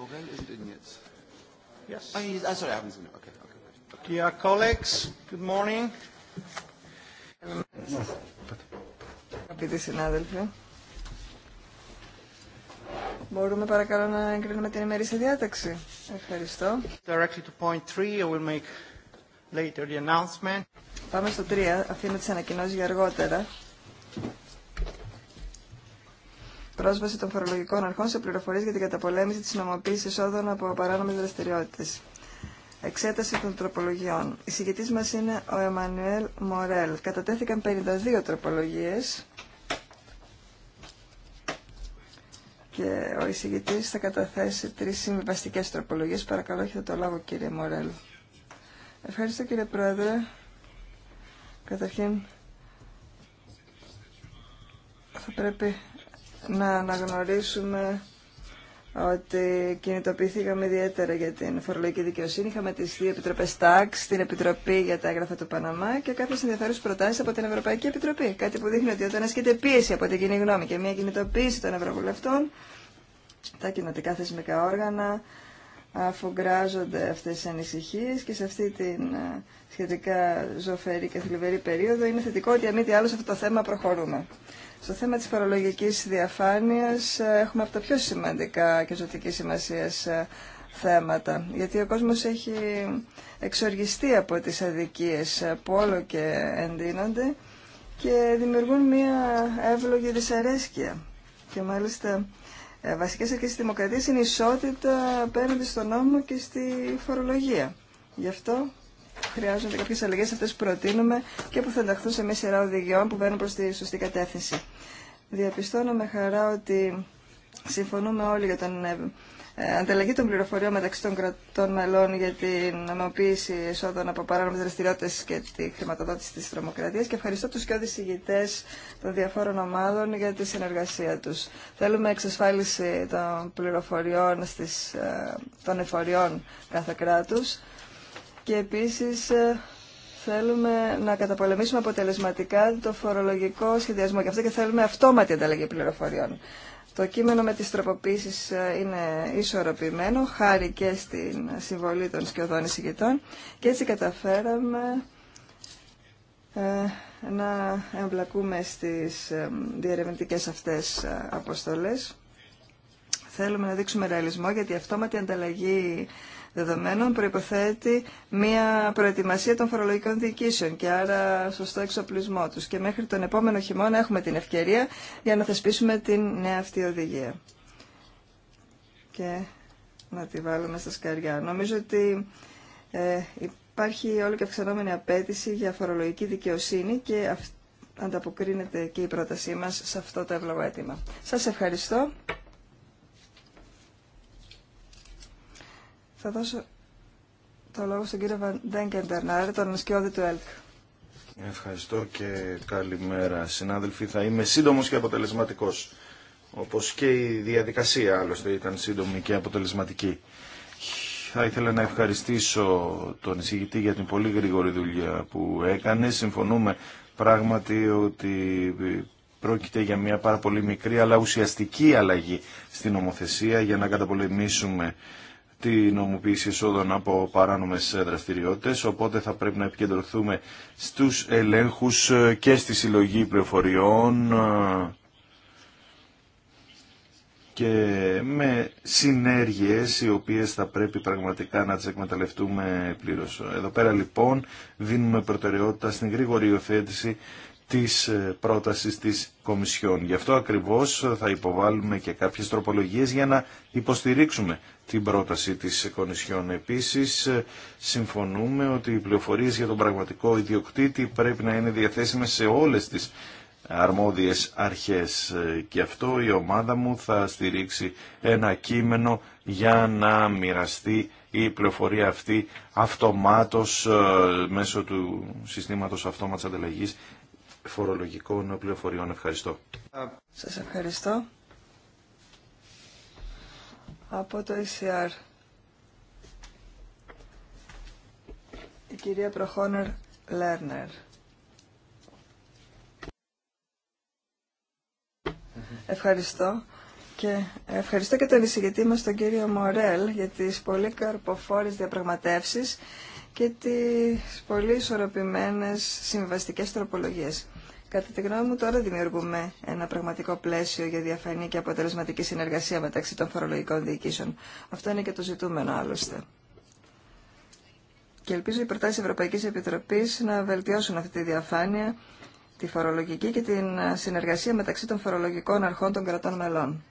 Borrell isn't in yet. Yes. Oh, he's, oh sorry, I haven't seen him. Okay, okay. Dear colleagues, good morning. Αγαπητοί συνάδελφοι, μπορούμε παρακαλώ να εγκρίνουμε την ημερήσια διάταξη. Ευχαριστώ. Directly to point three, I will make later the announcement. Πάμε στο 3, αφήνω τις ανακοινώσεις για αργότερα πρόσβαση των φορολογικών αρχών σε πληροφορίε για την καταπολέμηση τη νομοποίηση εισόδων από παράνομε δραστηριότητες. Εξέταση των τροπολογιών. Η συγκητή μα είναι ο Εμμανουέλ Μορέλ. Κατατέθηκαν 52 τροπολογίε. και ο εισηγητή θα καταθέσει τρει συμβιβαστικέ τροπολογίε. Παρακαλώ, έχετε το λόγο κύριε Μορέλ. Ευχαριστώ κύριε Πρόεδρε. Καταρχήν θα πρέπει να αναγνωρίσουμε ότι κινητοποιηθήκαμε ιδιαίτερα για την φορολογική δικαιοσύνη. Είχαμε τι δύο επιτροπέ ΤΑΞ, την Επιτροπή για τα έγγραφα του Παναμά και κάποιε ενδιαφέρουσε προτάσει από την Ευρωπαϊκή Επιτροπή. Κάτι που δείχνει ότι όταν ασκείται πίεση από την κοινή γνώμη και μια κινητοποίηση των Ευρωβουλευτών, τα κοινοτικά θεσμικά όργανα αφουγκράζονται αυτές τις ανησυχίες και σε αυτή την ε, σχετικά ζωφερή και θλιβερή περίοδο είναι θετικό ότι αν άλλο αυτό το θέμα προχωρούμε. Στο θέμα της φορολογικής διαφάνειας ε, έχουμε από τα πιο σημαντικά και ζωτική σημασία ε, θέματα, γιατί ο κόσμος έχει εξοργιστεί από τις αδικίες ε, που όλο και εντείνονται και δημιουργούν μια εύλογη δυσαρέσκεια. Και μάλιστα βασικές αρχές της δημοκρατίας είναι η ισότητα απέναντι στον νόμο και στη φορολογία. Γι' αυτό χρειάζονται κάποιε αλλαγέ, αυτέ που προτείνουμε και που θα ενταχθούν σε μια σειρά οδηγιών που βαίνουν προ τη σωστή κατεύθυνση. Διαπιστώνω με χαρά ότι συμφωνούμε όλοι για την ε, ε, ανταλλαγή των πληροφοριών μεταξύ των κρατών μελών για την νομοποίηση εσόδων από παράνομε δραστηριότητε και τη χρηματοδότηση τη τρομοκρατία και ευχαριστώ του και ηγητέ των διαφόρων ομάδων για τη συνεργασία του. Θέλουμε εξασφάλιση των πληροφοριών στις, ε, των εφοριών κάθε κράτου και επίσης ε, θέλουμε να καταπολεμήσουμε αποτελεσματικά το φορολογικό σχεδιασμό και αυτό και θέλουμε αυτόματη ανταλλαγή πληροφοριών. Το κείμενο με τις τροποποίησεις ε, είναι ισορροπημένο, χάρη και στην συμβολή των σκιωδών εισηγητών και έτσι καταφέραμε ε, να εμπλακούμε στις διερευνητικές αυτές αποστολές. Θέλουμε να δείξουμε ρεαλισμό γιατί η αυτόματη ανταλλαγή δεδομένων προϋποθέτει μία προετοιμασία των φορολογικών διοικήσεων και άρα σωστό εξοπλισμό τους. Και μέχρι τον επόμενο χειμώνα έχουμε την ευκαιρία για να θεσπίσουμε την νέα αυτή οδηγία. Και να τη βάλουμε στα σκαριά. Νομίζω ότι ε, υπάρχει όλο και αυξανόμενη απέτηση για φορολογική δικαιοσύνη και ανταποκρίνεται και η πρότασή μας σε αυτό το εύλογο αίτημα. Σας ευχαριστώ. Θα δώσω το λόγο στον κύριο Βαντέγκεντερνάρ, τον σκιώδη του ΕΛΚ. Ευχαριστώ και καλημέρα συνάδελφοι. Θα είμαι σύντομος και αποτελεσματικός. Όπως και η διαδικασία άλλωστε ήταν σύντομη και αποτελεσματική. Θα ήθελα να ευχαριστήσω τον εισηγητή για την πολύ γρήγορη δουλειά που έκανε. Συμφωνούμε πράγματι ότι πρόκειται για μια πάρα πολύ μικρή αλλά ουσιαστική αλλαγή στην νομοθεσία για να καταπολεμήσουμε τη νομοποίηση εσόδων από παράνομε δραστηριότητε, οπότε θα πρέπει να επικεντρωθούμε στου ελέγχου και στη συλλογή πληροφοριών και με συνέργειες οι οποίες θα πρέπει πραγματικά να τι εκμεταλλευτούμε πλήρως. Εδώ πέρα λοιπόν δίνουμε προτεραιότητα στην γρήγορη υιοθέτηση της ε, πρότασης της Κομισιόν. Γι' αυτό ακριβώς ε, θα υποβάλουμε και κάποιες τροπολογίες για να υποστηρίξουμε την πρόταση της Κομισιόν. Επίσης, ε, συμφωνούμε ότι οι πληροφορίες για τον πραγματικό ιδιοκτήτη πρέπει να είναι διαθέσιμες σε όλες τις αρμόδιες αρχές. Και αυτό η ομάδα μου θα στηρίξει ένα κείμενο για να μοιραστεί η πληροφορία αυτή αυτομάτως μέσω του συστήματος αυτόματης ανταλλαγής φορολογικών πληροφοριών. Ευχαριστώ. Σας ευχαριστώ. Από το ECR. Η κυρία Προχώνερ Λέρνερ. Ευχαριστώ. Και ευχαριστώ και τον εισηγητή μας τον κύριο Μορέλ για τις πολύ καρποφόρες διαπραγματεύσεις και τις πολύ ισορροπημένες συμβαστικές τροπολογίες. Κατά τη γνώμη μου τώρα δημιουργούμε ένα πραγματικό πλαίσιο για διαφανή και αποτελεσματική συνεργασία μεταξύ των φορολογικών διοικήσεων. Αυτό είναι και το ζητούμενο άλλωστε. Και ελπίζω οι προτάσει Ευρωπαϊκή Επιτροπή να βελτιώσουν αυτή τη διαφάνεια, τη φορολογική και την συνεργασία μεταξύ των φορολογικών αρχών των κρατών μελών.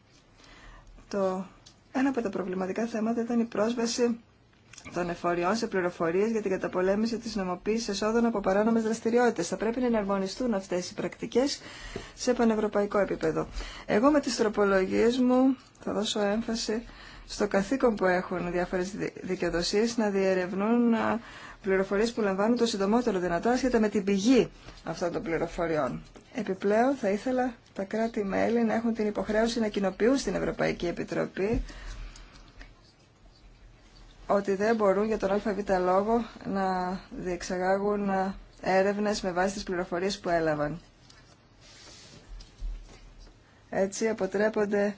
Το ένα από τα προβληματικά θέματα ήταν η πρόσβαση των εφοριών σε πληροφορίε για την καταπολέμηση τη νομοποίηση εσόδων από παράνομε δραστηριότητε. Θα πρέπει να εναρμονιστούν αυτέ οι πρακτικέ σε πανευρωπαϊκό επίπεδο. Εγώ με τι τροπολογίε μου θα δώσω έμφαση στο καθήκον που έχουν διάφορε δικαιοδοσίε να διερευνούν πληροφορίε που λαμβάνουν το συντομότερο δυνατό ασχετά με την πηγή αυτών των πληροφοριών. Επιπλέον, θα ήθελα τα κράτη-μέλη να έχουν την υποχρέωση να κοινοποιούν στην Ευρωπαϊκή Επιτροπή ότι δεν μπορούν για τον ΑΒ λόγο να διεξαγάγουν έρευνες με βάση τις πληροφορίες που έλαβαν. Έτσι αποτρέπονται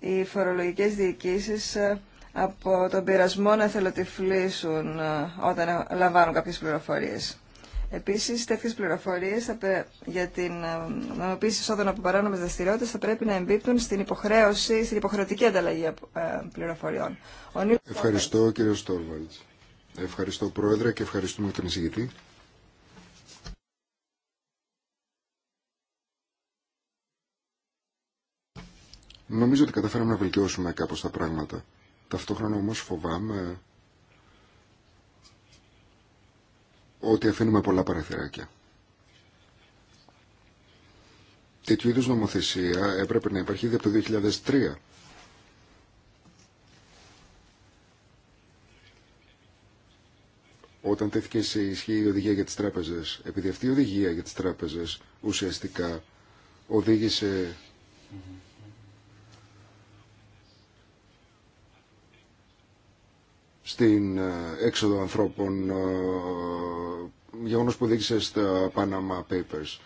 οι φορολογικές διοικήσεις ε, από τον πειρασμό να θελοτυφλήσουν ε, όταν λαμβάνουν κάποιες πληροφορίες. Επίση, τέτοιε πληροφορίε για την ε, νομοποίηση εισόδων από παράνομε δραστηριότητε θα πρέπει να εμπίπτουν στην υποχρέωση, στην υποχρεωτική ανταλλαγή ε, πληροφοριών. Ευχαριστώ, κύριε Στόρβαλτ. Ευχαριστώ, Πρόεδρε, και ευχαριστούμε τον εισηγητή. Νομίζω ότι καταφέραμε να βελτιώσουμε κάπως τα πράγματα. Ταυτόχρονα όμως φοβάμαι ότι αφήνουμε πολλά παραθυράκια. Τέτοιου είδου νομοθεσία έπρεπε να υπάρχει ήδη από το 2003. Όταν τέθηκε σε ισχύ η οδηγία για τις τράπεζες, επειδή αυτή η οδηγία για τις τράπεζες ουσιαστικά οδήγησε στην ε, έξοδο ανθρώπων ε, γεγονός που δείξε στα Panama Papers.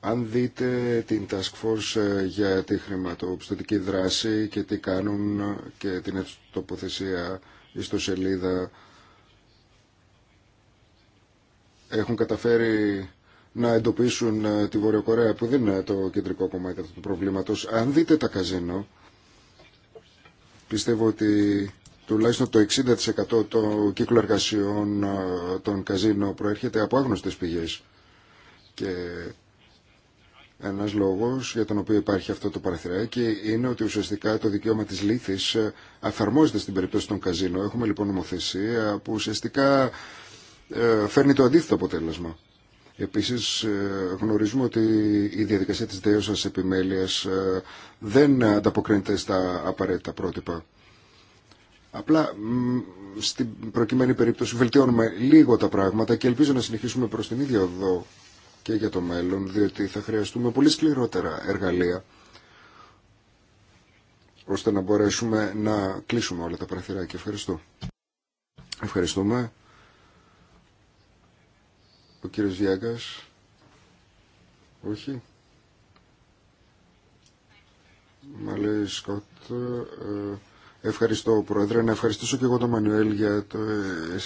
Αν δείτε την Task Force ε, για τη χρηματοπιστωτική δράση και τι κάνουν και την τοποθεσία σελίδα έχουν καταφέρει να εντοπίσουν ε, τη Βόρεια Κορέα που δεν είναι το κεντρικό κομμάτι του προβλήματος. Αν δείτε τα καζίνο, πιστεύω ότι τουλάχιστον το 60% του κύκλου εργασιών ε, των καζίνο προέρχεται από άγνωστες πηγές. Και ένας λόγος για τον οποίο υπάρχει αυτό το παραθυράκι είναι ότι ουσιαστικά το δικαίωμα της λήθης ε, αφαρμόζεται στην περίπτωση των καζίνο. Έχουμε λοιπόν νομοθεσία που ουσιαστικά ε, φέρνει το αντίθετο αποτέλεσμα. Επίσης γνωρίζουμε ότι η διαδικασία της δέωσας επιμέλειας δεν ανταποκρίνεται στα απαραίτητα πρότυπα. Απλά στην προκειμένη περίπτωση βελτιώνουμε λίγο τα πράγματα και ελπίζω να συνεχίσουμε προς την ίδια οδό και για το μέλλον, διότι θα χρειαστούμε πολύ σκληρότερα εργαλεία ώστε να μπορέσουμε να κλείσουμε όλα τα παραθυράκια. Ευχαριστώ. Ευχαριστούμε. Ο κύριος Διάγκας. Όχι. Μαλή Σκότ. Ε, Ευχαριστώ, Πρόεδρε. Να ευχαριστήσω και εγώ τον Μανουέλ για τι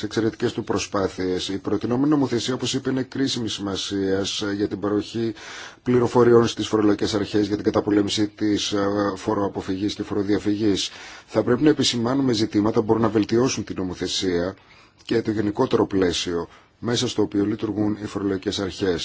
εξαιρετικέ του προσπάθειε. Η προτινόμενη νομοθεσία, όπω είπε, είναι κρίσιμη σημασία για την παροχή πληροφοριών στι φορολογικέ αρχέ για την καταπολέμηση της ε, φοροαποφυγή και φοροδιαφυγή. Θα πρέπει να επισημάνουμε ζητήματα που μπορούν να βελτιώσουν την νομοθεσία και το γενικότερο πλαίσιο μέσα στο οποίο λειτουργούν οι φορολογικέ αρχέ.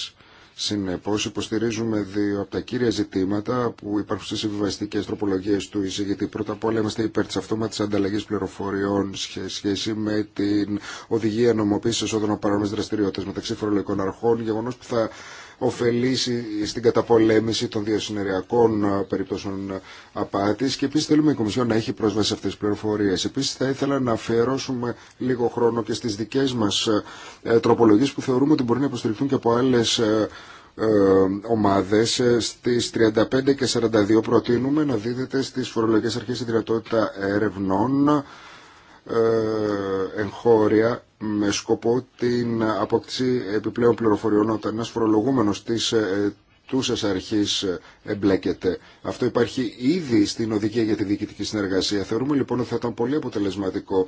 Συνεπώ, υποστηρίζουμε δύο από τα κύρια ζητήματα που υπάρχουν στι συμβιβαστικέ τροπολογίες του εισηγητή. Πρώτα απ' όλα είμαστε υπέρ τη αυτόματης ανταλλαγής πληροφοριών σε σχέση με την οδηγία νομοποίησης εσόδων παρόμοιε δραστηριότητε μεταξύ φορολογικών αρχών, γεγονό που θα ωφελήσει στην καταπολέμηση των διασυνεριακών ε, περιπτώσεων ε, απάτη και επίση θέλουμε η Κομισιόν να έχει πρόσβαση σε αυτές τις πληροφορίες. Επίσης θα ήθελα να αφιερώσουμε λίγο χρόνο και στις δικέ μας ε, τροπολογίες που θεωρούμε ότι μπορεί να υποστηριχθούν και από άλλες ομάδες στις 35 και 42 προτείνουμε να δίδεται στις φορολογικές αρχές η δυνατότητα ερευνών εγχώρια με σκοπό την απόκτηση επιπλέον πληροφοριών όταν ένας φορολογούμενος της ε, τούσες αρχής ε, εμπλέκεται. Αυτό υπάρχει ήδη στην οδηγία για τη διοικητική συνεργασία. Θεωρούμε λοιπόν ότι θα ήταν πολύ αποτελεσματικό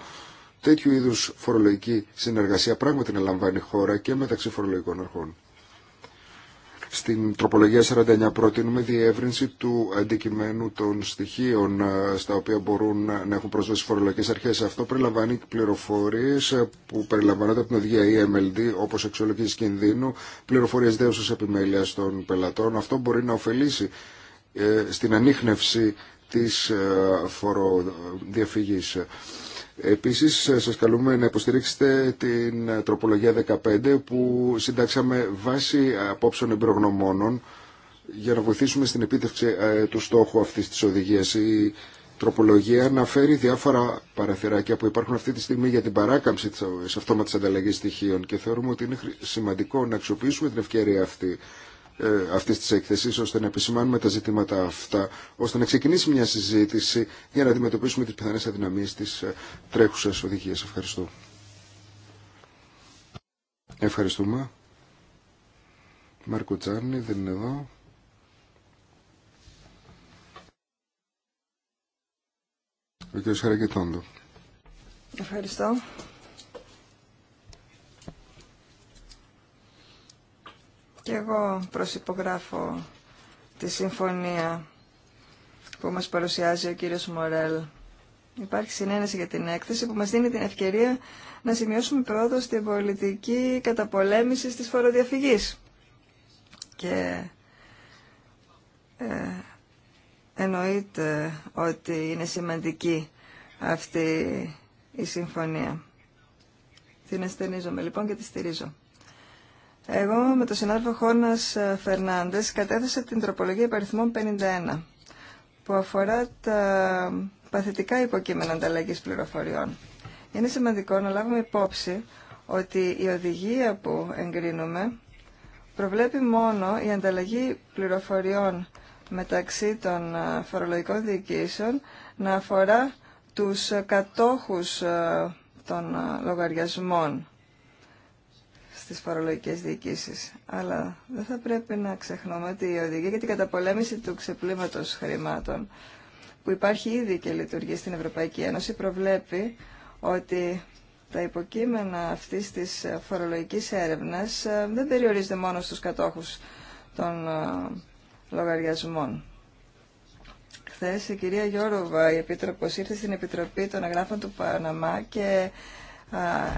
τέτοιου είδους φορολογική συνεργασία πράγματι να λαμβάνει χώρα και μεταξύ φορολογικών αρχών. Στην τροπολογία 49 προτείνουμε διεύρυνση του αντικειμένου των στοιχείων ε, στα οποία μπορούν να έχουν προσβάσει φορολογικές αρχές. Αυτό περιλαμβάνει πληροφορίες ε, που περιλαμβάνονται από την οδηγία EMLD όπως εξολογής κινδύνου, πληροφορίες δέωσης επιμέλειας των πελατών. Αυτό μπορεί να ωφελήσει ε, στην ανείχνευση της φοροδιαφυγής. Επίσης σας καλούμε να υποστηρίξετε την τροπολογία 15 που συντάξαμε βάσει απόψεων εμπειρογνωμόνων για να βοηθήσουμε στην επίτευξη ε, του στόχου αυτής της οδηγίας. Η τροπολογία αναφέρει διάφορα παραθυράκια που υπάρχουν αυτή τη στιγμή για την παράκαμψη της ε, αυτόματης ανταλλαγής στοιχείων και θεωρούμε ότι είναι σημαντικό να αξιοποιήσουμε την ευκαιρία αυτή ε, αυτής της έκθεσης ώστε να επισημάνουμε τα ζητήματα αυτά, ώστε να ξεκινήσει μια συζήτηση για να αντιμετωπίσουμε τις πιθανές αδυναμίες της ε, τρέχουσας οδηγίας. Ευχαριστώ. Ευχαριστούμε. Μάρκο Τζάνι δεν είναι εδώ. Ο κ. Ευχαριστώ. Και εγώ προσυπογράφω τη συμφωνία που μας παρουσιάζει ο κύριος Μορέλ. Υπάρχει συνένεση για την έκθεση που μας δίνει την ευκαιρία να σημειώσουμε πρόοδο στην πολιτική καταπολέμηση της φοροδιαφυγής. Και ε, εννοείται ότι είναι σημαντική αυτή η συμφωνία. Την ασθενίζομαι λοιπόν και τη στηρίζω. Εγώ με τον συνάδελφο Χόρνας ε, Φερνάντε, κατέθεσα την τροπολογία υπαριθμών 51 που αφορά τα παθητικά υποκείμενα ανταλλαγής πληροφοριών. Είναι σημαντικό να λάβουμε υπόψη ότι η οδηγία που εγκρίνουμε προβλέπει μόνο η ανταλλαγή πληροφοριών μεταξύ των ε, φορολογικών διοικήσεων να αφορά τους κατόχους ε, των λογαριασμών στις φορολογικές διοικήσεις. Αλλά δεν θα πρέπει να ξεχνούμε ότι η οδηγία για την καταπολέμηση του ξεπλήματος χρημάτων που υπάρχει ήδη και λειτουργεί στην Ευρωπαϊκή Ένωση προβλέπει ότι τα υποκείμενα αυτής της φορολογικής έρευνας ε, δεν περιορίζεται μόνο στους κατόχους των ε, λογαριασμών. Χθε η κυρία Γιώροβα, η Επίτροπος, ήρθε στην Επιτροπή των Αγράφων του Παναμά και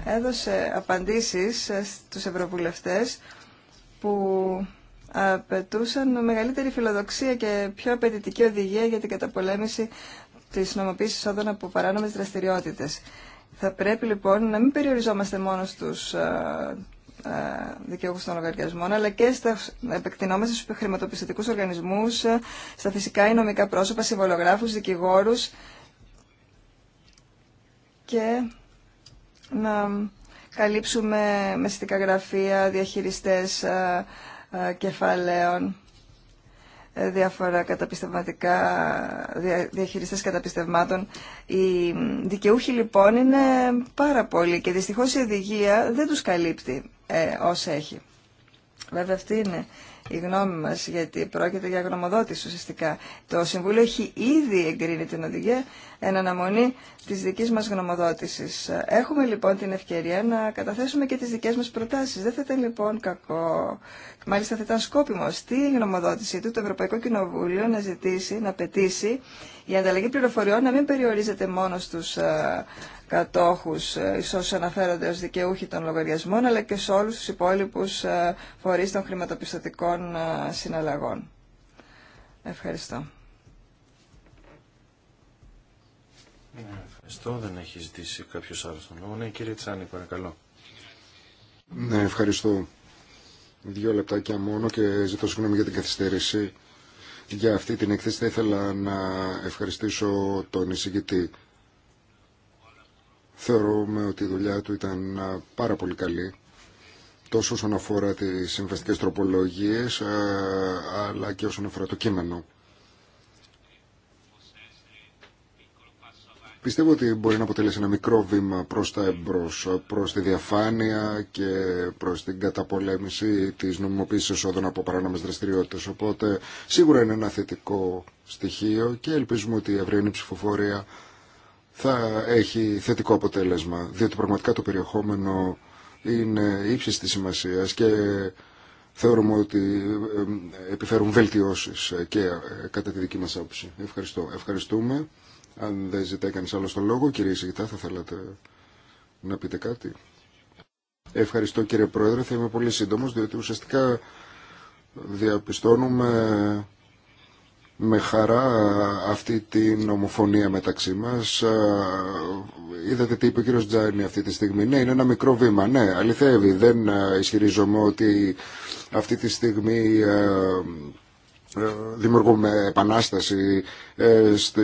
έδωσε απαντήσεις ε, στους ευρωβουλευτές που απαιτούσαν μεγαλύτερη φιλοδοξία και πιο απαιτητική οδηγία για την καταπολέμηση της νομοποίησης όδων από παράνομες δραστηριότητες. Θα πρέπει λοιπόν να μην περιοριζόμαστε μόνο στους ε, ε, δικαιούχου των λογαριασμών, αλλά και στα, επεκτηνόμαστε στου χρηματοπιστωτικού οργανισμού, στα φυσικά ή νομικά πρόσωπα, συμβολογράφου, δικηγόρου και να καλύψουμε με γραφεία, διαχειριστές κεφαλαίων, ε, διάφορα καταπιστευματικά, διαχειριστές καταπιστευμάτων. Οι δικαιούχοι λοιπόν είναι πάρα πολλοί και δυστυχώς η οδηγία δεν τους καλύπτει ε, όσα έχει. Βέβαια αυτή είναι η γνώμη μας γιατί πρόκειται για γνωμοδότηση ουσιαστικά. Το Συμβούλιο έχει ήδη εγκρίνει την οδηγία εν αναμονή της δικής μας γνωμοδότησης. Έχουμε λοιπόν την ευκαιρία να καταθέσουμε και τις δικές μας προτάσεις. Δεν θα ήταν λοιπόν κακό, μάλιστα θα ήταν σκόπιμο στη γνωμοδότηση του το Ευρωπαϊκό Κοινοβούλιο να ζητήσει, να πετήσει η ανταλλαγή πληροφοριών να μην περιορίζεται μόνο στους ε, κατόχους, ίσως ε, αναφέρονται ως δικαιούχοι των λογαριασμών, αλλά και σε όλους τους υπόλοιπους ε, φορείς των χρηματοπιστωτικών συναλλαγών. Ευχαριστώ. Ευχαριστώ. Δεν έχει ζητήσει κάποιο άλλο τον λόγο. Ναι, κύριε Τσάνη, παρακαλώ. Ναι, ευχαριστώ. Δύο λεπτάκια μόνο και ζητώ συγγνώμη για την καθυστέρηση. Για αυτή την εκθέση θα ήθελα να ευχαριστήσω τον εισηγητή. Θεωρούμε ότι η δουλειά του ήταν πάρα πολύ καλή τόσο όσον αφορά τις συμβαστικές τροπολογίες αλλά και όσον αφορά το κείμενο. Πιστεύω ότι μπορεί να αποτελέσει ένα μικρό βήμα προς τα εμπρός, προς τη διαφάνεια και προς την καταπολέμηση της νομιμοποίησης εσόδων από παράνομες δραστηριότητες. Οπότε σίγουρα είναι ένα θετικό στοιχείο και ελπίζουμε ότι η αυριανή ψηφοφορία θα έχει θετικό αποτέλεσμα, διότι πραγματικά το περιεχόμενο είναι ύψης της σημασίας και θεωρούμε ότι επιφέρουν βελτιώσεις και ε, κατά τη δική μας άποψη. Ευχαριστώ. Ευχαριστούμε. Αν δεν ζητάει κανείς άλλο τον λόγο, κύριε Σιγητά, θα θέλατε να πείτε κάτι. Ευχαριστώ κύριε Πρόεδρε, θα είμαι πολύ σύντομος, διότι ουσιαστικά διαπιστώνουμε με χαρά αυτή την ομοφωνία μεταξύ μας. Είδατε τι είπε ο κύριος Τζάινι αυτή τη στιγμή. Ναι, είναι ένα μικρό βήμα. Ναι, αληθεύει. Δεν ισχυρίζομαι ότι αυτή τη στιγμή ε, ε, δημιουργούμε επανάσταση ε, στη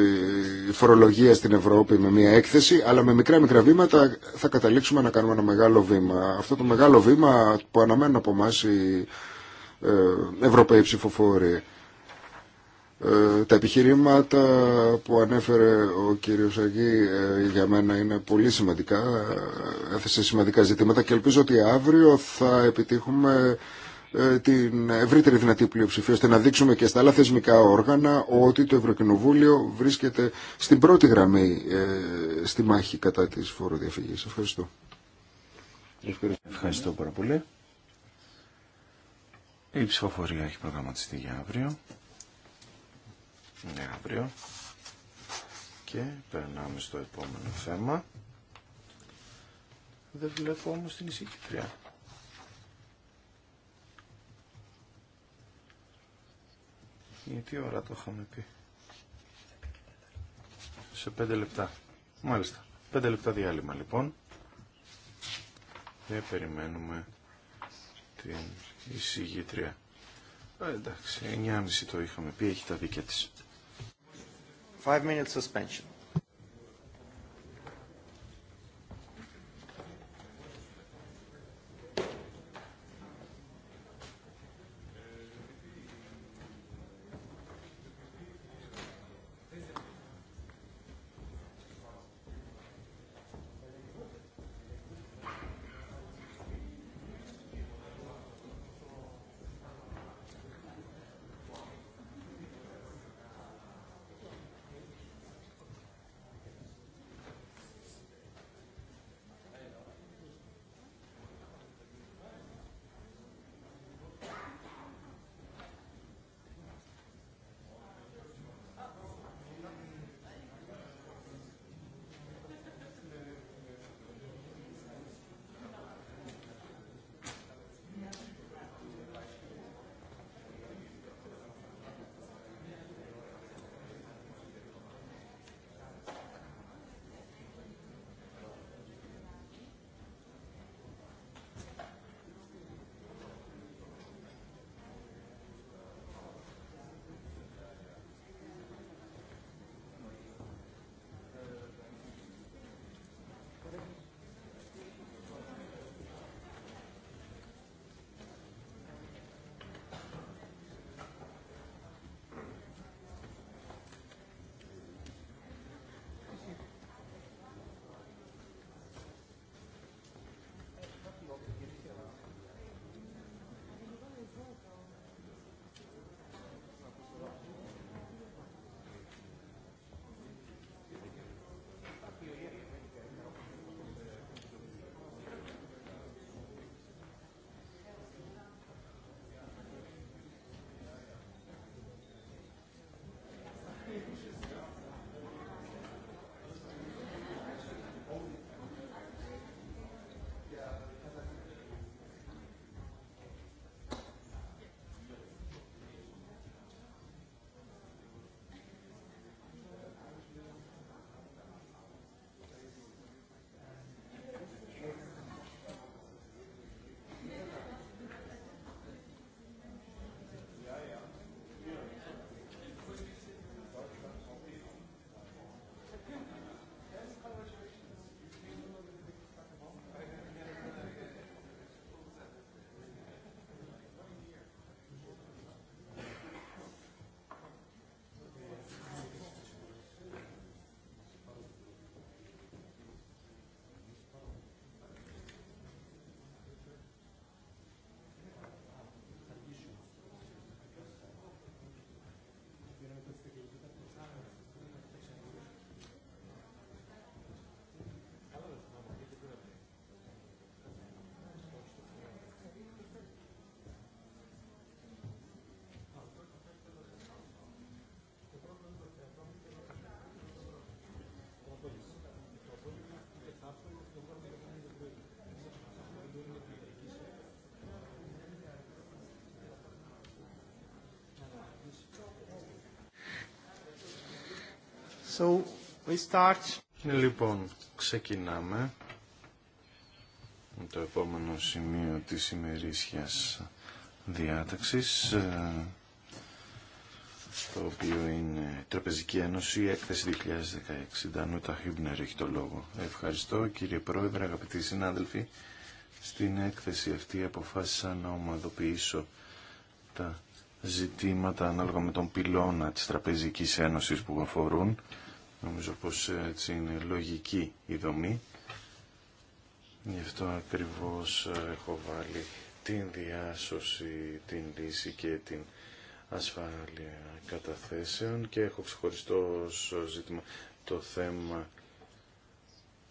φορολογία στην Ευρώπη με μια έκθεση, αλλά με μικρά μικρά βήματα θα καταλήξουμε να κάνουμε ένα μεγάλο βήμα. Αυτό το μεγάλο βήμα που αναμένουν από εμά οι ε, Ευρωπαίοι ψηφοφόροι. Τα επιχειρήματα που ανέφερε ο κύριος Αγγή για μένα είναι πολύ σημαντικά, έθεσε σημαντικά ζητήματα και ελπίζω ότι αύριο θα επιτύχουμε ε, την ευρύτερη δυνατή πλειοψηφία, ώστε να δείξουμε και στα άλλα θεσμικά όργανα ότι το Ευρωκοινοβούλιο βρίσκεται στην πρώτη γραμμή ε, στη μάχη κατά της φοροδιαφυγής. Ευχαριστώ. Ευχαριστώ πάρα πολύ. Η ψηφοφορία έχει προγραμματιστεί για αύριο. Ναι, αύριο. Και περνάμε στο επόμενο θέμα. Δεν βλέπω όμως την εισηγητριά. Ε, τι ώρα το είχαμε πει. Σε πέντε λεπτά. Μάλιστα. Πέντε λεπτά διάλειμμα λοιπόν. Δεν περιμένουμε την εισηγήτρια. Ε, εντάξει, εννιάμιση το είχαμε πει, έχει τα δίκαια της. Five minutes suspension. So we start. Λοιπόν, ξεκινάμε με το επόμενο σημείο της ημερήσιας διάταξης ε, το οποίο είναι Τραπεζική Ένωση, έκθεση 2016. Ντανούτα Χίμπνερ έχει το λόγο. Ευχαριστώ κύριε Πρόεδρε, αγαπητοί συνάδελφοι. Στην έκθεση αυτή αποφάσισα να ομαδοποιήσω τα ζητήματα ανάλογα με τον πυλώνα της Τραπεζικής Ένωσης που αφορούν Νομίζω πως έτσι είναι λογική η δομή. Γι' αυτό ακριβώς ε, έχω βάλει την διάσωση, την λύση και την ασφάλεια καταθέσεων και έχω ξεχωριστό ζήτημα το θέμα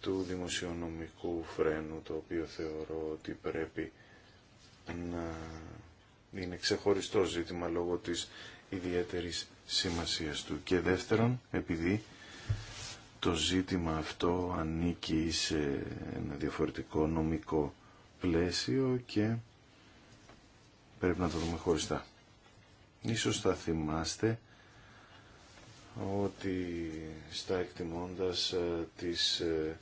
του δημοσιονομικού φρένου, το οποίο θεωρώ ότι πρέπει να είναι ξεχωριστό ζήτημα λόγω της ιδιαίτερης σημασίας του. Και δεύτερον, επειδή το ζήτημα αυτό ανήκει σε ένα διαφορετικό νομικό πλαίσιο και πρέπει να το δούμε χωριστά. Ίσως θα θυμάστε ότι στα εκτιμώντας ε, της ε,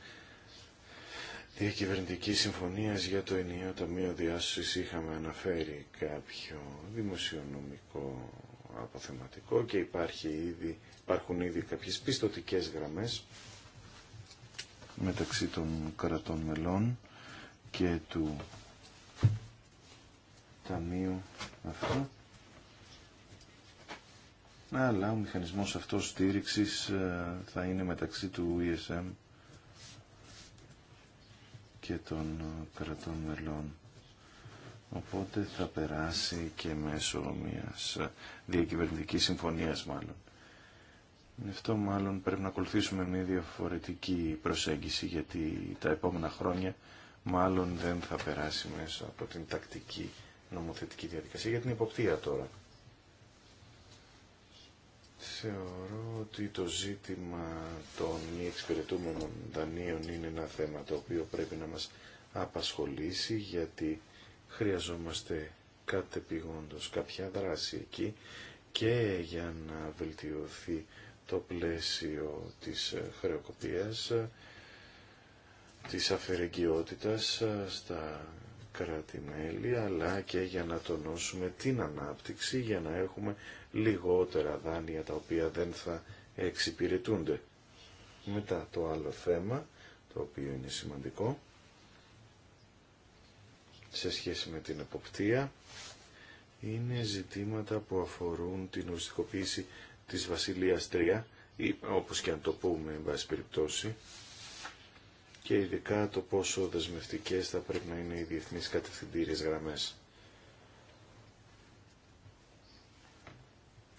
διακυβερνητική συμφωνίας για το ενιαίο ταμείο διάσωσης είχαμε αναφέρει κάποιο δημοσιονομικό αποθεματικό και υπάρχει ήδη, υπάρχουν ήδη κάποιες πιστοτικές γραμμές μεταξύ των κρατών μελών και του ταμείου αυτού. Αλλά ο μηχανισμός αυτός στήριξης ε, θα είναι μεταξύ του ESM και των ε, κρατών μελών. Οπότε θα περάσει και μέσω μιας διακυβερνητικής συμφωνίας μάλλον. με αυτό μάλλον πρέπει να ακολουθήσουμε μια διαφορετική προσέγγιση γιατί τα επόμενα χρόνια μάλλον δεν θα περάσει μέσα από την τακτική νομοθετική διαδικασία για την υποπτία τώρα. Θεωρώ ότι το ζήτημα των μη εξυπηρετούμενων δανείων είναι ένα θέμα το οποίο πρέπει να μας απασχολήσει γιατί χρειαζόμαστε κατεπηγόντως κάποια δράση εκεί και για να βελτιωθεί το πλαίσιο της ε, χρεοκοπίας, ε, της αφαιρεγγιότητας ε, στα κράτη-μέλη, αλλά και για να τονώσουμε την ανάπτυξη, για να έχουμε λιγότερα δάνεια τα οποία δεν θα εξυπηρετούνται. Μετά το άλλο θέμα, το οποίο είναι σημαντικό, σε σχέση με την εποπτεία είναι ζητήματα που αφορούν την οριστικοποίηση της Βασιλείας Τρία ή όπως και αν το πούμε εν περιπτώσει και ειδικά το πόσο δεσμευτικές θα πρέπει να είναι οι διεθνείς κατευθυντήριες γραμμές.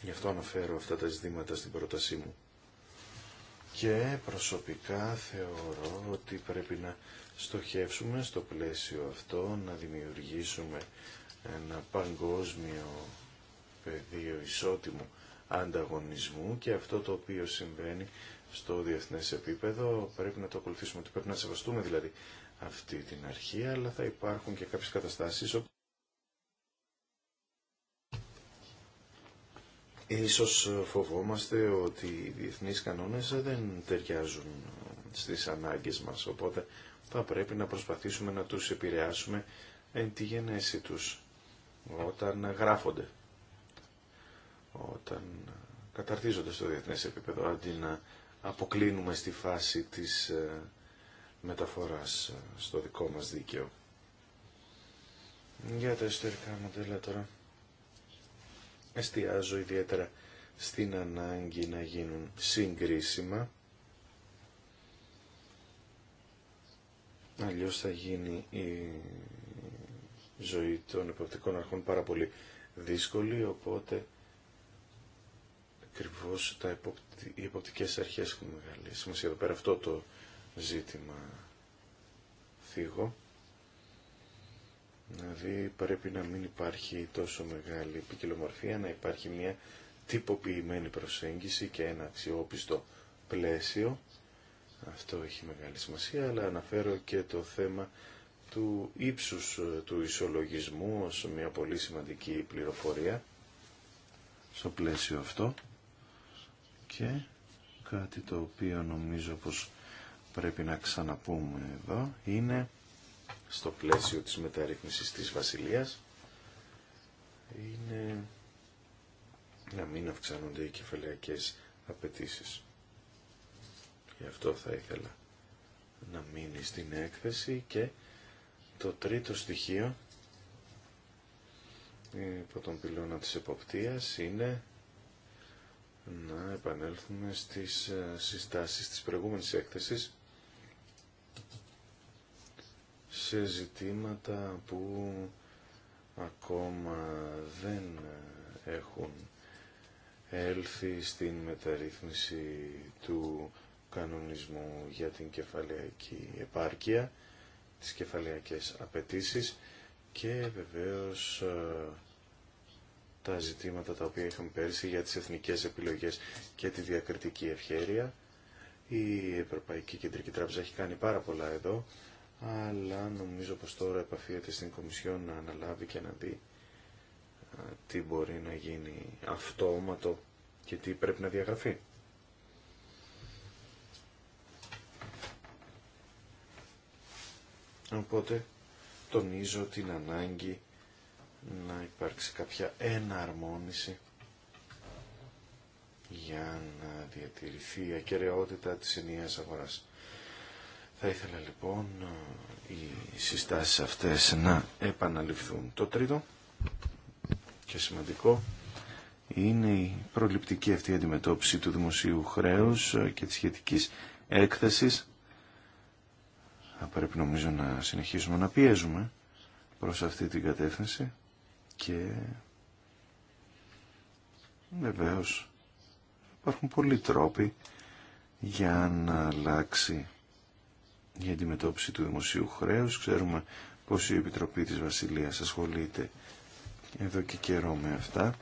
Γι' αυτό αναφέρω αυτά τα ζητήματα στην πρότασή μου. Και προσωπικά θεωρώ ότι πρέπει να στοχεύσουμε στο πλαίσιο αυτό να δημιουργήσουμε ένα παγκόσμιο πεδίο ισότιμου ανταγωνισμού και αυτό το οποίο συμβαίνει στο διεθνές επίπεδο πρέπει να το ακολουθήσουμε, ότι πρέπει να σεβαστούμε δηλαδή αυτή την αρχή, αλλά θα υπάρχουν και κάποιες καταστάσεις όπου ίσως φοβόμαστε ότι οι διεθνείς κανόνες δεν ταιριάζουν στις ανάγκες μας, οπότε θα πρέπει να προσπαθήσουμε να τους επηρεάσουμε εν τη γενέση τους όταν γράφονται, όταν καταρτίζονται στο διεθνές επίπεδο, αντί να αποκλίνουμε στη φάση της ε, μεταφοράς ε, στο δικό μας δίκαιο. Για τα εσωτερικά μοντέλα τώρα εστιάζω ιδιαίτερα στην ανάγκη να γίνουν συγκρίσιμα Αλλιώς θα γίνει η ζωή των υποπτικών αρχών πάρα πολύ δύσκολη, οπότε ακριβώ τα οι υποπτικές αρχές έχουν μεγάλη σημασία. Εδώ πέρα αυτό το ζήτημα θίγω. Δηλαδή πρέπει να μην υπάρχει τόσο μεγάλη ποικιλομορφία, να υπάρχει μια τυποποιημένη προσέγγιση και ένα αξιόπιστο πλαίσιο αυτό έχει μεγάλη σημασία, αλλά αναφέρω και το θέμα του ύψους ε, του ισολογισμού ως μια πολύ σημαντική πληροφορία στο πλαίσιο αυτό και κάτι το οποίο νομίζω πως πρέπει να ξαναπούμε εδώ είναι στο πλαίσιο της μεταρρύθμισης της Βασιλείας είναι να μην αυξάνονται οι κεφαλαϊκές απαιτήσεις. Γι' αυτό θα ήθελα να μείνει στην έκθεση και το τρίτο στοιχείο υπό ε, τον πυλώνα της εποπτείας είναι να επανέλθουμε στις ε, συστάσεις της προηγούμενης έκθεσης σε ζητήματα που ακόμα δεν έχουν έλθει στην μεταρρύθμιση του κανονισμού για την κεφαλαιακή επάρκεια, τις κεφαλαιακές απαιτήσει και βεβαίως ε, τα ζητήματα τα οποία είχαμε πέρσι για τις εθνικές επιλογές και τη διακριτική ευχέρεια. Η Ευρωπαϊκή Κεντρική Τράπεζα έχει κάνει πάρα πολλά εδώ, αλλά νομίζω πως τώρα επαφίεται στην Κομισιόν να αναλάβει και να δει ε, τι μπορεί να γίνει αυτόματο και τι πρέπει να διαγραφεί. Οπότε τονίζω την ανάγκη να υπάρξει κάποια εναρμόνιση για να διατηρηθεί η ακαιρεότητα της ενιαίας αγοράς. Θα ήθελα λοιπόν οι συστάσεις αυτές να επαναληφθούν. Το τρίτο και σημαντικό είναι η προληπτική αυτή αντιμετώπιση του δημοσίου χρέους και της σχετικής έκθεσης θα πρέπει νομίζω να συνεχίσουμε να πιέζουμε προς αυτή την κατεύθυνση και βεβαίω υπάρχουν πολλοί τρόποι για να αλλάξει η αντιμετώπιση του δημοσίου χρέους. Ξέρουμε πως η Επιτροπή της Βασιλείας ασχολείται εδώ και καιρό με αυτά.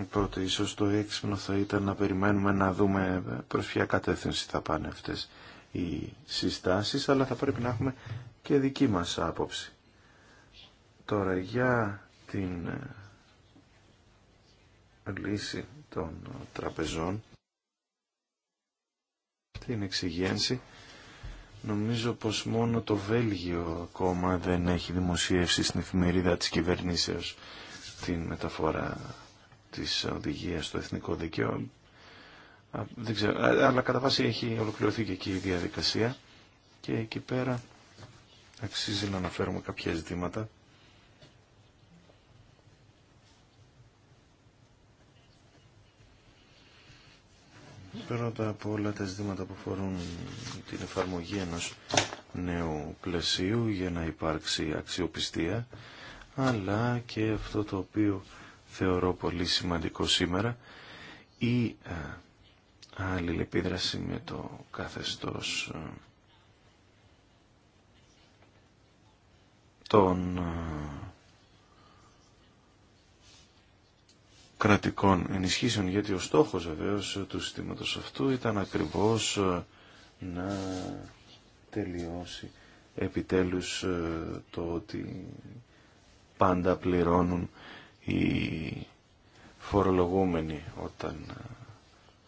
Οπότε ίσως το έξυπνο θα ήταν να περιμένουμε να δούμε προς ποια κατεύθυνση θα πάνε αυτές οι συστάσεις, αλλά θα πρέπει να έχουμε και δική μας άποψη. Τώρα για την ε, λύση των τραπεζών, την εξηγένση, νομίζω πως μόνο το Βέλγιο ακόμα δεν έχει δημοσίευσει στην εφημερίδα της κυβερνήσεως την μεταφορά της οδηγίας στο εθνικό δικαίωμα δεν ξέρω, αλλά κατά βάση έχει ολοκληρωθεί και εκεί η διαδικασία και εκεί πέρα αξίζει να αναφέρουμε κάποια ζητήματα. Πρώτα από όλα τα ζητήματα που αφορούν την εφαρμογή ενός νέου πλαισίου για να υπάρξει αξιοπιστία, αλλά και αυτό το οποίο θεωρώ πολύ σημαντικό σήμερα, η ε, αλληλεπίδραση με το καθεστώς ε, των ε, κρατικών ενισχύσεων γιατί ο στόχος βεβαίως του συστήματος αυτού ήταν ακριβώς ε, να τελειώσει επιτέλους το ότι πάντα πληρώνουν οι φορολογούμενοι όταν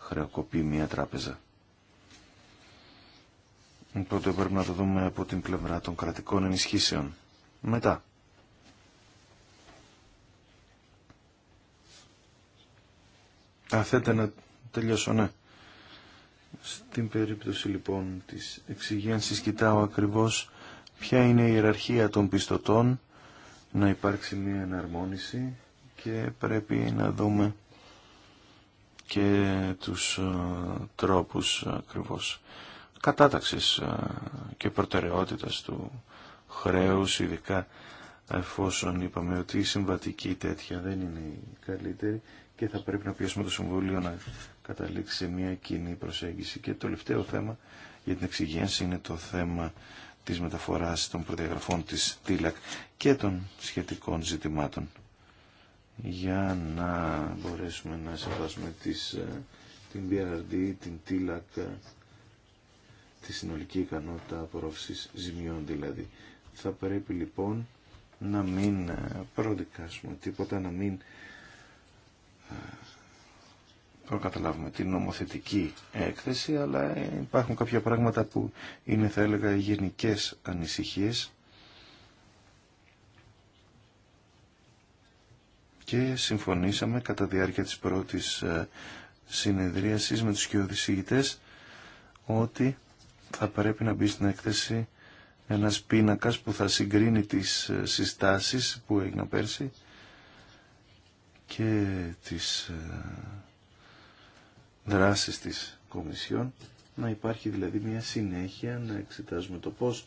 χρεοκοπεί μια τράπεζα. Οπότε πρέπει να το δούμε από την πλευρά των κρατικών ενισχύσεων. Μετά. Α, να τελειώσω, ναι. Στην περίπτωση λοιπόν της εξυγένσης κοιτάω ακριβώς ποια είναι η ιεραρχία των πιστωτών, να υπάρξει μια εναρμόνιση και πρέπει να δούμε και τους ε, τρόπους ακριβώς κατάταξης ε, και προτεραιότητας του χρέους, ειδικά εφόσον είπαμε ότι η συμβατική τέτοια δεν είναι η καλύτερη και θα πρέπει να πιέσουμε το Συμβούλιο να καταλήξει σε μια κοινή προσέγγιση. Και το τελευταίο θέμα για την εξυγένση είναι το θέμα της μεταφοράς των προδιαγραφών της ΤΙΛΑΚ και των σχετικών ζητημάτων για να μπορέσουμε να συμβάσουμε τις, ε, την BRD, την TILAC, ε, τη συνολική ικανότητα απορρόφησης ζημιών δηλαδή. Θα πρέπει λοιπόν να μην ε, προδικάσουμε τίποτα, να μην προκαταλάβουμε την νομοθετική έκθεση, αλλά υπάρχουν κάποια πράγματα που είναι θα έλεγα γενικές ανησυχίες και συμφωνήσαμε κατά διάρκεια της πρώτης ε, συνεδρίασης με τους κοιοδησίγητες ότι θα πρέπει να μπει στην έκθεση ένας πίνακας που θα συγκρίνει τις ε, συστάσεις που έγιναν πέρσι και τις ε, δράσεις της Κομισιόν να υπάρχει δηλαδή μια συνέχεια να εξετάζουμε το πώς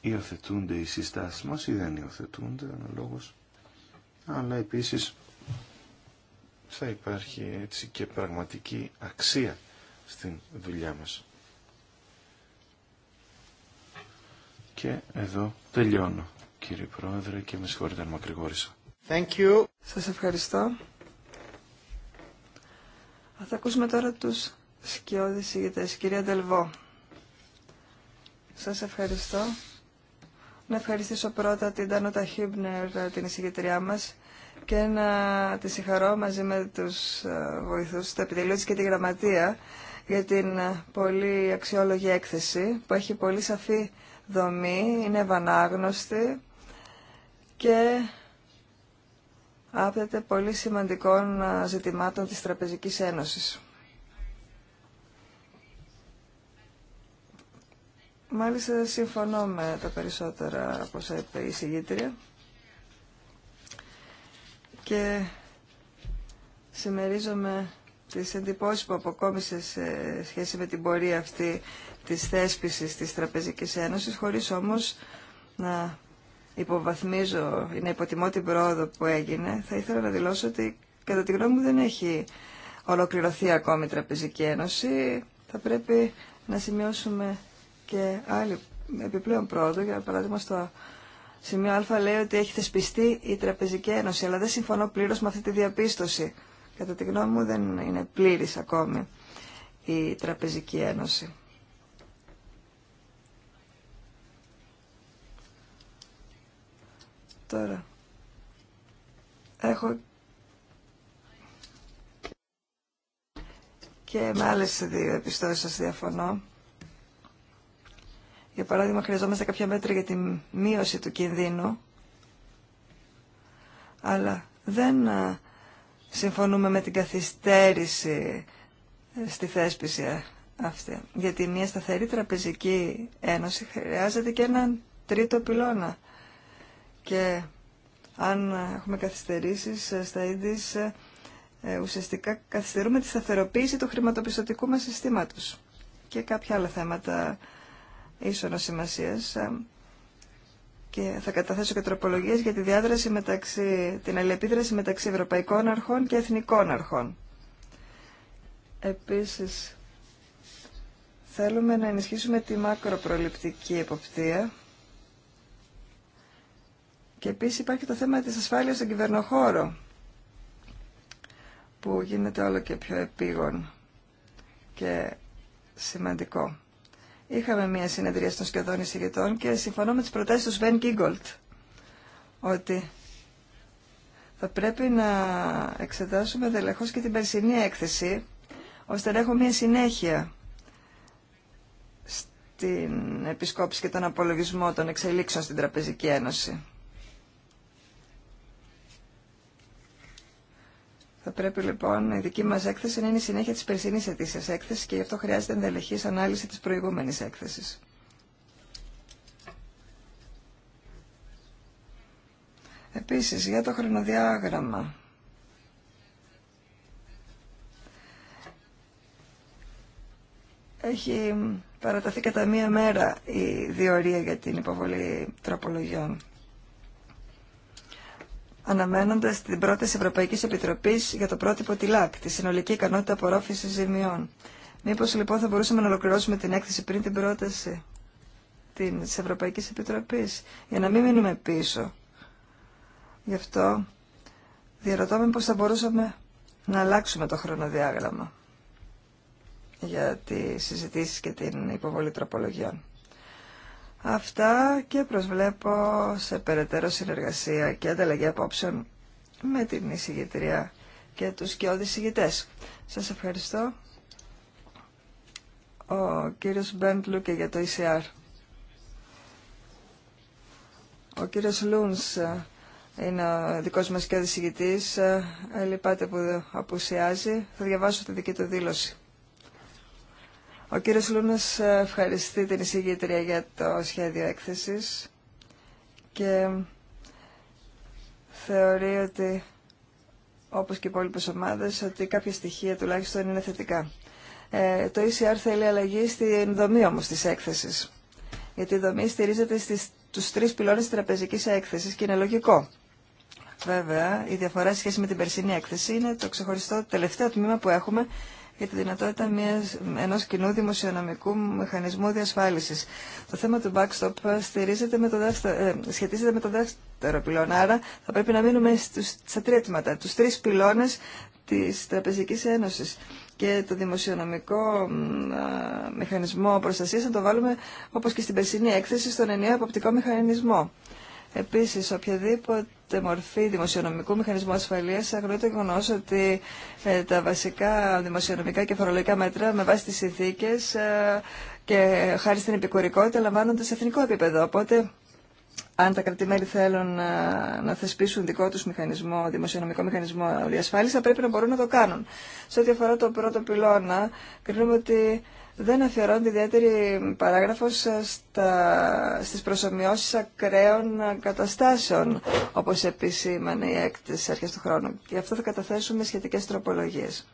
υιοθετούνται οι συστάσεις μας ή δεν υιοθετούνται αναλόγως αλλά επίσης θα υπάρχει έτσι και πραγματική αξία στην δουλειά μας. Και εδώ τελειώνω, κύριε Πρόεδρε, και με συγχωρείτε αν μακρηγόρησα. Thank you. Σας ευχαριστώ. Θα ακούσουμε τώρα τους σκιώδεις ηγητές. Κυρία Ντελβό, σας ευχαριστώ. Να ευχαριστήσω πρώτα την Τάνωτα Χίμπνερ, την εισηγητριά μας, και να τη συγχαρώ μαζί με τους ε, βοηθούς του επιτελείου και τη γραμματεία για την ε, πολύ αξιόλογη έκθεση που έχει πολύ σαφή δομή, είναι ευανάγνωστη και άπτεται πολύ σημαντικών ε, ζητημάτων της Τραπεζικής Ένωσης. Μάλιστα συμφωνώ με τα περισσότερα από όσα είπε η συγγήτρια και συμμερίζομαι τις εντυπώσεις που αποκόμισε σε σχέση με την πορεία αυτή της θέσπισης της Τραπεζικής Ένωσης, χωρίς όμως να υποβαθμίζω ή να υποτιμώ την πρόοδο που έγινε, θα ήθελα να δηλώσω ότι κατά τη γνώμη μου δεν έχει ολοκληρωθεί ακόμη η Τραπεζική Ένωση. Θα πρέπει να σημειώσουμε και άλλη επιπλέον πρόοδο, για παράδειγμα στο σημείο Α λέει ότι έχει θεσπιστεί η Τραπεζική Ένωση, αλλά δεν συμφωνώ πλήρω με αυτή τη διαπίστωση. Κατά τη γνώμη μου δεν είναι πλήρης ακόμη η Τραπεζική Ένωση. Τώρα, έχω και με άλλες δύο επιστώσεις σας διαφωνώ. Για παράδειγμα, χρειαζόμαστε κάποια μέτρα για τη μείωση του κινδύνου, αλλά δεν συμφωνούμε με την καθυστέρηση ε, στη θέσπιση ε, αυτή. Γιατί μια σταθερή τραπεζική ένωση χρειάζεται και έναν τρίτο πυλώνα. Και αν έχουμε καθυστερήσεις ε, στα ίδια ουσιαστικά καθυστερούμε τη σταθεροποίηση του χρηματοπιστωτικού μας συστήματος και κάποια άλλα θέματα ίσονος σημασίας ε, και θα καταθέσω και τροπολογίες για τη διάδραση μεταξύ, την αλληλεπίδραση μεταξύ ευρωπαϊκών αρχών και εθνικών αρχών. Επίσης, θέλουμε να ενισχύσουμε τη μακροπροληπτική εποπτεία και επίσης υπάρχει το θέμα της ασφάλειας στον κυβερνοχώρο που γίνεται όλο και πιο επίγον και σημαντικό. Είχαμε μια συνεδρία στους σχεδόν εισηγητών και συμφωνώ με τις προτάσεις του Σβέν Κίγκολτ ότι θα πρέπει να εξετάσουμε δελεχώς και την περσινή έκθεση ώστε να έχουμε μια συνέχεια στην επισκόπηση και τον απολογισμό των εξελίξεων στην Τραπεζική Ένωση. Θα πρέπει λοιπόν η δική μας έκθεση να είναι η συνέχεια της περσινή ετήσια έκθεση και γι' αυτό χρειάζεται ενδελεχή ανάλυση της προηγούμενης έκθεσης. Επίσης, για το χρονοδιάγραμμα. Έχει παραταθεί κατά μία μέρα η διορία για την υποβολή τροπολογιών αναμένοντας την πρόταση Ευρωπαϊκής Επιτροπής για το πρότυπο ΤΙΛΑΚ, τη συνολική ικανότητα απορρόφησης ζημιών. Μήπως λοιπόν θα μπορούσαμε να ολοκληρώσουμε την έκθεση πριν την πρόταση της Ευρωπαϊκής Επιτροπής, για να μην μείνουμε πίσω. Γι' αυτό διαρωτώ με πώς θα μπορούσαμε να αλλάξουμε το χρονοδιάγραμμα για τις συζητήσεις και την υποβολή τροπολογιών. Αυτά και προσβλέπω σε περαιτέρω συνεργασία και ανταλλαγή απόψεων με την εισηγητρία και τους και εισηγητές. Σας ευχαριστώ. Ο κύριος Μπεντ Λούκε για το ECR. Ο κύριος Λούνς ε, είναι ο δικός μας και οδησηγητής. Ε, λυπάται που απουσιάζει. Θα διαβάσω τη δική του δήλωση. Ο κύριος Λούνας ε, ευχαριστεί την εισηγήτρια για το σχέδιο έκθεσης και θεωρεί ότι, όπως και οι υπόλοιπες ομάδες, ότι κάποια στοιχεία τουλάχιστον είναι θετικά. Ε, το ECR θέλει αλλαγή στην δομή όμως της έκθεσης, γιατί η δομή στηρίζεται στις, στους τρεις πυλώνες της τραπεζικής έκθεσης και είναι λογικό. Βέβαια, η διαφορά σχέση με την περσίνη έκθεση είναι το ξεχωριστό τελευταίο τμήμα που έχουμε για τη δυνατότητα μιας, ενός κοινού δημοσιονομικού μηχανισμού διασφάλισης. Το θέμα του backstop ε, στηρίζεται με το δεύτερο, ε, σχετίζεται με το δεύτερο πυλόν, άρα θα πρέπει να μείνουμε στους, στα τρία τμήματα, τους τρεις πυλώνες της Τραπεζικής Ένωσης και το δημοσιονομικό μηχανισμό προστασίας να το βάλουμε όπως και στην περσινή έκθεση στον ενιαίο αποπτικό μηχανισμό. Επίσης, οποιαδήποτε μορφή δημοσιονομικού μηχανισμού ασφαλείας αγνοείται το γεγονό ότι ε, τα βασικά δημοσιονομικά και φορολογικά μέτρα με βάση τις συνθήκες ε, και χάρη στην επικουρικότητα λαμβάνονται σε εθνικό επίπεδο. Οπότε, αν τα κρατημέλη θέλουν να, ε, να θεσπίσουν δικό τους μηχανισμό, δημοσιονομικό μηχανισμό διασφάλιση, θα πρέπει να μπορούν να το κάνουν. Σε ό,τι αφορά το πρώτο πυλώνα, κρίνουμε ότι δεν αφιερώνεται ιδιαίτερη παράγραφος ε, στα, στις προσωμιώσεις ακραίων ε, καταστάσεων, όπως επισήμανε η έκθεση αρχές του χρόνου. Γι' αυτό θα καταθέσουμε σχετικές τροπολογίες.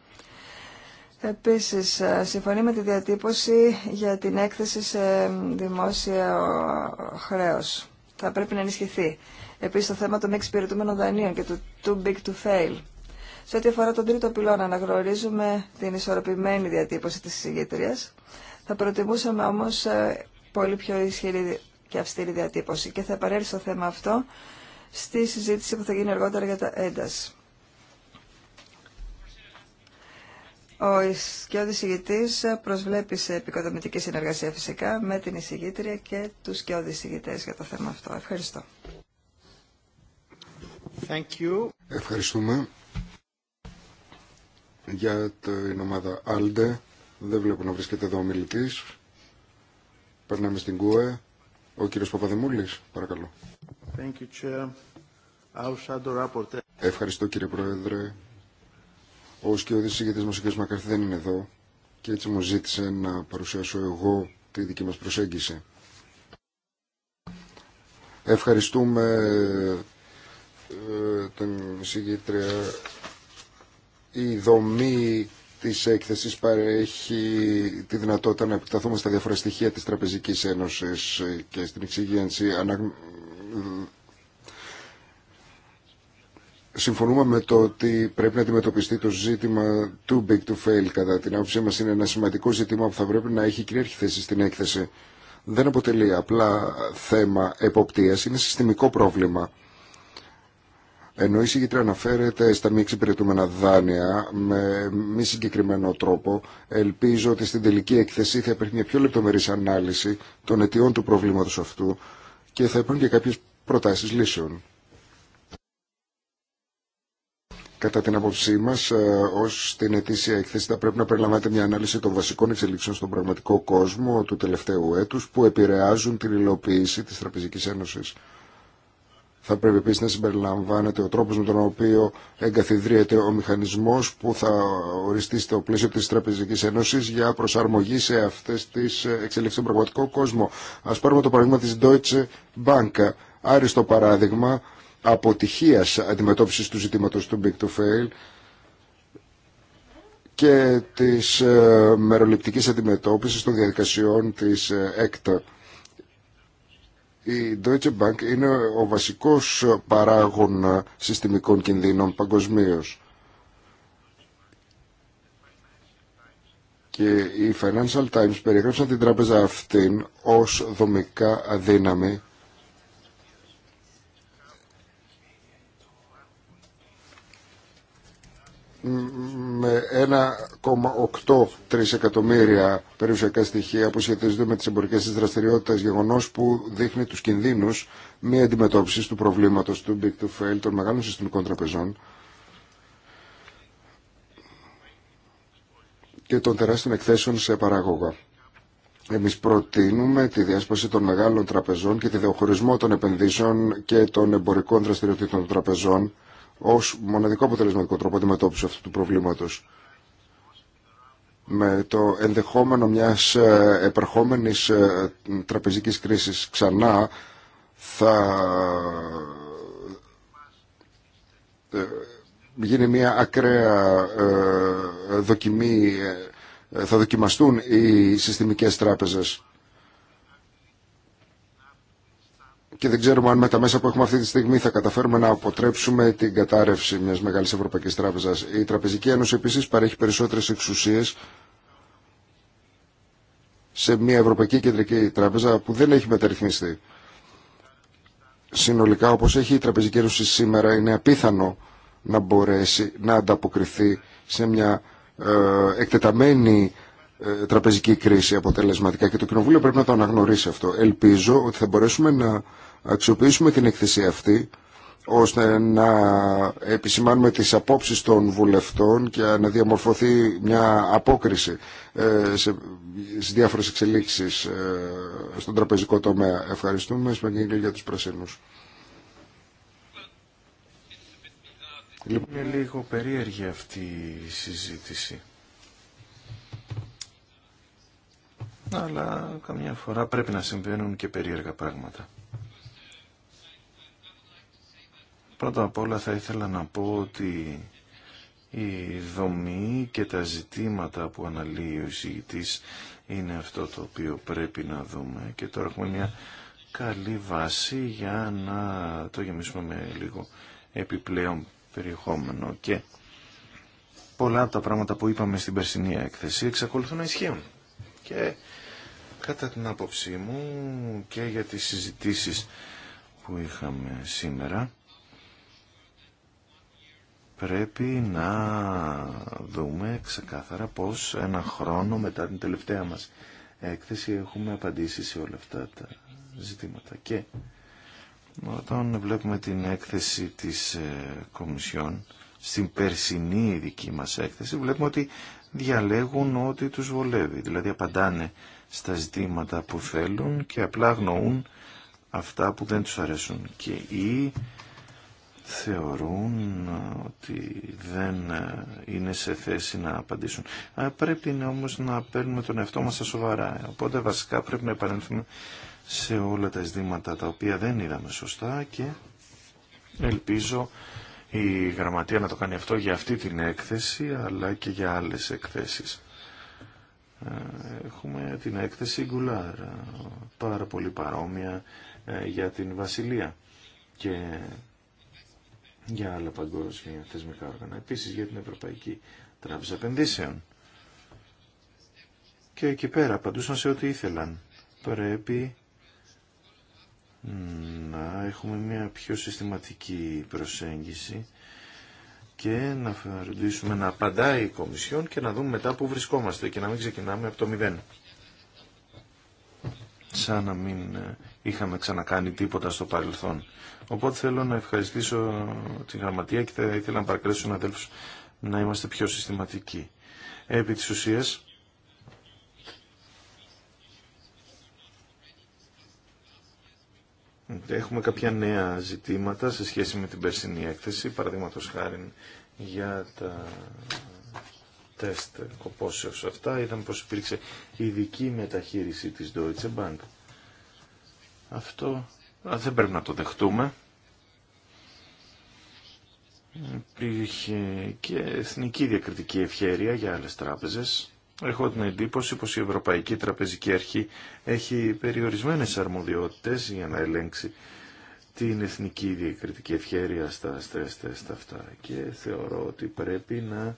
Επίσης, ε, συμφωνεί με τη διατύπωση για την έκθεση σε δημόσια χρέος. Θα πρέπει να ενισχυθεί. Επίσης, το θέμα των εξυπηρετούμενων δανείων και του too big to fail. Σε ό,τι αφορά τον τρίτο πυλώνα, αναγνωρίζουμε την ισορροπημένη διατύπωση τη συγκεκριτρίας. Θα προτιμούσαμε όμω ε, πολύ πιο ισχυρή και αυστηρή διατύπωση και θα επανέλθω στο θέμα αυτό στη συζήτηση που θα γίνει αργότερα για τα έντας. Ο Ισκιώδης ηγητής προσβλέπει σε επικοδομητική συνεργασία φυσικά με την εισηγήτρια και τους σκιώδης ηγητές για το θέμα αυτό. Ευχαριστώ. Thank you. Ευχαριστούμε. Για την ομάδα ALDE. δεν βλέπω να βρίσκεται εδώ ο μιλητή. Περνάμε στην ΚΟΕ. Ο κύριος Παπαδημούλης, παρακαλώ. you, Ευχαριστώ κύριε Πρόεδρε. Ο σκιώδης ηγετής μας ο κ. Μακαρθή δεν είναι εδώ και έτσι μου ζήτησε να παρουσιάσω εγώ τη δική μας προσέγγιση. Ευχαριστούμε ε, την η δομή της έκθεσης παρέχει τη δυνατότητα να επιταθούμε στα διάφορα στοιχεία της Τραπεζικής Ένωσης και στην εξυγίανση. συμφωνούμε με το ότι πρέπει να αντιμετωπιστεί το ζήτημα too big to fail κατά την άποψή μας είναι ένα σημαντικό ζήτημα που θα πρέπει να έχει κυρίαρχη θέση στην έκθεση. Δεν αποτελεί απλά θέμα εποπτείας, είναι συστημικό πρόβλημα ενώ η συγκεκριά αναφέρεται στα μη εξυπηρετούμενα δάνεια με μη συγκεκριμένο τρόπο, ελπίζω ότι στην τελική εκθεσή θα υπάρχει μια πιο λεπτομερή ανάλυση των αιτιών του προβλήματο αυτού και θα υπάρχουν και κάποιε προτάσει λύσεων. Κατά την άποψή μα, ε, ω την ετήσια εκθέση θα πρέπει να περιλαμβάνεται μια ανάλυση των βασικών εξελίξεων στον πραγματικό κόσμο του τελευταίου έτου που επηρεάζουν την υλοποίηση τη Τραπεζική Ένωση. Θα πρέπει επίση να συμπεριλαμβάνεται ο τρόπο με τον οποίο εγκαθιδρύεται ο μηχανισμό που θα οριστεί στο πλαίσιο τη Τραπεζική Ένωση για προσαρμογή σε αυτέ τι εξελίξει στον πραγματικό κόσμο. Α πάρουμε το παράδειγμα τη Deutsche Bank. Άριστο παράδειγμα αποτυχία αντιμετώπιση του ζητήματο του Big to Fail και της ε, μεροληπτικής αντιμετώπισης των διαδικασιών της ε, ΕΚΤΑ. Η Deutsche Bank είναι ο βασικός παράγων συστημικών κινδύνων παγκοσμίω. Και οι Financial Times περιγράψαν την τράπεζα αυτήν ως δομικά αδύναμη με 1,8 τρισεκατομμύρια περιουσιακά στοιχεία που σχετίζονται με τις εμπορικές της δραστηριότητας, γεγονός που δείχνει τους κινδύνους μη αντιμετώπιση του προβλήματος του Big to Fail των μεγάλων συστημικών τραπεζών και των τεράστιων εκθέσεων σε παράγωγα. Εμείς προτείνουμε τη διάσπαση των μεγάλων τραπεζών και τη διαχωρισμό των επενδύσεων και των εμπορικών δραστηριοτήτων των τραπεζών ως μοναδικό αποτελεσματικό τρόπο αντιμετώπιση αυτού του προβλήματος με το ενδεχόμενο μιας ε, επερχόμενης ε, τραπεζικής κρίσης ξανά θα ε, γίνει μια ακραία δοκιμή, θα δοκιμαστούν οι συστημικές τράπεζες. και δεν ξέρουμε αν με τα μέσα που έχουμε αυτή τη στιγμή θα καταφέρουμε να αποτρέψουμε την κατάρρευση μιας μεγάλης Ευρωπαϊκής Τράπεζας. Η Τραπεζική Ένωση επίσης παρέχει περισσότερες εξουσίες σε μια Ευρωπαϊκή Κεντρική Τράπεζα που δεν έχει μεταρρυθμιστεί. Συνολικά όπως έχει η Τραπεζική Ένωση σήμερα είναι απίθανο να μπορέσει να ανταποκριθεί σε μια ε, εκτεταμένη ε, τραπεζική κρίση αποτελεσματικά και το Κοινοβούλιο πρέπει να το αναγνωρίσει αυτό. Ελπίζω ότι θα μπορέσουμε να αξιοποιήσουμε την εκθέση αυτή ώστε να επισημάνουμε τις απόψεις των βουλευτών και να διαμορφωθεί μια απόκριση ε, σε, στις διάφορες εξελίξεις ε, στον τραπεζικό τομέα. Ευχαριστούμε, Σπαγγίγκλη, για τους πρασίνους. Είναι λίγο περίεργη αυτή η συζήτηση. Αλλά καμιά φορά πρέπει να συμβαίνουν και περίεργα πράγματα. Πρώτα απ' όλα θα ήθελα να πω ότι η δομή και τα ζητήματα που αναλύει ο εισηγητής είναι αυτό το οποίο πρέπει να δούμε και τώρα έχουμε μια καλή βάση για να το γεμίσουμε με λίγο επιπλέον περιεχόμενο και πολλά από τα πράγματα που είπαμε στην περσινή έκθεση εξακολουθούν να ισχύουν και κατά την άποψή μου και για τις συζητήσεις που είχαμε σήμερα πρέπει να δούμε ξεκάθαρα πως ένα χρόνο μετά την τελευταία μας έκθεση έχουμε απαντήσει σε όλα αυτά τα ζητήματα. Και όταν βλέπουμε την έκθεση της ε, Κομισιόν, στην περσινή δική μας έκθεση, βλέπουμε ότι διαλέγουν ό,τι τους βολεύει. Δηλαδή απαντάνε στα ζητήματα που θέλουν και απλά γνωρούν αυτά που δεν τους αρέσουν. Και ή θεωρούν ότι δεν είναι σε θέση να απαντήσουν. Πρέπει όμως να παίρνουμε τον εαυτό μας στα σοβαρά. Οπότε βασικά πρέπει να επανέλθουμε σε όλα τα εισδήματα τα οποία δεν είδαμε σωστά και ελπίζω η γραμματεία να το κάνει αυτό για αυτή την έκθεση αλλά και για άλλες εκθέσεις. Ε, έχουμε την έκθεση Γκουλάρ, ε, πάρα πολύ παρόμοια ε, για την Βασιλεία και για άλλα παγκόσμια θεσμικά όργανα. Επίσης για την Ευρωπαϊκή Τράπεζα Επενδύσεων. Και εκεί πέρα απαντούσαν σε ό,τι ήθελαν. Πρέπει να έχουμε μια πιο συστηματική προσέγγιση και να φροντίσουμε να απαντάει η Κομισιόν και να δούμε μετά που βρισκόμαστε και να μην ξεκινάμε από το μηδέν σαν να μην ε, είχαμε ξανακάνει τίποτα στο παρελθόν. Οπότε θέλω να ευχαριστήσω την γραμματεία και θα ήθελα να παρακαλέσω τους αδέλφους να είμαστε πιο συστηματικοί. Επί της ουσίας, Έχουμε κάποια νέα ζητήματα σε σχέση με την περσινή έκθεση, παραδείγματο χάρη για τα τεστ κοπόσεως αυτά είδαμε πως υπήρξε ειδική μεταχείριση της Deutsche Bank. Αυτό δεν πρέπει να το δεχτούμε. Υπήρχε και εθνική διακριτική ευχέρεια για άλλες τράπεζες. Έχω την εντύπωση πως η Ευρωπαϊκή Τραπεζική Αρχή έχει περιορισμένες αρμοδιότητες για να ελέγξει την εθνική διακριτική ευχέρεια στα στρες τεστ αυτά και θεωρώ ότι πρέπει να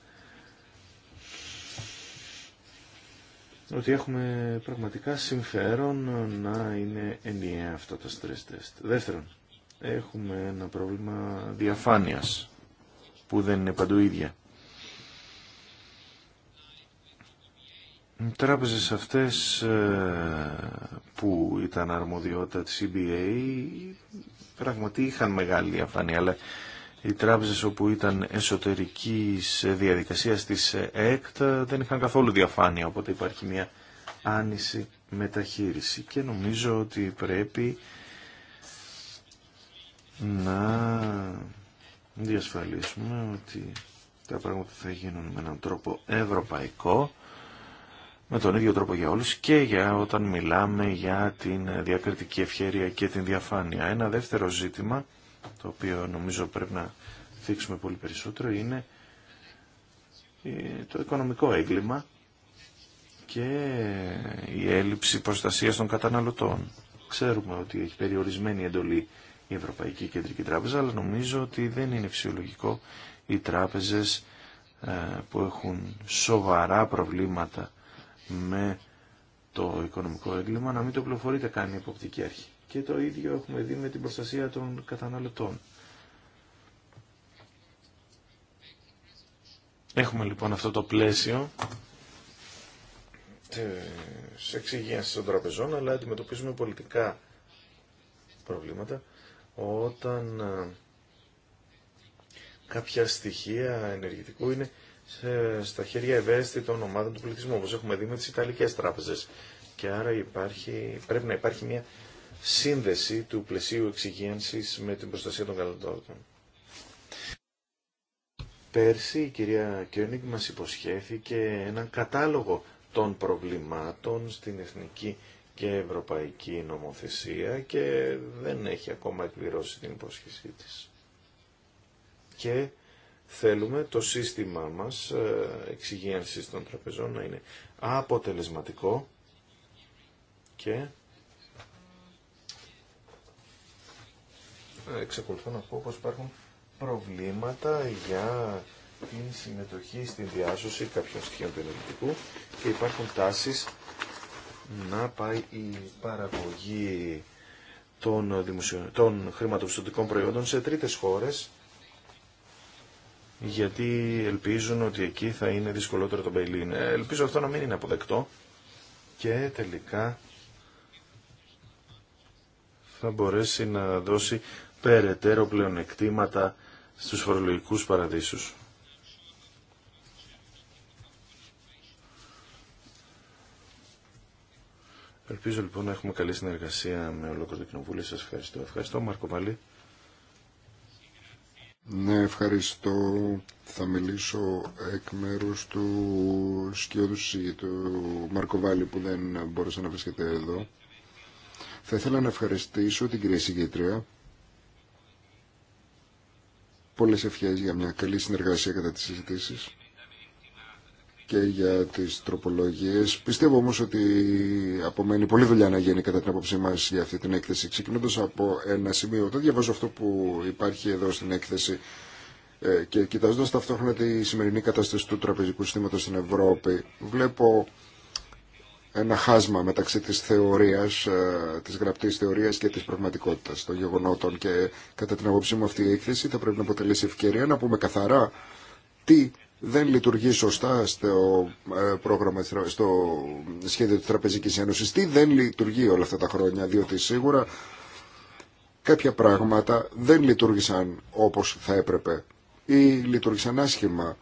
ότι έχουμε πραγματικά συμφέρον να είναι ενιαία αυτά τα stress test. Δεύτερον, έχουμε ένα πρόβλημα διαφάνειας που δεν είναι παντού ίδια. τράπεζες αυτές ε, που ήταν αρμοδιότητα της CBA πραγματικά είχαν μεγάλη διαφάνεια, αλλά οι τράπεζες όπου ήταν εσωτερικής διαδικασίας της ΕΚΤ δεν είχαν καθόλου διαφάνεια, οπότε υπάρχει μια άνηση μεταχείριση και νομίζω ότι πρέπει να διασφαλίσουμε ότι τα πράγματα θα γίνουν με έναν τρόπο ευρωπαϊκό με τον ίδιο τρόπο για όλους και για όταν μιλάμε για την διακριτική ευχέρεια και την διαφάνεια. Ένα δεύτερο ζήτημα το οποίο νομίζω πρέπει να θίξουμε πολύ περισσότερο, είναι ε, το οικονομικό έγκλημα και η έλλειψη προστασίας των καταναλωτών. Ξέρουμε ότι έχει περιορισμένη εντολή η Ευρωπαϊκή Κεντρική Τράπεζα, αλλά νομίζω ότι δεν είναι φυσιολογικό οι τράπεζες ε, που έχουν σοβαρά προβλήματα με το οικονομικό έγκλημα να μην το πληροφορείται καν η υποπτική αρχή. Και το ίδιο έχουμε δει με την προστασία των καταναλωτών. Έχουμε λοιπόν αυτό το πλαίσιο της εξυγίανσης των τραπεζών, αλλά αντιμετωπίζουμε πολιτικά προβλήματα όταν ε, κάποια στοιχεία ενεργητικού είναι στα χέρια ευαίσθητων ομάδων του πληθυσμού, όπως έχουμε δει με τις Ιταλικές τράπεζες. Και άρα υπάρχει, πρέπει να υπάρχει μια σύνδεση του πλαισίου εξυγένσης με την προστασία των καταναλωτών. Πέρσι η κυρία Κιόνικ μας υποσχέθηκε έναν κατάλογο των προβλημάτων στην εθνική και ευρωπαϊκή νομοθεσία και δεν έχει ακόμα εκπληρώσει την υπόσχεσή της. Και θέλουμε το σύστημά μας ε, εξυγένσης των τραπεζών να είναι αποτελεσματικό και εξακολουθώ να πω πως υπάρχουν προβλήματα για την συμμετοχή στην διάσωση κάποιων στοιχείων του ενεργητικού και υπάρχουν τάσεις να πάει η παραγωγή των, δημοσιο... των χρηματοπιστωτικών προϊόντων σε τρίτες χώρες γιατί ελπίζουν ότι εκεί θα είναι δυσκολότερο το Μπέιλιν. Ε, ελπίζω αυτό να μην είναι αποδεκτό και τελικά θα μπορέσει να δώσει περαιτέρω πλεονεκτήματα στους φορολογικούς παραδείσους. Ελπίζω λοιπόν να έχουμε καλή συνεργασία με ολόκληρο την κοινοβούλη. Σας ευχαριστώ. Ευχαριστώ Μάρκο Βαλή. Ναι, ευχαριστώ. Θα μιλήσω εκ μέρους του σκιώδου του Μάρκο που δεν μπόρεσε να βρίσκεται εδώ. Θα ήθελα να ευχαριστήσω την κυρία Συγγήτρια πολλές ευχές για μια καλή συνεργασία κατά τις συζητήσεις και για τις τροπολογίες. Πιστεύω όμως ότι απομένει πολλή δουλειά να γίνει κατά την απόψή μας για αυτή την έκθεση. Ξεκινώντας από ένα σημείο, όταν διαβάζω αυτό που υπάρχει εδώ στην έκθεση ε, και κοιτάζοντας ταυτόχρονα τη σημερινή κατάσταση του τραπεζικού συστήματος στην Ευρώπη, βλέπω ένα χάσμα μεταξύ της θεωρίας, ε, της γραπτής θεωρίας και της πραγματικότητας των γεγονότων και κατά την απόψη μου αυτή η έκθεση θα πρέπει να αποτελέσει ευκαιρία να πούμε καθαρά τι δεν λειτουργεί σωστά στο, ε, πρόγραμμα, στο σχέδιο της Τραπεζικής Ένωσης, τι δεν λειτουργεί όλα αυτά τα χρόνια, διότι σίγουρα κάποια πράγματα δεν λειτουργήσαν όπως θα έπρεπε ή λειτουργήσαν άσχημα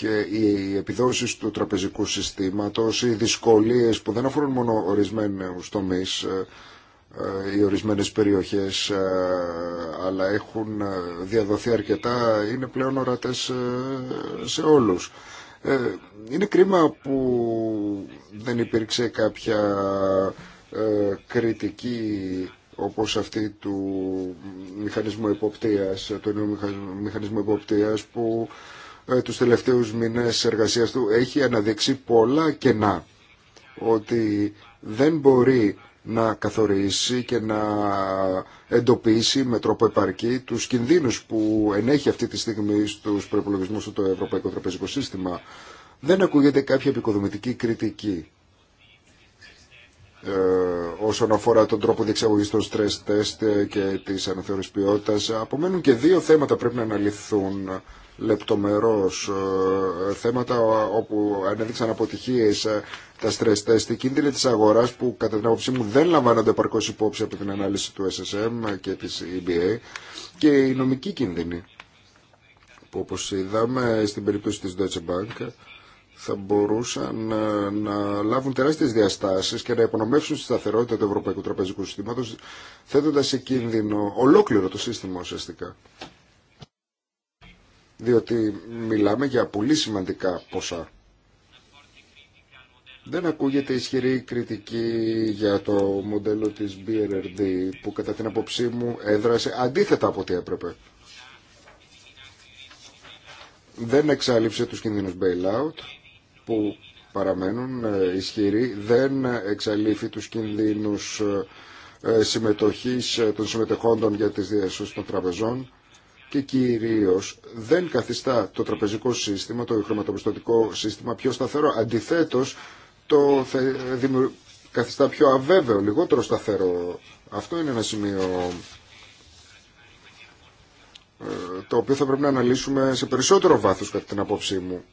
και οι επιδόσεις του τραπεζικού συστήματος, οι δυσκολίες που δεν αφορούν μόνο ορισμένους τομείς ή ε, ε, ορισμένες περιοχές ε, αλλά έχουν διαδοθεί αρκετά, είναι πλέον ορατές σε όλους. Είναι κρίμα που δεν υπήρξε κάποια κριτική όπως αυτή του μηχανισμού εποπτείας, του νέου μηχανισμού εποπτείας που ε, τους τελευταίους μήνες εργασίας του έχει αναδείξει πολλά κενά ότι δεν μπορεί να καθορίσει και να εντοπίσει με τρόπο επαρκή τους κινδύνους που ενέχει αυτή τη στιγμή στους προπολογισμού του το Ευρωπαϊκό Τραπεζικό Σύστημα. Δεν ακούγεται κάποια επικοδομητική κριτική ε, όσον αφορά τον τρόπο διεξαγωγής των stress test και της αναθεώρησης ποιότητας. Απομένουν και δύο θέματα πρέπει να αναλυθούν λεπτομερώς ε, θέματα όπου ανέδειξαν αποτυχίες ε, τα stress test, οι κίνδυνοι της αγοράς που κατά την άποψή μου δεν λαμβάνονται παρκώς υπόψη από την ανάλυση του SSM και της EBA και οι νομικοί κίνδυνοι που όπως είδαμε στην περίπτωση της Deutsche Bank θα μπορούσαν να, ε, να λάβουν τεράστιες διαστάσεις και να υπονομεύσουν τη σταθερότητα του Ευρωπαϊκού Τραπεζικού Συστήματος θέτοντα σε κίνδυνο ολόκληρο το σύστημα ουσιαστικά διότι μιλάμε για πολύ σημαντικά ποσά. Δεν ακούγεται ισχυρή κριτική για το μοντέλο της BRRD που κατά την απόψή μου έδρασε αντίθετα από ό,τι έπρεπε. Δεν εξαλείφθη τους κινδύνους bailout που παραμένουν ε, ισχυροί, δεν εξαλείφει τους κινδύνους ε, συμμετοχής ε, των συμμετεχόντων για τις διασώσεις των τραπεζών και κυρίως δεν καθιστά το τραπεζικό σύστημα, το χρηματοπιστωτικό σύστημα πιο σταθερό. Αντιθέτως, το καθιστά πιο αβέβαιο, λιγότερο σταθερό. Αυτό είναι ένα σημείο ε, το οποίο θα πρέπει να αναλύσουμε σε περισσότερο βάθος κατά την απόψή μου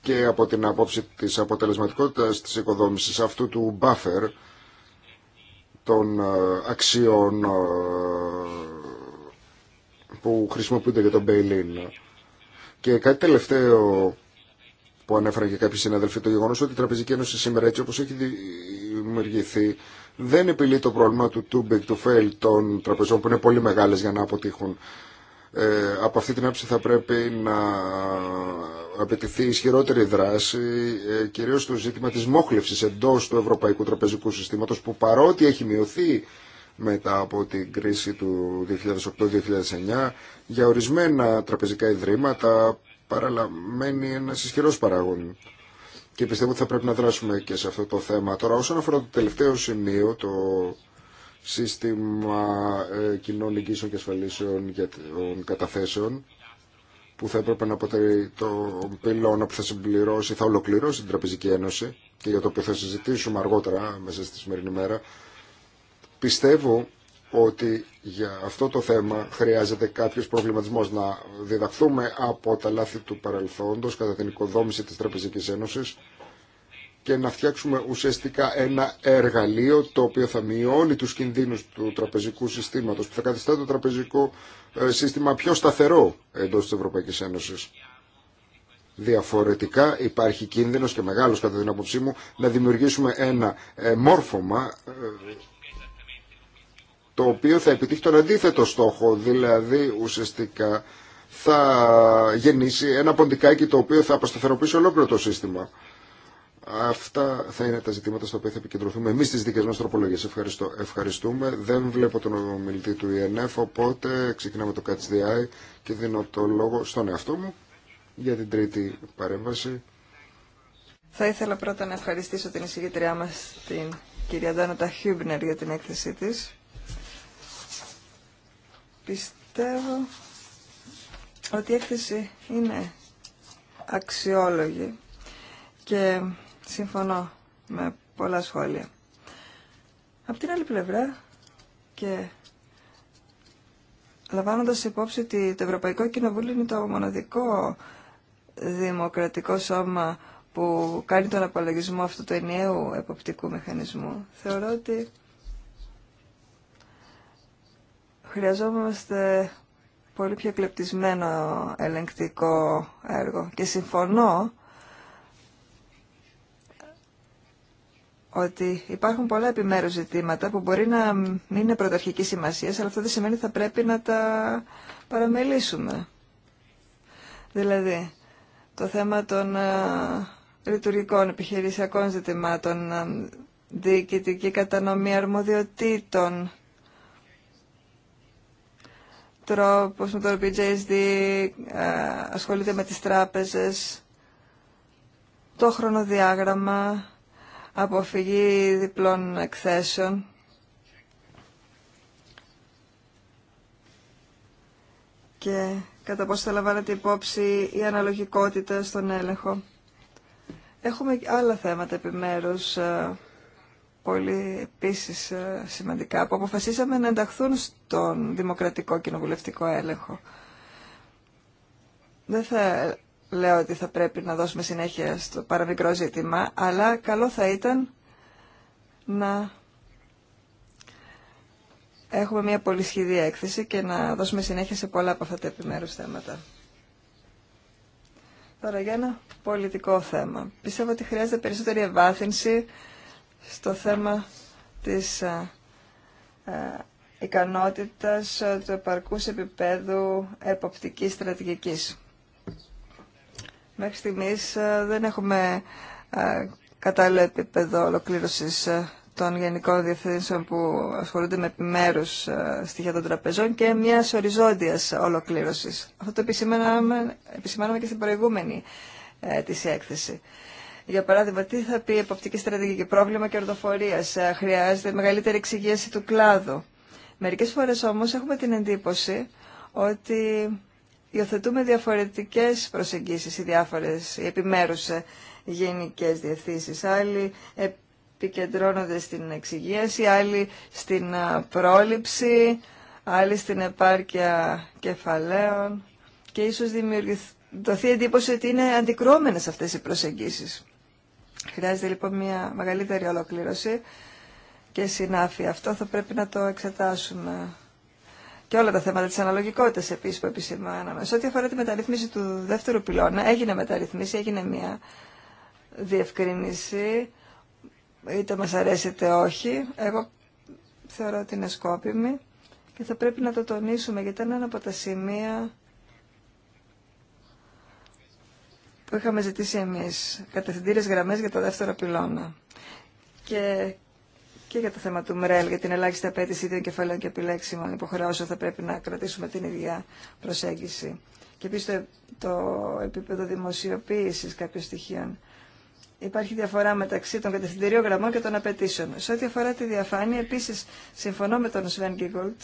και από την απόψη της αποτελεσματικότητας της οικοδόμησης αυτού του buffer των ε, αξιών ε, που χρησιμοποιούνται για τον Μπέιλιν. Και κάτι τελευταίο που ανέφεραν και κάποιοι συναδελφοί, το γεγονό ότι η Τραπεζική Ένωση σήμερα έτσι όπω έχει δημιουργηθεί δεν επιλύει το πρόβλημα του too big to fail των τραπεζών που είναι πολύ μεγάλε για να αποτύχουν. Ε, από αυτή την άποψη θα πρέπει να απαιτηθεί ισχυρότερη δράση, ε, κυρίως στο ζήτημα της μόχλευσης εντός του ευρωπαϊκού τραπεζικού συστήματος, που παρότι έχει μειωθεί μετά από την κρίση του 2008-2009 για ορισμένα τραπεζικά ιδρύματα παραλαμμένει ένα ισχυρό παράγον και πιστεύω ότι θα πρέπει να δράσουμε και σε αυτό το θέμα. Τώρα όσον αφορά το τελευταίο σημείο, το σύστημα ε, κοινών εγγύσεων και ασφαλίσεων για των καταθέσεων που θα έπρεπε να αποτελεί το πυλώνα που θα συμπληρώσει, θα ολοκληρώσει την Τραπεζική Ένωση και για το οποίο θα συζητήσουμε αργότερα μέσα στη σημερινή μέρα. Πιστεύω ότι για αυτό το θέμα χρειάζεται κάποιος προβληματισμός να διδαχθούμε από τα λάθη του παρελθόντος κατά την οικοδόμηση της Τραπεζικής Ένωσης και να φτιάξουμε ουσιαστικά ένα εργαλείο το οποίο θα μειώνει τους κινδύνους του τραπεζικού συστήματος που θα καθιστά το τραπεζικό ε, σύστημα πιο σταθερό εντός της Ευρωπαϊκής Ένωσης. Διαφορετικά υπάρχει κίνδυνος και μεγάλος κατά την άποψή μου να δημιουργήσουμε ένα ε, μόρφωμα ε, το οποίο θα επιτύχει τον αντίθετο στόχο, δηλαδή ουσιαστικά θα γεννήσει ένα ποντικάκι το οποίο θα αποσταθεροποιήσει ολόκληρο το σύστημα. Αυτά θα είναι τα ζητήματα στα οποία θα επικεντρωθούμε εμεί στις δικές μας τροπολογίες. Ευχαριστούμε. Δεν βλέπω τον ομιλητή του ΙΕΝΕΦ, οπότε ξεκινάμε το Catch και δίνω το λόγο στον εαυτό μου για την τρίτη παρέμβαση. Θα ήθελα πρώτα να ευχαριστήσω την εισηγήτριά μας, την κυρία Ντάνοτα Χιούμπνερ, για την έκθεσή της Πιστεύω ότι η έκθεση είναι αξιόλογη και συμφωνώ με πολλά σχόλια. Απ' την άλλη πλευρά και λαμβάνοντας υπόψη ότι το Ευρωπαϊκό Κοινοβούλιο είναι το μοναδικό δημοκρατικό σώμα που κάνει τον απολογισμό αυτού του ενιαίου εποπτικού μηχανισμού, θεωρώ ότι χρειαζόμαστε πολύ πιο κλεπτισμένο ελεγκτικό έργο. Και συμφωνώ ότι υπάρχουν πολλά επιμέρους ζητήματα που μπορεί να μην είναι πρωταρχική σημασία, αλλά αυτό δεν σημαίνει ότι θα πρέπει να τα παραμελήσουμε. Δηλαδή, το θέμα των ε, λειτουργικών επιχειρησιακών ζητημάτων, ε, διοικητική κατανομή αρμοδιοτήτων, τρόπος με τον οποίο JSD ε, ασχολείται με τις τράπεζες, το χρονοδιάγραμμα, αποφυγή διπλών εκθέσεων. και κατά πόσο θα λαμβάνεται υπόψη η αναλογικότητα στον έλεγχο. Έχουμε άλλα θέματα επιμέρους ε, πολύ επίσης ε, σημαντικά που αποφασίσαμε να ενταχθούν στον Δημοκρατικό Κοινοβουλευτικό Έλεγχο. Δεν θα λέω ότι θα πρέπει να δώσουμε συνέχεια στο παραμικρό ζήτημα, αλλά καλό θα ήταν να έχουμε μια πολύ έκθεση και να δώσουμε συνέχεια σε πολλά από αυτά τα επιμέρους θέματα. Τώρα για ένα πολιτικό θέμα. Πιστεύω ότι χρειάζεται περισσότερη ευάθυνση στο θέμα της ε, ε, ικανότητας ε, του επαρκούς επίπεδου εποπτικής στρατηγικής. Μέχρι στιγμής δεν έχουμε κατάλληλο επίπεδο ολοκλήρωσης των γενικών διευθύνσεων που ασχολούνται με επιμέρους στοιχεία των τραπεζών και μια οριζόντιας ολοκλήρωσης. Αυτό το επισημάναμε και στην προηγούμενη της έκθεση. Για παράδειγμα, τι θα πει η εποπτική στρατηγική πρόβλημα κερδοφορία. Ε, χρειάζεται μεγαλύτερη εξυγίαση του κλάδου. Μερικέ φορέ όμω έχουμε την εντύπωση ότι υιοθετούμε διαφορετικέ προσεγγίσεις οι διάφορε, επιμέρου ε, γενικέ διευθύνσει. Άλλοι επικεντρώνονται στην εξυγίαση, άλλοι στην ε, πρόληψη, άλλοι στην επάρκεια κεφαλαίων και ίσως δημιουργηθεί δοθεί εντύπωση ότι είναι αντικρώμενες αυτές οι προσεγγίσεις. Χρειάζεται λοιπόν μια μεγαλύτερη ολοκλήρωση και συνάφεια. Αυτό θα πρέπει να το εξετάσουμε. Και όλα τα θέματα τη αναλογικότητα επίση που επισημάναμε. Σε ό,τι αφορά τη μεταρρύθμιση του δεύτερου πυλώνα, έγινε μεταρρύθμιση, έγινε μια διευκρίνηση. Είτε μα αρέσει είτε όχι. Εγώ θεωρώ ότι είναι σκόπιμη και θα πρέπει να το τονίσουμε γιατί ήταν ένα από τα σημεία που είχαμε ζητήσει εμείς, κατευθυντήρες γραμμές για το δεύτερο πυλώνα. Και, και για το θέμα του ΜΡΕΛ, για την ελάχιστη απέτηση ίδιων κεφαλαίων και επιλέξιμων υποχρεώσεων, θα πρέπει να κρατήσουμε την ίδια προσέγγιση. Και επίση το, επίπεδο δημοσιοποίηση κάποιων στοιχείων. Υπάρχει διαφορά μεταξύ των κατευθυντηρίων γραμμών και των απαιτήσεων. Σε ό,τι αφορά τη διαφάνεια, επίση συμφωνώ με τον Σβέν Γκίγκολτ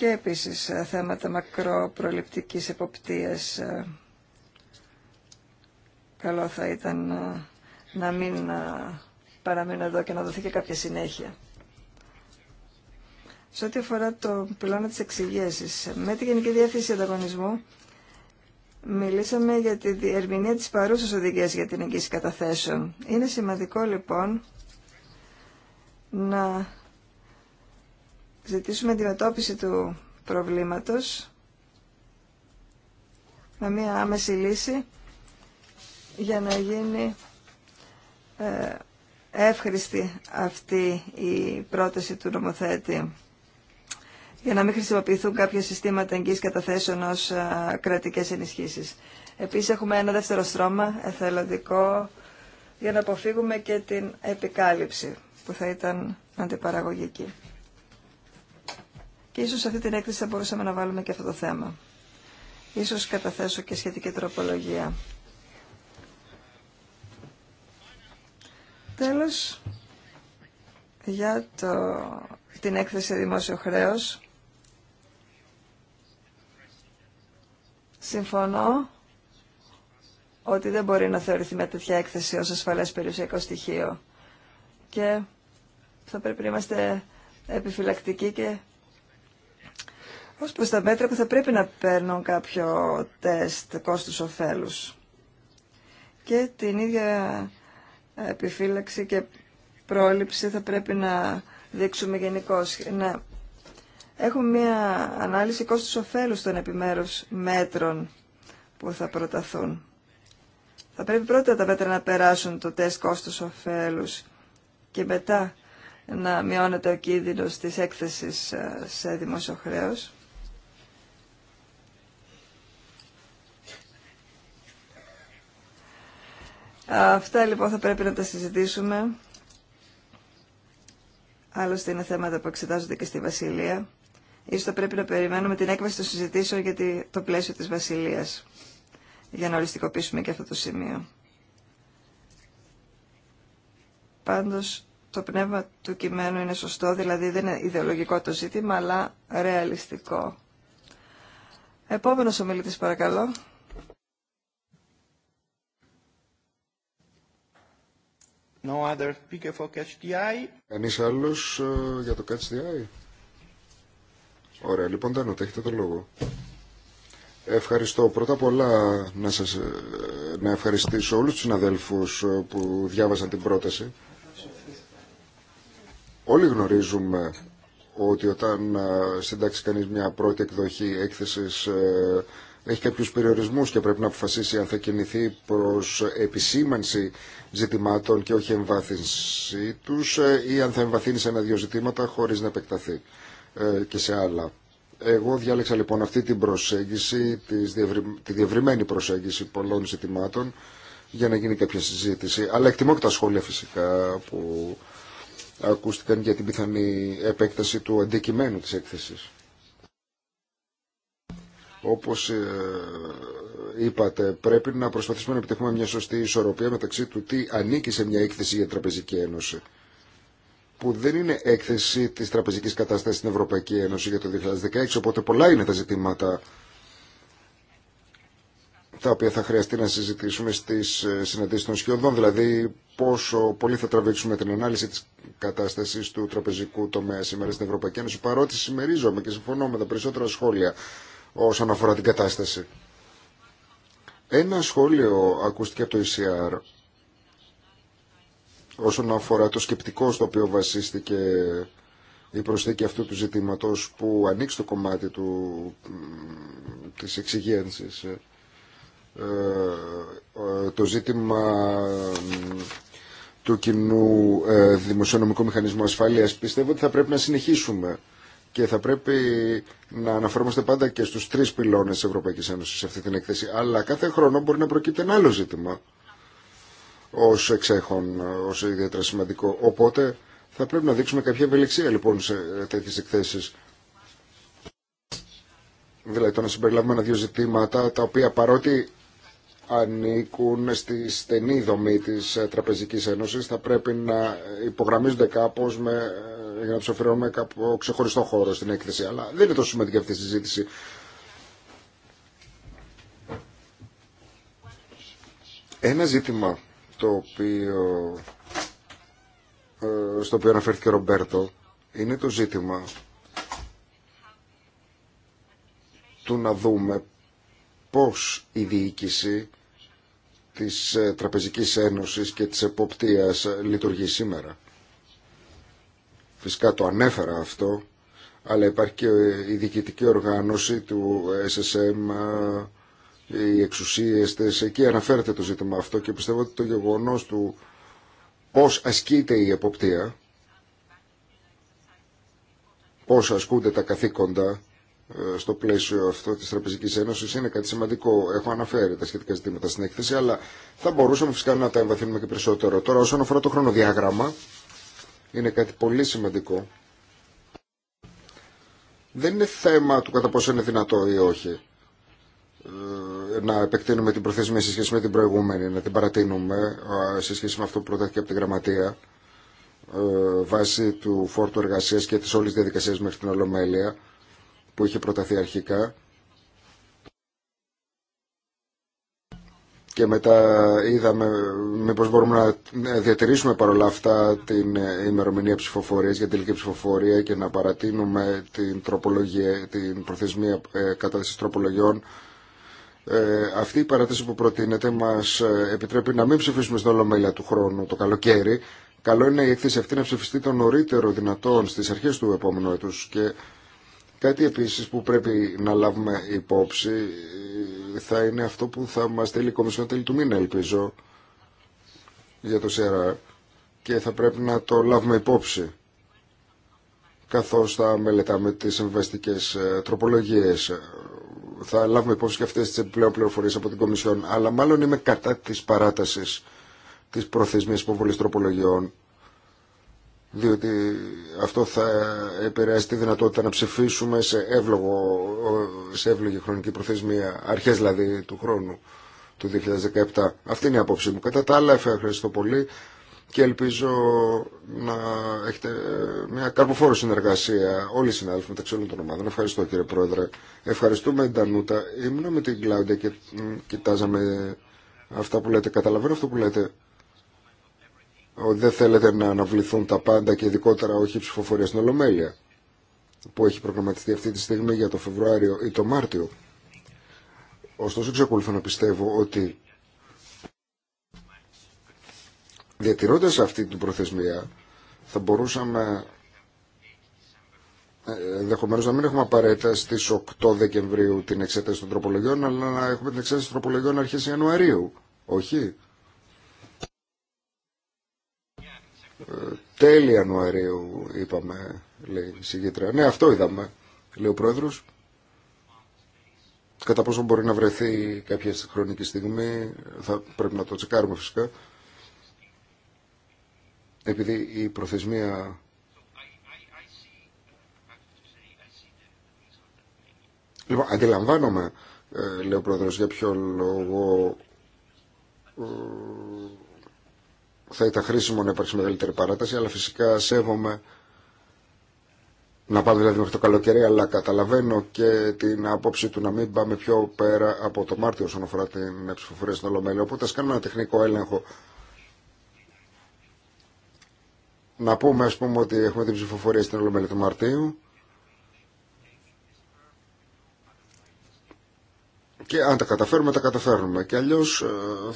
και επίσης ε, θέματα μακροπροληπτικής εποπτείας. Ε, καλό θα ήταν ε, να μην παραμείνω εδώ και να δοθεί και κάποια συνέχεια. Σε ό,τι αφορά το πλάνο της εξηγήση. με τη Γενική Διεύθυνση Ανταγωνισμού μιλήσαμε για τη ερμηνεία της παρούσας οδηγίας για την εγγύηση καταθέσεων. Είναι σημαντικό λοιπόν να ζητήσουμε αντιμετώπιση του προβλήματος με μία άμεση λύση για να γίνει ε, εύχριστη αυτή η πρόταση του νομοθέτη για να μην χρησιμοποιηθούν κάποια συστήματα εγγύης καταθέσεων ως ε, κρατικές ενισχύσεις. Επίσης έχουμε ένα δεύτερο στρώμα εθελοντικό για να αποφύγουμε και την επικάλυψη που θα ήταν αντιπαραγωγική και ίσως σε αυτή την έκθεση θα μπορούσαμε να βάλουμε και αυτό το θέμα. Ίσως καταθέσω και σχετική τροπολογία. Τέλος, για το, την έκθεση δημόσιο χρέος. Συμφωνώ ότι δεν μπορεί να θεωρηθεί με τέτοια έκθεση ως ασφαλές περιουσιακό στοιχείο. Και θα πρέπει να είμαστε επιφυλακτικοί και ως προς τα μέτρα που θα πρέπει να παίρνουν κάποιο τεστ κόστους οφελους και την ίδια ε, επιφύλαξη και πρόληψη θα πρέπει να δείξουμε γενικώ. Να έχουμε μια ανάλυση κόστους κόστους-οφέλους των επιμέρους μέτρων που θα προταθούν. Θα πρέπει πρώτα τα μέτρα να περάσουν το τεστ κόστους οφελους και μετά να μειώνεται ο κίνδυνος της έκθεσης ε, σε δημόσιο χρέος. Αυτά λοιπόν θα πρέπει να τα συζητήσουμε. Άλλωστε είναι θέματα που εξετάζονται και στη Βασιλεία. Ίσως θα πρέπει να περιμένουμε την έκβαση των συζητήσεων για το πλαίσιο της Βασιλείας για να οριστικοποιήσουμε και αυτό το σημείο. Πάντως το πνεύμα του κειμένου είναι σωστό, δηλαδή δεν είναι ιδεολογικό το ζήτημα, αλλά ρεαλιστικό. Επόμενος ομιλητής παρακαλώ. No other ε, για το catch the eye. Ωραία, λοιπόν έχετε το λόγο. Ευχαριστώ. Πρώτα απ' όλα να, σας, ε, να ευχαριστήσω όλους τους συναδέλφους ε, που διάβασαν την πρόταση. Όλοι γνωρίζουμε ότι όταν συντάξει κανείς μια πρώτη εκδοχή έκθεσης έχει κάποιου περιορισμού και πρέπει να αποφασίσει αν θα κινηθεί προ επισήμανση ζητημάτων και όχι εμβάθυνση του, ε, ή αν θα εμβαθύνει σε ένα-δυο ζητήματα χωρί να επεκταθεί ε, και σε άλλα. Εγώ διάλεξα λοιπόν αυτή την προσέγγιση, τη διευρυμένη προσέγγιση πολλών ζητημάτων για να γίνει κάποια συζήτηση. Αλλά εκτιμώ και τα σχόλια φυσικά που ακούστηκαν για την πιθανή επέκταση του αντικειμένου της έκθεσης όπως ε, είπατε, πρέπει να προσπαθήσουμε να επιτυχουμε μια σωστή ισορροπία μεταξύ του τι ανήκει σε μια έκθεση για Τραπεζική Ένωση που δεν είναι έκθεση της τραπεζικής κατάστασης στην Ευρωπαϊκή Ένωση για το 2016, οπότε πολλά είναι τα ζητήματα τα οποία θα χρειαστεί να συζητήσουμε στις ε, συναντήσεις των σχεδόν, δηλαδή πόσο πολύ θα τραβήξουμε την ανάλυση της κατάστασης του τραπεζικού τομέα σήμερα στην Ευρωπαϊκή Ένωση, παρότι συμμερίζομαι και συμφωνώ με τα περισσότερα σχόλια όσον αφορά την κατάσταση. Ένα σχόλιο ακούστηκε από το ECR όσον αφορά το σκεπτικό στο οποίο βασίστηκε η προσθήκη αυτού του ζητήματος που ανοίξει το κομμάτι του, της εξυγένσης. Ε, ε, το ζήτημα του κοινού ε, δημοσιονομικού μηχανισμού ασφαλείας πιστεύω ότι θα πρέπει να συνεχίσουμε και θα πρέπει να αναφερόμαστε πάντα και στους τρεις πυλώνες της Ευρωπαϊκής Ένωσης σε αυτή την εκθέση. Αλλά κάθε χρόνο μπορεί να προκύπτει ένα άλλο ζήτημα ως εξέχον, ως ιδιαίτερα σημαντικό. Οπότε θα πρέπει να δείξουμε κάποια ευελιξία λοιπόν σε τέτοιες εκθέσεις. Δηλαδή το να συμπεριλάβουμε ένα-δύο ζητήματα τα οποία παρότι ανήκουν στη στενή δομή της ε, Τραπεζικής Ένωσης θα πρέπει να υπογραμμίζονται κάπως με, ε, για να τους κάποιο ξεχωριστό χώρο στην έκθεση. Αλλά δεν είναι τόσο σημαντική αυτή η συζήτηση. Ένα ζήτημα το οποίο, ε, στο οποίο αναφέρθηκε ο Ρομπέρτο είναι το ζήτημα του να δούμε πώς η διοίκηση της ε, Τραπεζικής Ένωσης και της Εποπτείας ε, λειτουργεί σήμερα. Φυσικά το ανέφερα αυτό, αλλά υπάρχει και η διοικητική οργάνωση του SSM, ε, οι εξουσίες της. Εκεί αναφέρεται το ζήτημα αυτό και πιστεύω ότι το γεγονός του πώς ασκείται η εποπτεία, πώς ασκούνται τα καθήκοντα ε, στο πλαίσιο αυτό της Τραπεζικής Ένωσης είναι κάτι σημαντικό. Έχω αναφέρει τα σχετικά ζητήματα στην έκθεση, αλλά θα μπορούσαμε φυσικά να τα εμβαθύνουμε και περισσότερο. Τώρα όσον αφορά το χρονοδιάγραμμα, είναι κάτι πολύ σημαντικό. Δεν είναι θέμα του κατά πόσο είναι δυνατό ή όχι ε, να επεκτείνουμε την προθεσμία σε σχέση με την προηγούμενη, να την παρατείνουμε ε, σε σχέση με αυτό που προτάθηκε από την γραμματεία βάσει του φόρτου εργασίας και της όλης διαδικασίας μέχρι την Ολομέλεια που είχε προταθεί αρχικά και μετά είδαμε μήπως μπορούμε να διατηρήσουμε παρόλα αυτά την ημερομηνία ψηφοφορίας για την τελική ψηφοφορία και να παρατείνουμε την, τροπολογία, την προθεσμία ε, τροπολογιών ε, αυτή η παράταση που προτείνεται μας ε, επιτρέπει να μην ψηφίσουμε στην Ολομέλεια του χρόνου το καλοκαίρι. Καλό είναι η έκθεση αυτή να ψηφιστεί το νωρίτερο δυνατόν στις αρχές του επόμενου έτους και Κάτι επίσης που πρέπει να λάβουμε υπόψη ε, θα είναι αυτό που θα μας στείλει η Κομισιόν τέλη του μήνα, ελπίζω, για το ΣΕΡΑ και θα πρέπει να το λάβουμε υπόψη καθώς θα μελετάμε τις συμβαστικές ε, τροπολογίες. Θα λάβουμε υπόψη και αυτές τις επιπλέον πληροφορίες από την Κομισιόν, αλλά μάλλον είμαι κατά της παράτασης της προθεσμίας υποβολής τροπολογιών διότι αυτό θα επηρεάσει τη δυνατότητα να ψηφίσουμε σε, εύλογο, σε εύλογη χρονική προθεσμία, αρχές δηλαδή του χρόνου του 2017. Αυτή είναι η απόψη μου. Κατά τα άλλα, ευχαριστώ πολύ και ελπίζω να έχετε ε, μια καρποφόρο συνεργασία όλοι οι συνάδελφοι μεταξύ όλων των ομάδων. Ευχαριστώ κύριε Πρόεδρε. Ευχαριστούμε Τανούτα. Ήμουν με την Κλάουντα και κοιτάζαμε αυτά που λέτε. Καταλαβαίνω αυτό που λέτε δεν θέλετε να αναβληθούν τα πάντα και ειδικότερα όχι η ψηφοφορία στην Ολομέλεια που έχει προγραμματιστεί αυτή τη στιγμή για το Φεβρουάριο ή το Μάρτιο. Ωστόσο, εξακολουθώ να πιστεύω ότι διατηρώντας αυτή την προθεσμία θα μπορούσαμε ε, ενδεχομένω να μην έχουμε απαραίτητα στι 8 Δεκεμβρίου την εξέταση των τροπολογιών, αλλά να έχουμε την εξέταση των τροπολογιών αρχέ Ιανουαρίου. Όχι. τέλη Ιανουαρίου είπαμε, λέει η συγκήτρια. Ναι, αυτό είδαμε, λέει ο Πρόεδρος. Κατά πόσο μπορεί να βρεθεί κάποια χρονική στιγμή, θα πρέπει να το τσεκάρουμε φυσικά. Επειδή η προθεσμία Λοιπόν, αντιλαμβάνομαι, ε, λέει ο Πρόεδρος, για ποιο λόγο ε, θα ήταν χρήσιμο να υπάρξει μεγαλύτερη παράταση, αλλά φυσικά σέβομαι να πάμε δηλαδή μέχρι το καλοκαίρι, αλλά καταλαβαίνω και την άποψη του να μην πάμε πιο πέρα από το Μάρτιο όσον αφορά την ψηφοφορία στην Ολομέλεια. Οπότε ας κάνουμε ένα τεχνικό έλεγχο. Να πούμε, ας πούμε, ότι έχουμε την ψηφοφορία στην Ολομέλεια του Μαρτίου Και αν τα καταφέρουμε, τα καταφέρουμε. Και αλλιώ ε,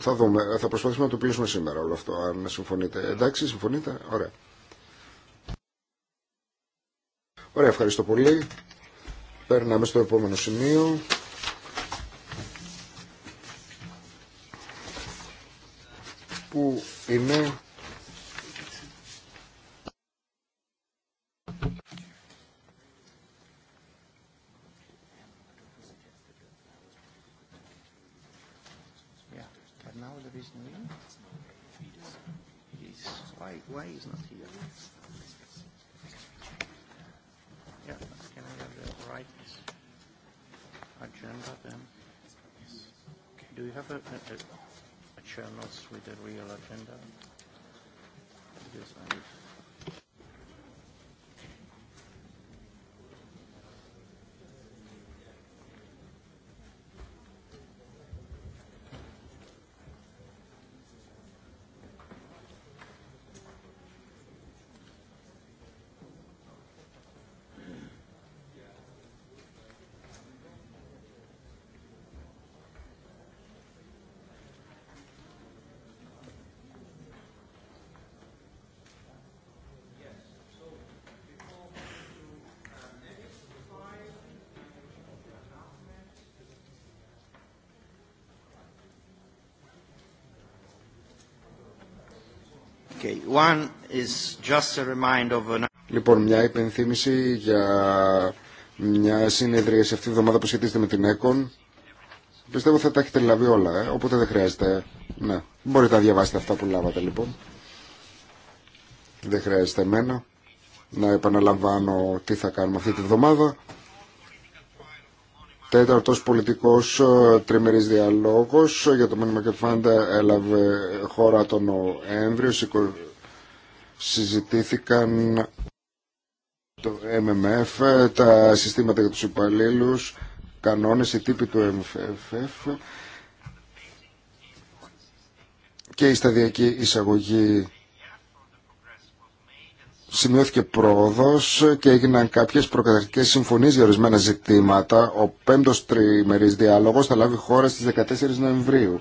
θα, δούμε. Θα προσπαθήσουμε να το πλήσουμε σήμερα όλο αυτό, αν συμφωνείτε. Εντάξει, συμφωνείτε. Ωραία. Ωραία, ευχαριστώ πολύ. Παίρναμε στο επόμενο σημείο. Που είναι we have a, a, a with a real agenda? Yes, I Λοιπόν, μια υπενθύμηση για μια συνεδρία σε αυτή τη βδομάδα που σχετίζεται με την ΕΚΟΝ. Πιστεύω θα τα έχετε λάβει όλα, ε. οπότε δεν χρειάζεται. Ναι. Μπορείτε να διαβάσετε αυτά που λάβατε λοιπόν. Δεν χρειάζεται εμένα να επαναλαμβάνω τι θα κάνουμε αυτή τη βδομάδα τέταρτος πολιτικό ε, τριμερής διαλόγο. για το μήνυμα και φάντα έλαβε χώρα τον Νοέμβριο. Συζητήθηκαν το MMF, τα συστήματα για τους υπαλλήλου, κανόνε οι τύποι του MFF και η σταδιακή εισαγωγή σημειώθηκε πρόοδος και έγιναν κάποιες προκαταρκτικές συμφωνίες για ορισμένα ζητήματα. Ο πέμπτος τριμερής διάλογος θα λάβει χώρα στις 14 Νοεμβρίου.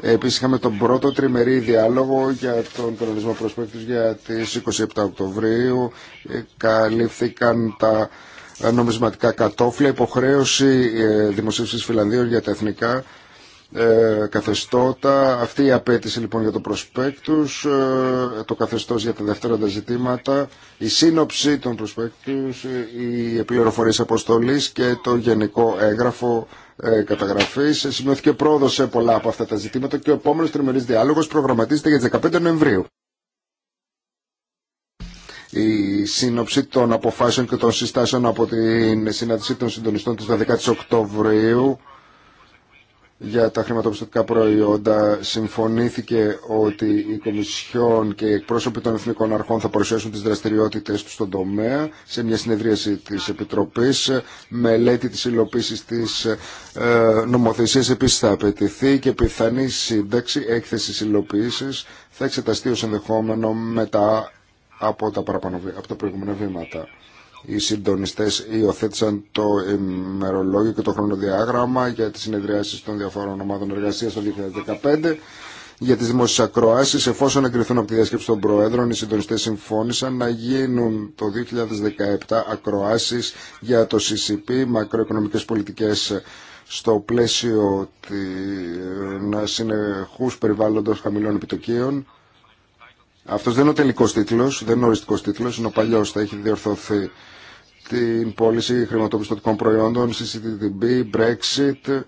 Επίσης είχαμε τον πρώτο τριμερή διάλογο για τον κανονισμό προσπέκτους για τις 27 Οκτωβρίου. Ε, καλύφθηκαν τα νομισματικά κατόφλια, υποχρέωση ε, δημοσίευσης Φιλανδίων για τα εθνικά ε, καθεστώτα. Αυτή η απέτηση λοιπόν για το προσπέκτους, ε, το καθεστώς για τα δευτερόντα ζητήματα, η σύνοψη των προσπέκτους, ε, οι πληροφορίες αποστολής και το γενικό έγγραφο ε, καταγραφής. Ε, σημειώθηκε πρόοδο σε πολλά από αυτά τα ζητήματα και ο επόμενος τριμερής διάλογος προγραμματίζεται για τις 15 Νοεμβρίου. Η σύνοψη των αποφάσεων και των συστάσεων από την συνάντηση των συντονιστών της 12 Οκτωβρίου για τα χρηματοπιστωτικά προϊόντα συμφωνήθηκε ότι οι Κομισιόν και οι εκπρόσωποι των Εθνικών Αρχών θα παρουσιάσουν τις δραστηριότητες του στον τομέα σε μια συνεδρίαση της Επιτροπής, μελέτη της υλοποίησης της ε, νομοθεσίας επίσης θα απαιτηθεί και πιθανή σύνταξη έκθεσης υλοποίησης θα εξεταστεί ως ενδεχόμενο μετά από τα, από τα προηγούμενα βήματα οι συντονιστές υιοθέτησαν το ημερολόγιο και το χρονοδιάγραμμα για τις συνεδριάσεις των διαφόρων ομάδων εργασίας το 2015 για τις δημόσιες ακροάσεις. Εφόσον εγκριθούν από τη διασκέψη των Προέδρων, οι συντονιστές συμφώνησαν να γίνουν το 2017 ακροάσεις για το CCP, μακροοικονομικές πολιτικές στο πλαίσιο να συνεχού περιβάλλοντος χαμηλών επιτοκίων. Αυτό δεν είναι ο τελικός τίτλος, δεν είναι ο οριστικό τίτλο, είναι ο παλιός, θα έχει διορθωθεί την πώληση χρηματοπιστωτικών προϊόντων, CCTV, Brexit,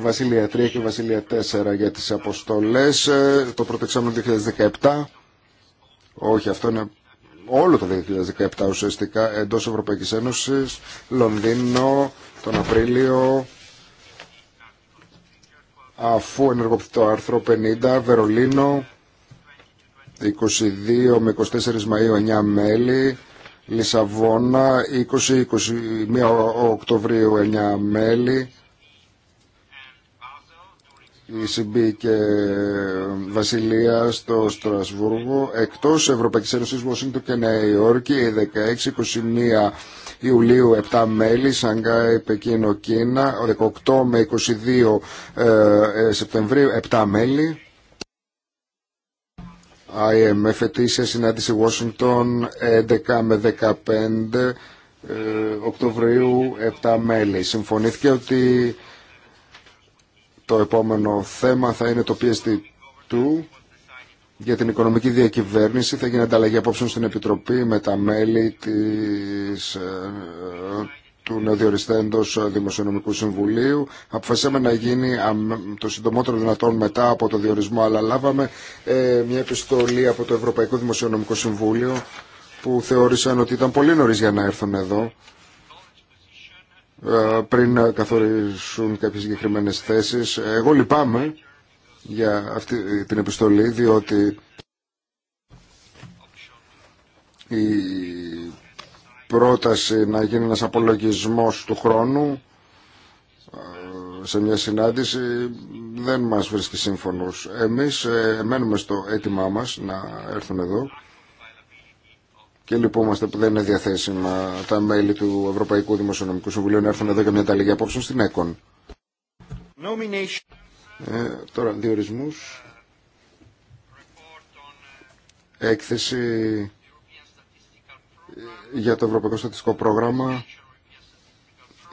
Βασίλεια 3 και Βασίλεια 4 για τις αποστολές, ε, το πρώτο εξάμεινο 2017, όχι αυτό είναι όλο το 2017 ουσιαστικά εντός Ευρωπαϊκής Ένωσης, Λονδίνο τον Απρίλιο, αφού ενεργοποιηθεί το άρθρο 50, Βερολίνο, 22 με 24 Μαΐου 9 μέλη, Λισαβόνα 20-21 Οκτωβρίου 9 μέλη ΣΥΜΠΗ και Βασιλεία στο Στρασβούργο εκτός Ευρωπαϊκής Ένωσης Βοσίνγκτον και Νέα Υόρκη 16-21 Ιουλίου 7 μέλη Σανγκάι, Πεκίνο, Κίνα 18 με 22 ε, Σεπτεμβρίου 7 μέλη IMF ετήσια συνάντηση Washington 11 με 15 ε, Οκτωβρίου 7 μέλη. Συμφωνήθηκε ότι το επόμενο θέμα θα είναι το PSD 2 για την οικονομική διακυβέρνηση. Θα γίνει ανταλλαγή απόψεων στην Επιτροπή με τα μέλη της, ε, του νεοδιοριστέντο Δημοσιονομικού Συμβουλίου. Αποφασίσαμε να γίνει το συντομότερο δυνατόν μετά από το διορισμό, αλλά λάβαμε ε, μια επιστολή από το Ευρωπαϊκό Δημοσιονομικό Συμβούλιο που θεώρησαν ότι ήταν πολύ νωρί για να έρθουν εδώ ε, πριν καθορίσουν κάποιε συγκεκριμένε θέσεις. Εγώ λυπάμαι για αυτή την επιστολή διότι η πρόταση να γίνει ένας απολογισμός του χρόνου ε, σε μια συνάντηση δεν μας βρίσκει σύμφωνος. Εμείς ε, μένουμε στο αίτημά μας να έρθουν εδώ και λυπούμαστε που δεν είναι διαθέσιμα τα μέλη του Ευρωπαϊκού Δημοσιονομικού Συμβουλίου να έρθουν εδώ για μια ταλήγη απόψεων στην ΕΚΟΝ. Ε, τώρα, διορισμούς. Έκθεση για το Ευρωπαϊκό Στατιστικό Πρόγραμμα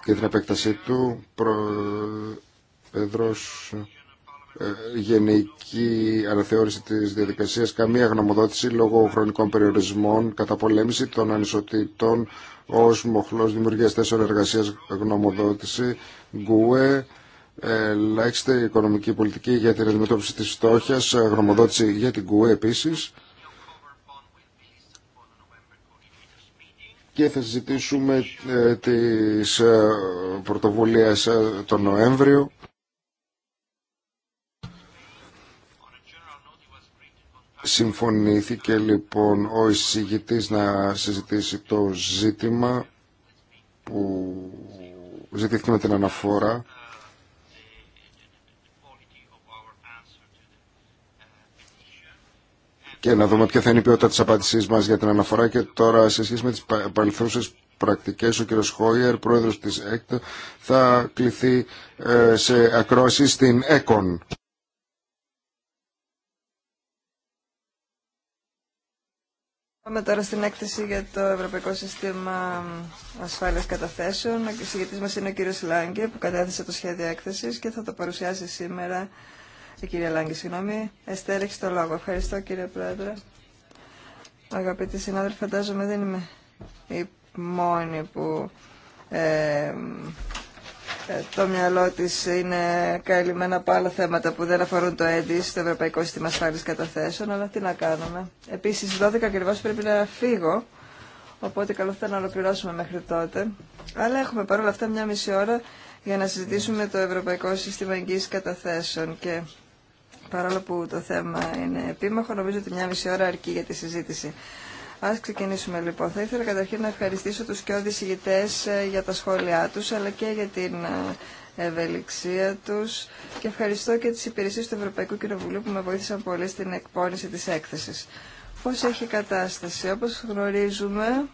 και την επέκτασή του Πρόεδρος ε, Γενική Αναθεώρηση της Διαδικασίας καμία γνωμοδότηση λόγω χρονικών περιορισμών καταπολέμηση των ανισοτήτων ως μοχλός δημιουργίας θέσεων εργασίας γνωμοδότηση ΓΚΟΕ ελάχιστη οικονομική πολιτική για την αντιμετώπιση της φτώχειας γνωμοδότηση για την Γκουέ επίσης και θα συζητήσουμε ε, τις ε, πρωτοβουλίες ε, τον Νοέμβριο. Συμφωνήθηκε λοιπόν ο εισηγητής να συζητήσει το ζήτημα που ζητήθηκε με την αναφορά και να δούμε ποια θα είναι η ποιότητα τη απαντησή μας για την αναφορά και τώρα σε σχέση με τις παρελθούσε πρακτικές ο κ. Χόιερ, πρόεδρος της ΕΚΤ, θα κληθεί ε, σε ακρόαση στην ΕΚΟΝ. Πάμε τώρα στην έκθεση για το Ευρωπαϊκό Σύστημα Ασφάλειας Καταθέσεων. Ο συγγετής μας είναι ο κύριος Λάγκε που κατέθεσε το σχέδιο έκθεσης και θα το παρουσιάσει σήμερα η κυρία Λάγκη, συγγνώμη. εστέριξε το λόγο. Ευχαριστώ κύριε Πρόεδρε. Αγαπητοί συνάδελφοι, φαντάζομαι δεν είμαι η μόνη που ε, το μυαλό τη είναι καλυμμένα από άλλα θέματα που δεν αφορούν το ΕΔΙΣ, το Ευρωπαϊκό Σύστημα Ασφάλεια Καταθέσεων, αλλά τι να κάνουμε. Επίση, 12 ακριβώ πρέπει να φύγω, οπότε καλό θα ήταν να ολοκληρώσουμε μέχρι τότε. Αλλά έχουμε παρόλα αυτά μια μισή ώρα για να συζητήσουμε το Ευρωπαϊκό Σύστημα Εγγύης Καταθέσεων και Παρόλο που το θέμα είναι επίμαχο, νομίζω ότι μια μισή ώρα αρκεί για τη συζήτηση. Α ξεκινήσουμε λοιπόν. Θα ήθελα καταρχήν να ευχαριστήσω του και ηγητές ε, για τα σχόλιά του αλλά και για την ε, ευελιξία του και ευχαριστώ και τι υπηρεσίε του Ευρωπαϊκού Κοινοβουλίου που με βοήθησαν πολύ στην εκπόνηση τη έκθεση. Πώ έχει η κατάσταση. Όπω γνωρίζουμε,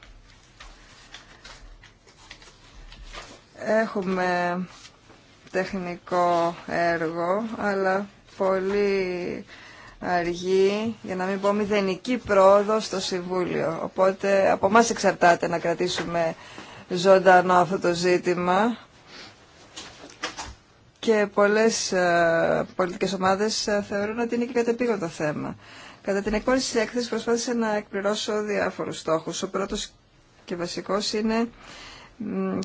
έχουμε τεχνικό έργο, αλλά πολύ αργή, για να μην πω μηδενική πρόοδο στο Συμβούλιο. Οπότε από εμά εξαρτάται να κρατήσουμε ζωντανό αυτό το ζήτημα και πολλές ε, πολιτικές ομάδες ε, θεωρούν ότι είναι και το θέμα. Κατά την εκπόνηση της έκθεσης προσπάθησα να εκπληρώσω διάφορους στόχους. Ο πρώτος και βασικός είναι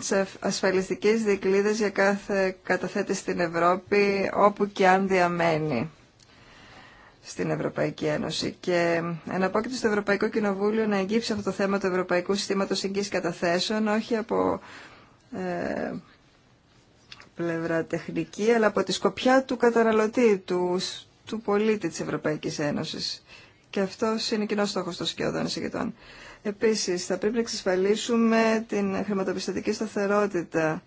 σε ασφαλιστικές δικλείδες για κάθε καταθέτη στην Ευρώπη, όπου και αν διαμένει στην Ευρωπαϊκή Ένωση. Και εναπόκειται στο Ευρωπαϊκό Κοινοβούλιο να εγγύψει αυτό το θέμα του Ευρωπαϊκού Συστήματος Εγγύης Καταθέσεων, όχι από ε, πλευρά τεχνική, αλλά από τη σκοπιά του καταναλωτή, του, του πολίτη της Ευρωπαϊκής Ένωσης. Και αυτό είναι κοινό στόχο των σκιωδών εισηγητών. Επίσης, θα πρέπει να εξασφαλίσουμε την χρηματοπιστωτική σταθερότητα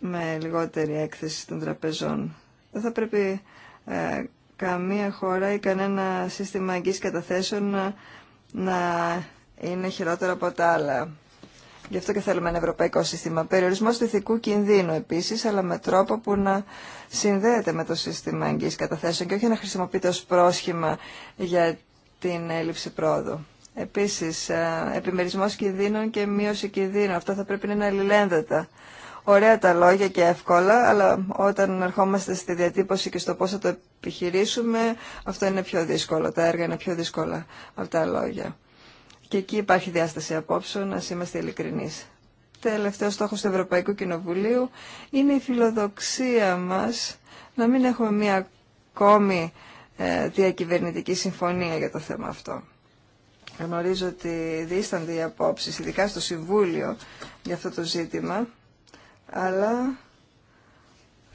με λιγότερη έκθεση των τραπεζών. Δεν θα πρέπει ε, καμία χώρα ή κανένα σύστημα αγγής καταθέσεων να, είναι χειρότερο από τα άλλα. Γι' αυτό και θέλουμε ένα ευρωπαϊκό σύστημα. Περιορισμό του ηθικού κινδύνου επίση, αλλά με τρόπο που να συνδέεται με το σύστημα αγγή καταθέσεων και όχι να χρησιμοποιείται ω πρόσχημα για την έλλειψη πρόοδου. Επίσης, ε, επιμερισμός κινδύνων και μείωση κινδύνων. Αυτό θα πρέπει να είναι αλληλένδετα. Ωραία τα λόγια και εύκολα, αλλά όταν ερχόμαστε στη διατύπωση και στο πώς θα το επιχειρήσουμε, αυτό είναι πιο δύσκολο. Τα έργα είναι πιο δύσκολα από τα λόγια. Και εκεί υπάρχει διάσταση απόψεων, να είμαστε ειλικρινεί. Τελευταίο στόχο του Ευρωπαϊκού Κοινοβουλίου είναι η φιλοδοξία μας να μην έχουμε μία ακόμη ε, διακυβερνητική συμφωνία για το θέμα αυτό. Γνωρίζω ότι δίστανται οι απόψει ειδικά στο Συμβούλιο, για αυτό το ζήτημα, αλλά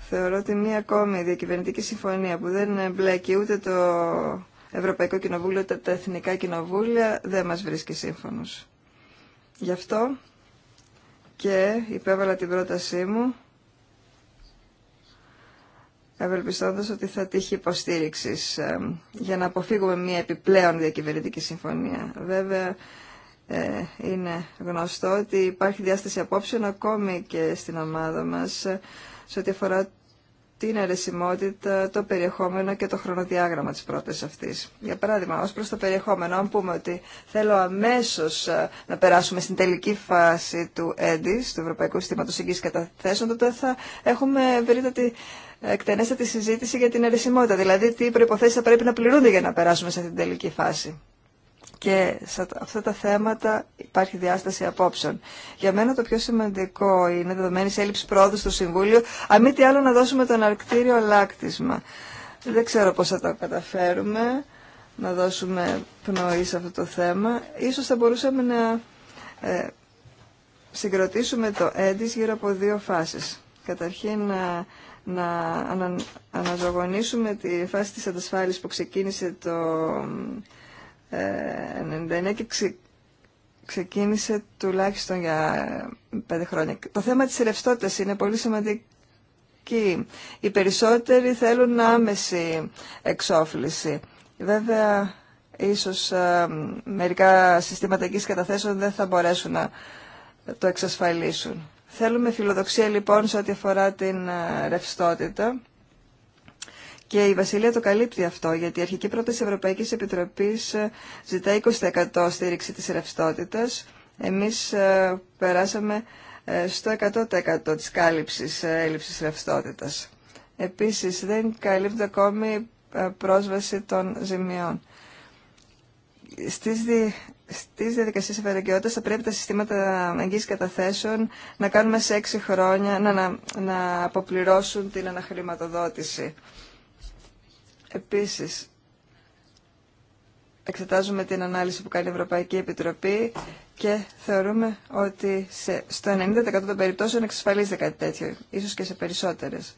θεωρώ ότι μία ακόμη διακυβερνητική συμφωνία που δεν εμπλέκει ούτε το Ευρωπαϊκό Κοινοβούλιο ούτε τα Εθνικά Κοινοβούλια δεν μας βρίσκει σύμφωνος. Γι' αυτό και υπέβαλα την πρότασή μου ευελπιστώντα ότι θα τύχει υποστήριξη ε, για να αποφύγουμε μια επιπλέον διακυβερνητική συμφωνία. Βέβαια, ε, είναι γνωστό ότι υπάρχει διάσταση απόψεων ακόμη και στην ομάδα μας ε, σε ό,τι αφορά την αρεσιμότητα, το περιεχόμενο και το χρονοδιάγραμμα της πρόταση αυτής. Για παράδειγμα, ως προς το περιεχόμενο, αν πούμε ότι θέλω αμέσως να περάσουμε στην τελική φάση του ΕΝΤΙΣ, του Ευρωπαϊκού Συστήματος Εγγύηση Καταθέσεων, τότε θα έχουμε περίπτωση τη συζήτηση για την αρισιμότητα, δηλαδή τι προποθέσει θα πρέπει να πληρούνται για να περάσουμε σε αυτή την τελική φάση. Και σε αυτά τα θέματα υπάρχει διάσταση απόψεων. Για μένα το πιο σημαντικό είναι, δεδομένη έλλειψη πρόοδου στο Συμβούλιο, αν μη τι άλλο να δώσουμε το αναρκτήριο λάκτισμα. Δεν ξέρω πώς θα το καταφέρουμε να δώσουμε πνοή σε αυτό το θέμα. Ίσως θα μπορούσαμε να ε, συγκροτήσουμε το έντις γύρω από δύο φάσεις. Καταρχήν ε, να ανα, αναζωογονήσουμε τη φάση της αντασφάλισης που ξεκίνησε το 1999 ε, και ξεκίνησε τουλάχιστον για πέντε χρόνια. Το θέμα της ρευστότητας είναι πολύ σημαντική. Οι περισσότεροι θέλουν άμεση εξόφληση. Βέβαια, ίσως ε, μερικά συστήματα καταθέσεις καταθέσεων δεν θα μπορέσουν να το εξασφαλίσουν. Θέλουμε φιλοδοξία λοιπόν σε ό,τι αφορά την ε, ρευστότητα. Και η Βασιλεία το καλύπτει αυτό, γιατί η αρχική πρόταση Ευρωπαϊκής Επιτροπής ε, ζητά 20% στήριξη της ρευστότητα. Εμείς ε, περάσαμε στο 100% της κάλυψης έλλειψης ρευστότητα. Επίσης, δεν καλύπτει ακόμη πρόσβαση των ζημιών. Στις στις διαδικασίες ευεργειότητας θα πρέπει τα συστήματα εγγύηση καταθέσεων να κάνουμε σε έξι χρόνια να, να, να αποπληρώσουν την αναχρηματοδότηση. Επίσης, εξετάζουμε την ανάλυση που κάνει η Ευρωπαϊκή Επιτροπή και θεωρούμε ότι σε, στο 90% των περιπτώσεων εξασφαλίζεται κάτι τέτοιο, ίσως και σε περισσότερες.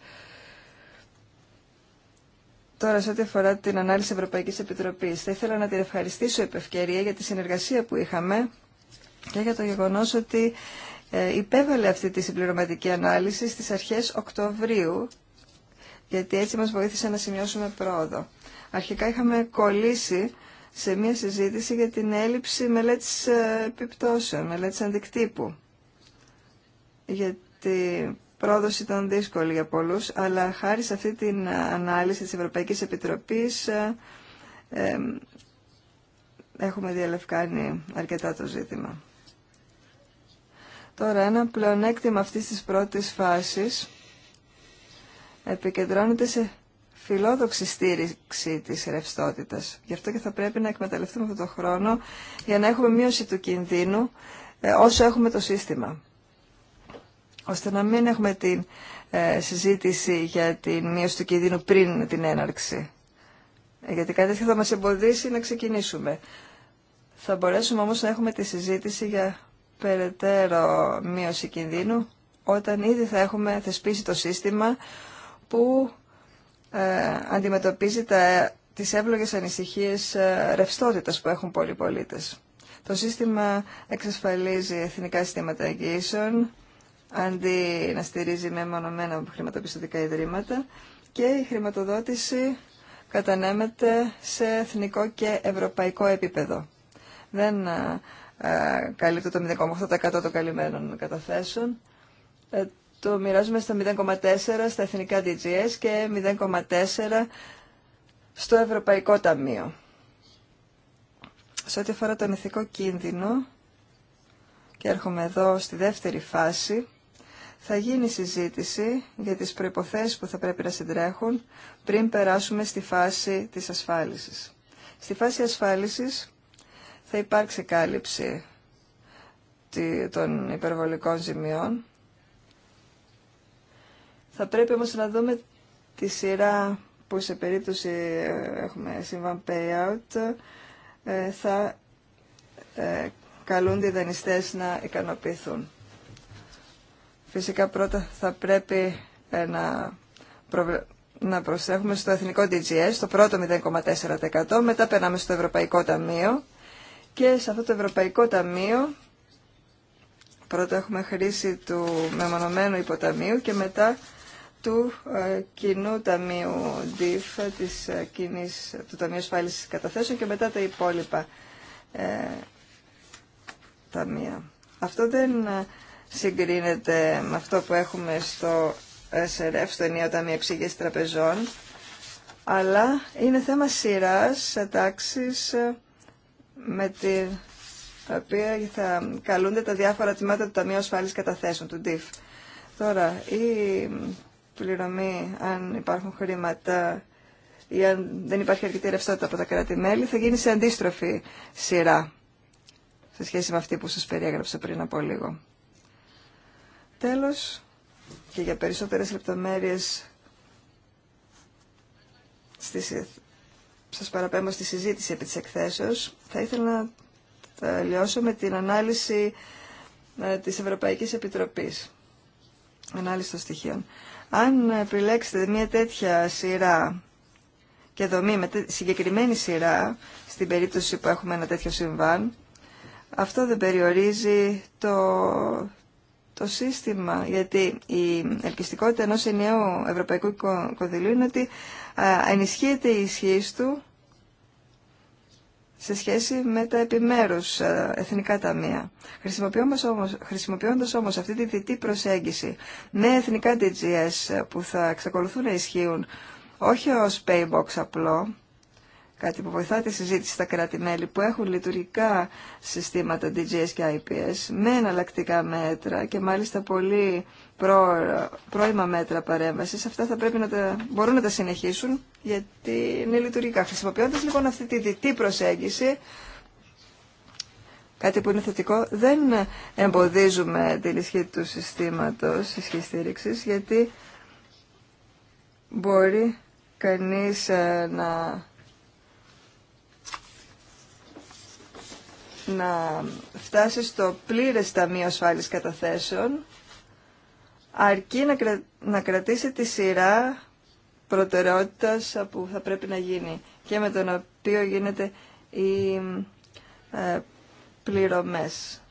Τώρα, σε ό,τι αφορά την ανάλυση Ευρωπαϊκή Επιτροπής, θα ήθελα να την ευχαριστήσω επ' ευκαιρία για τη συνεργασία που είχαμε και για το γεγονός ότι ε, υπέβαλε αυτή τη συμπληρωματική ανάλυση στι αρχές Οκτωβρίου, γιατί έτσι μας βοήθησε να σημειώσουμε πρόοδο. Αρχικά είχαμε κολλήσει σε μια συζήτηση για την έλλειψη μελέτη ε, επιπτώσεων, μελέτη αντικτύπου. Γιατί πρόοδος ήταν δύσκολη για πολλούς, αλλά χάρη σε αυτή την ανάλυση της Ευρωπαϊκής Επιτροπής ε, ε, έχουμε διαλευκάνει αρκετά το ζήτημα. Τώρα, ένα πλεονέκτημα αυτής της πρώτης φάσης επικεντρώνεται σε φιλόδοξη στήριξη της ρευστότητα. Γι' αυτό και θα πρέπει να εκμεταλλευτούμε αυτό το χρόνο για να έχουμε μείωση του κινδύνου ε, όσο έχουμε το σύστημα ώστε να μην έχουμε την ε, συζήτηση για την μείωση του κινδύνου πριν την έναρξη. Ε, γιατί κάτι θα μας εμποδίσει να ξεκινήσουμε. Θα μπορέσουμε όμως να έχουμε τη συζήτηση για περαιτέρω μείωση κινδύνου όταν ήδη θα έχουμε θεσπίσει το σύστημα που ε, αντιμετωπίζει τα, τις εύλογες ανησυχίες ε, ρευστότητας που έχουν πολλοί πολίτες. Το σύστημα εξασφαλίζει εθνικά συστήματα εγγύησεων, αντί να στηρίζει με μονομένα χρηματοπιστωτικά ιδρύματα και η χρηματοδότηση κατανέμεται σε εθνικό και ευρωπαϊκό επίπεδο. Δεν καλύπτει το 0,8% των καλυμμένων καταθέσεων. Ε, το μοιράζουμε στα 0,4% στα εθνικά DGS και 0,4% στο Ευρωπαϊκό Ταμείο. Σε ό,τι αφορά τον ηθικό κίνδυνο, και έρχομαι εδώ στη δεύτερη φάση, θα γίνει συζήτηση για τις προϋποθέσεις που θα πρέπει να συντρέχουν πριν περάσουμε στη φάση της ασφάλισης. Στη φάση ασφάλισης θα υπάρξει κάλυψη των υπερβολικών ζημιών. Θα πρέπει όμως να δούμε τη σειρά που σε περίπτωση ε, έχουμε σύμβαν payout ε, θα ε, καλούνται οι δανειστές να ικανοποιηθούν. Φυσικά πρώτα θα πρέπει ε, να, να προσέχουμε στο εθνικό DGS, το πρώτο 0,4%, μετά περνάμε στο Ευρωπαϊκό Ταμείο και σε αυτό το Ευρωπαϊκό Ταμείο πρώτα έχουμε χρήση του μεμονωμένου υποταμείου και μετά του ε, κοινού ταμείου DIF, της, ε, κοινής, του Ταμείου Ασφάλισης Καταθέσεων και μετά τα υπόλοιπα ε, ταμεία. Αυτό δεν συγκρίνεται με αυτό που έχουμε στο SRF, στο ενίο Ταμείο Εξήγηση Τραπεζών, αλλά είναι θέμα σειράς ατάξεις, ε, με την οποία θα καλούνται τα διάφορα τμήματα του Ταμείου Ασφάλισης Καταθέσεων, του DIF. Τώρα, η πληρωμή, αν υπάρχουν χρήματα ή αν δεν υπάρχει αρκετή ρευστότητα από τα κράτη-μέλη, θα γίνει σε αντίστροφη σειρά σε σχέση με αυτή που σας περιέγραψα πριν από λίγο. Τέλος, και για περισσότερες λεπτομέρειες στις, σας παραπέμπω στη συζήτηση επί της εκθέσεως, θα ήθελα να τελειώσω με την ανάλυση ε, της Ευρωπαϊκής Επιτροπής. Ανάλυση των στοιχείων. Αν επιλέξετε μια τέτοια σειρά και δομή με συγκεκριμένη σειρά, στην περίπτωση που έχουμε ένα τέτοιο συμβάν, αυτό δεν περιορίζει το το σύστημα, γιατί η ελκυστικότητα ενός ενιαίου ευρωπαϊκού κονδυλίου είναι ότι ενισχύεται η ισχύ του σε σχέση με τα επιμέρους εθνικά ταμεία. Χρησιμοποιώντας όμως, χρησιμοποιώντας όμως αυτή τη διτή προσέγγιση με εθνικά DGS που θα εξακολουθούν να ισχύουν όχι ως paybox απλό, κάτι που βοηθά τη συζήτηση στα κράτη-μέλη που έχουν λειτουργικά συστήματα DGS και IPS με εναλλακτικά μέτρα και μάλιστα πολύ πρό, πρόημα μέτρα παρέμβασης. Αυτά θα πρέπει να τα, μπορούν να τα συνεχίσουν γιατί είναι λειτουργικά. Χρησιμοποιώντας λοιπόν αυτή τη διτή προσέγγιση κάτι που είναι θετικό, δεν εμποδίζουμε την ισχύ του συστήματος ισχύ γιατί μπορεί κανείς ε, να να φτάσει στο πλήρες Ταμείο Ασφάλειας Καταθέσεων αρκεί να, να κρατήσει τη σειρά προτεραιότητας που θα πρέπει να γίνει και με τον οποίο γίνεται οι ε, πληρωμές.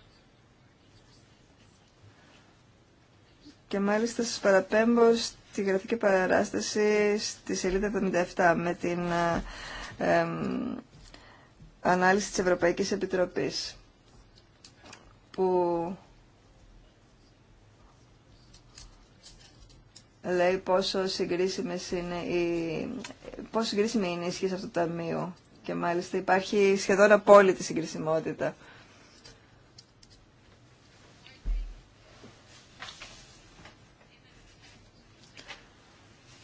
Και μάλιστα σας παραπέμπω στη γραφική παράσταση στη σελίδα 77 με την ε, ε, ανάλυση της Ευρωπαϊκής Επιτροπής που λέει πόσο συγκρίσιμες είναι η... πόσο συγκρίσιμη είναι η ισχύ αυτού του ταμείου και μάλιστα υπάρχει σχεδόν απόλυτη συγκρισιμότητα.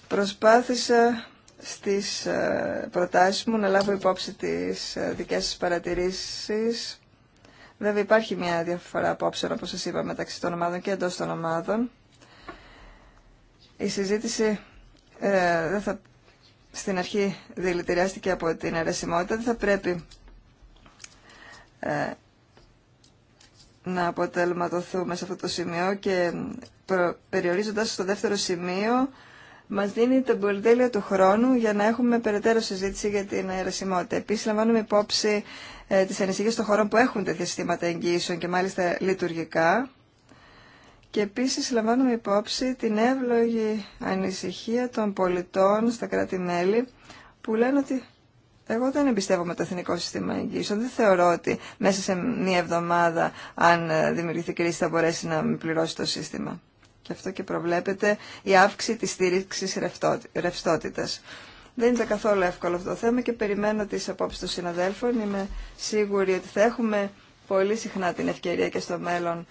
Προσπάθησα στις ε, προτάσεις μου να λάβω υπόψη τις ε, δικές σας παρατηρήσεις. Βέβαια υπάρχει μια διαφορά απόψεων, όπως σας είπα, μεταξύ των ομάδων και εντός των ομάδων. Η συζήτηση ε, δεν θα, στην αρχή δηλητηριάστηκε από την αιρεσιμότητα. Δεν θα πρέπει ε, να αποτελματοθούμε σε αυτό το σημείο και προ, περιορίζοντας στο δεύτερο σημείο Μα δίνει την πολυτέλεια του χρόνου για να έχουμε περαιτέρω συζήτηση για την αιρεσιμότητα. Επίση λαμβάνουμε υπόψη ε, τι των χωρών που έχουν τέτοια συστήματα εγγύησεων και μάλιστα λειτουργικά. Και επίση λαμβάνουμε υπόψη την εύλογη ανησυχία των πολιτών στα κράτη-μέλη που λένε ότι εγώ δεν εμπιστεύομαι το εθνικό σύστημα εγγύησεων. Δεν θεωρώ ότι μέσα σε μία εβδομάδα, αν ε, δημιουργηθεί κρίση, θα μπορέσει να πληρώσει το σύστημα. Και αυτό και προβλέπεται η αύξηση της στήριξης ρευστότητας. Δεν είναι καθόλου εύκολο αυτό το θέμα και περιμένω τις απόψεις των συναδέλφων. Είμαι σίγουρη ότι θα έχουμε πολύ συχνά την ευκαιρία και στο μέλλον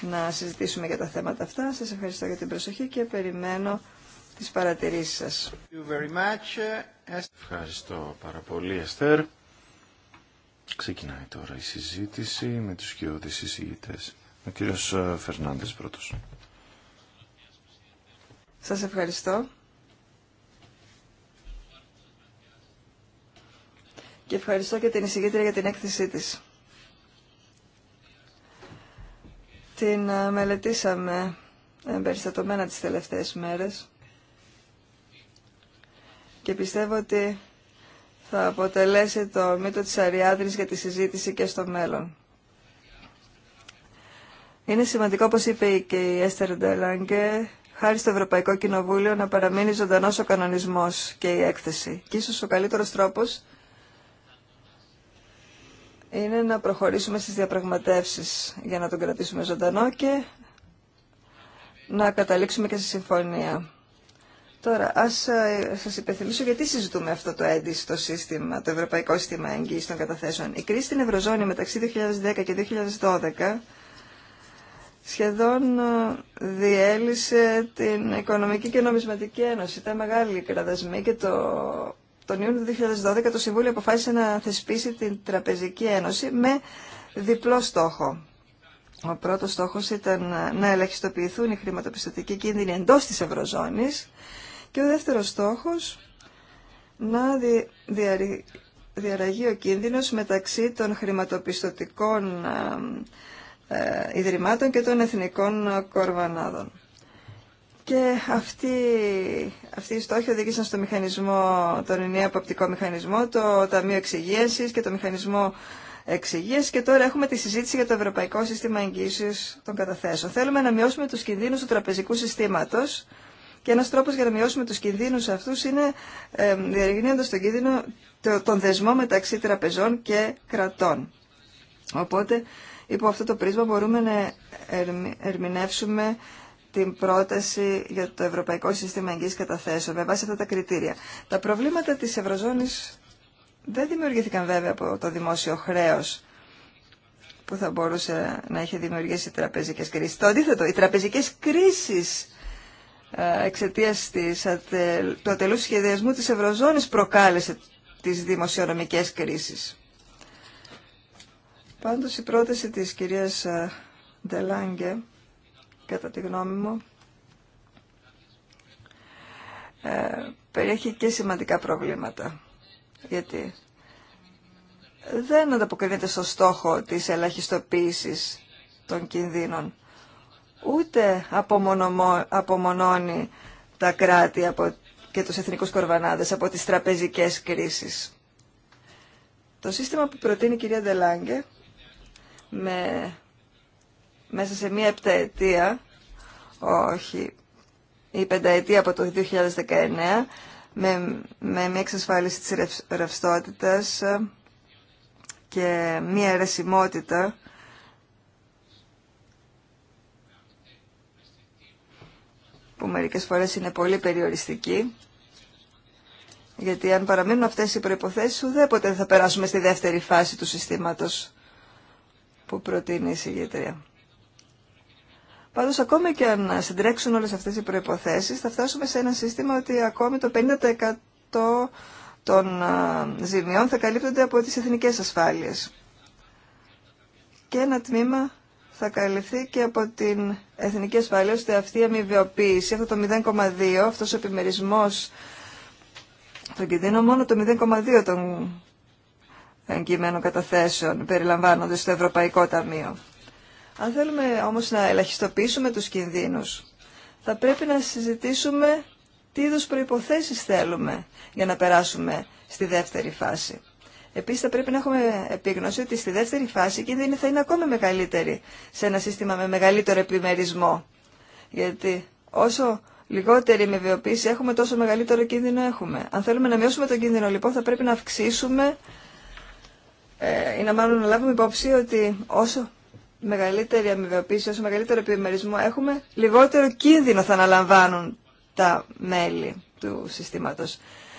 να συζητήσουμε για τα θέματα αυτά. Σας ευχαριστώ για την προσοχή και περιμένω τις παρατηρήσεις σας. Ευχαριστώ πάρα πολύ, Εστέρ. Ξεκινάει τώρα η συζήτηση με τους κοιόδης συζητητές. Ο κύριος ε, Φερνάντες πρώτος. Σας ευχαριστώ. Και ευχαριστώ και την εισηγήτρια για την έκθεσή της. Την ε, μελετήσαμε εμπεριστατωμένα τις τελευταίες μέρες και πιστεύω ότι θα αποτελέσει το μύτο της Αριάδρης για τη συζήτηση και στο μέλλον. Είναι σημαντικό, όπως είπε και η Έστερ Ντελάνγκε, χάρη στο Ευρωπαϊκό Κοινοβούλιο να παραμείνει ζωντανός ο κανονισμός και η έκθεση. Και ίσως ο καλύτερος τρόπος είναι να προχωρήσουμε στις διαπραγματεύσεις για να τον κρατήσουμε ζωντανό και να καταλήξουμε και στη συμφωνία. Τώρα, ας ε, σας υπενθυμίσω γιατί συζητούμε αυτό το το σύστημα, το Ευρωπαϊκό Σύστημα Εγγύης των Καταθέσεων. Η κρίση στην Ευρωζώνη μεταξύ 2010 και 2012 σχεδόν ε, διέλυσε την Οικονομική και Νομισματική Ένωση. Ήταν μεγάλη κραδασμή και το, τον Ιούνιο του 2012 το Συμβούλιο αποφάσισε να θεσπίσει την Τραπεζική Ένωση με διπλό στόχο. Ο πρώτος στόχος ήταν να ελαχιστοποιηθούν οι χρηματοπιστωτικοί κίνδυνοι εντός της Ευρωζώνης και ο δεύτερος στόχος να δι, ο κίνδυνος μεταξύ των χρηματοπιστωτικών ε, ε, ιδρυμάτων και των Εθνικών Κορβανάδων. Και αυτοί αυτή η οδήγησαν στο μηχανισμό, τον ενιαίο μηχανισμό, το Ταμείο Εξυγίασης και το Μηχανισμό Εξυγίασης και τώρα έχουμε τη συζήτηση για το Ευρωπαϊκό Σύστημα Εγγύησης των Καταθέσεων. Θέλουμε να μειώσουμε τους κινδύνους του τραπεζικού συστήματος και ένας τρόπος για να μειώσουμε τους κινδύνους αυτούς είναι ε, τον κίνδυνο, τον δεσμό μεταξύ τραπεζών και κρατών. Οπότε Υπό αυτό το πρίσμα μπορούμε να ερμηνεύσουμε την πρόταση για το Ευρωπαϊκό Σύστημα Εγγύης Καταθέσεων με βάση αυτά τα κριτήρια. Τα προβλήματα της Ευρωζώνης δεν δημιουργήθηκαν βέβαια από το δημόσιο χρέος που θα μπορούσε να είχε δημιουργήσει τραπεζικές κρίσεις. Το αντίθετο, οι τραπεζικές κρίσεις ε, εξαιτία του ατελού σχεδιασμού της Ευρωζώνης προκάλεσε τις δημοσιονομικές κρίσεις. Πάντως η πρόταση της κυρίας ε, Ντελάγκε, κατά τη γνώμη μου, ε, περιέχει και σημαντικά προβλήματα. Γιατί δεν ανταποκρίνεται στο στόχο της ελαχιστοποίησης των κινδύνων. Ούτε απομονώνει τα κράτη από και τους εθνικούς κορβανάδες από τις τραπεζικές κρίσεις. Το σύστημα που προτείνει η κυρία Ντελάγκε με, μέσα σε μία επταετία, όχι, η πενταετία από το 2019, με, με μία εξασφάλιση της ρευστότητας ε, και μία αιρεσιμότητα που μερικές φορές είναι πολύ περιοριστική. Γιατί αν παραμείνουν αυτές οι προϋποθέσεις, ουδέποτε θα περάσουμε στη δεύτερη φάση του συστήματος που προτείνει η συγγετρία. Πάντως ακόμη και αν συντρέξουν όλες αυτές οι προϋποθέσεις θα φτάσουμε σε ένα σύστημα ότι ακόμη το 50% των ζημιών θα καλύπτονται από τις εθνικές ασφάλειες. Και ένα τμήμα θα καλυφθεί και από την εθνική ασφάλεια, ώστε αυτή η αμοιβαιοποίηση, αυτό το 0,2, αυτός ο επιμερισμός των κινδύνων, μόνο το 0,2 των εγκειμένων καταθέσεων περιλαμβάνονται στο Ευρωπαϊκό Ταμείο. Αν θέλουμε όμως να ελαχιστοποιήσουμε τους κινδύνους, θα πρέπει να συζητήσουμε τι είδους προϋποθέσεις θέλουμε για να περάσουμε στη δεύτερη φάση. Επίσης θα πρέπει να έχουμε επίγνωση ότι στη δεύτερη φάση η κίνδυνη θα είναι ακόμα μεγαλύτερη... σε ένα σύστημα με μεγαλύτερο επιμερισμό. Γιατί όσο λιγότερη με έχουμε τόσο μεγαλύτερο κίνδυνο έχουμε. Αν θέλουμε να μειώσουμε τον κίνδυνο λοιπόν θα πρέπει να αυξήσουμε ε, είναι μάλλον να λάβουμε υπόψη ότι όσο μεγαλύτερη αμοιβεοποίηση, όσο μεγαλύτερο επιμερισμό έχουμε, λιγότερο κίνδυνο θα αναλαμβάνουν τα μέλη του συστήματος.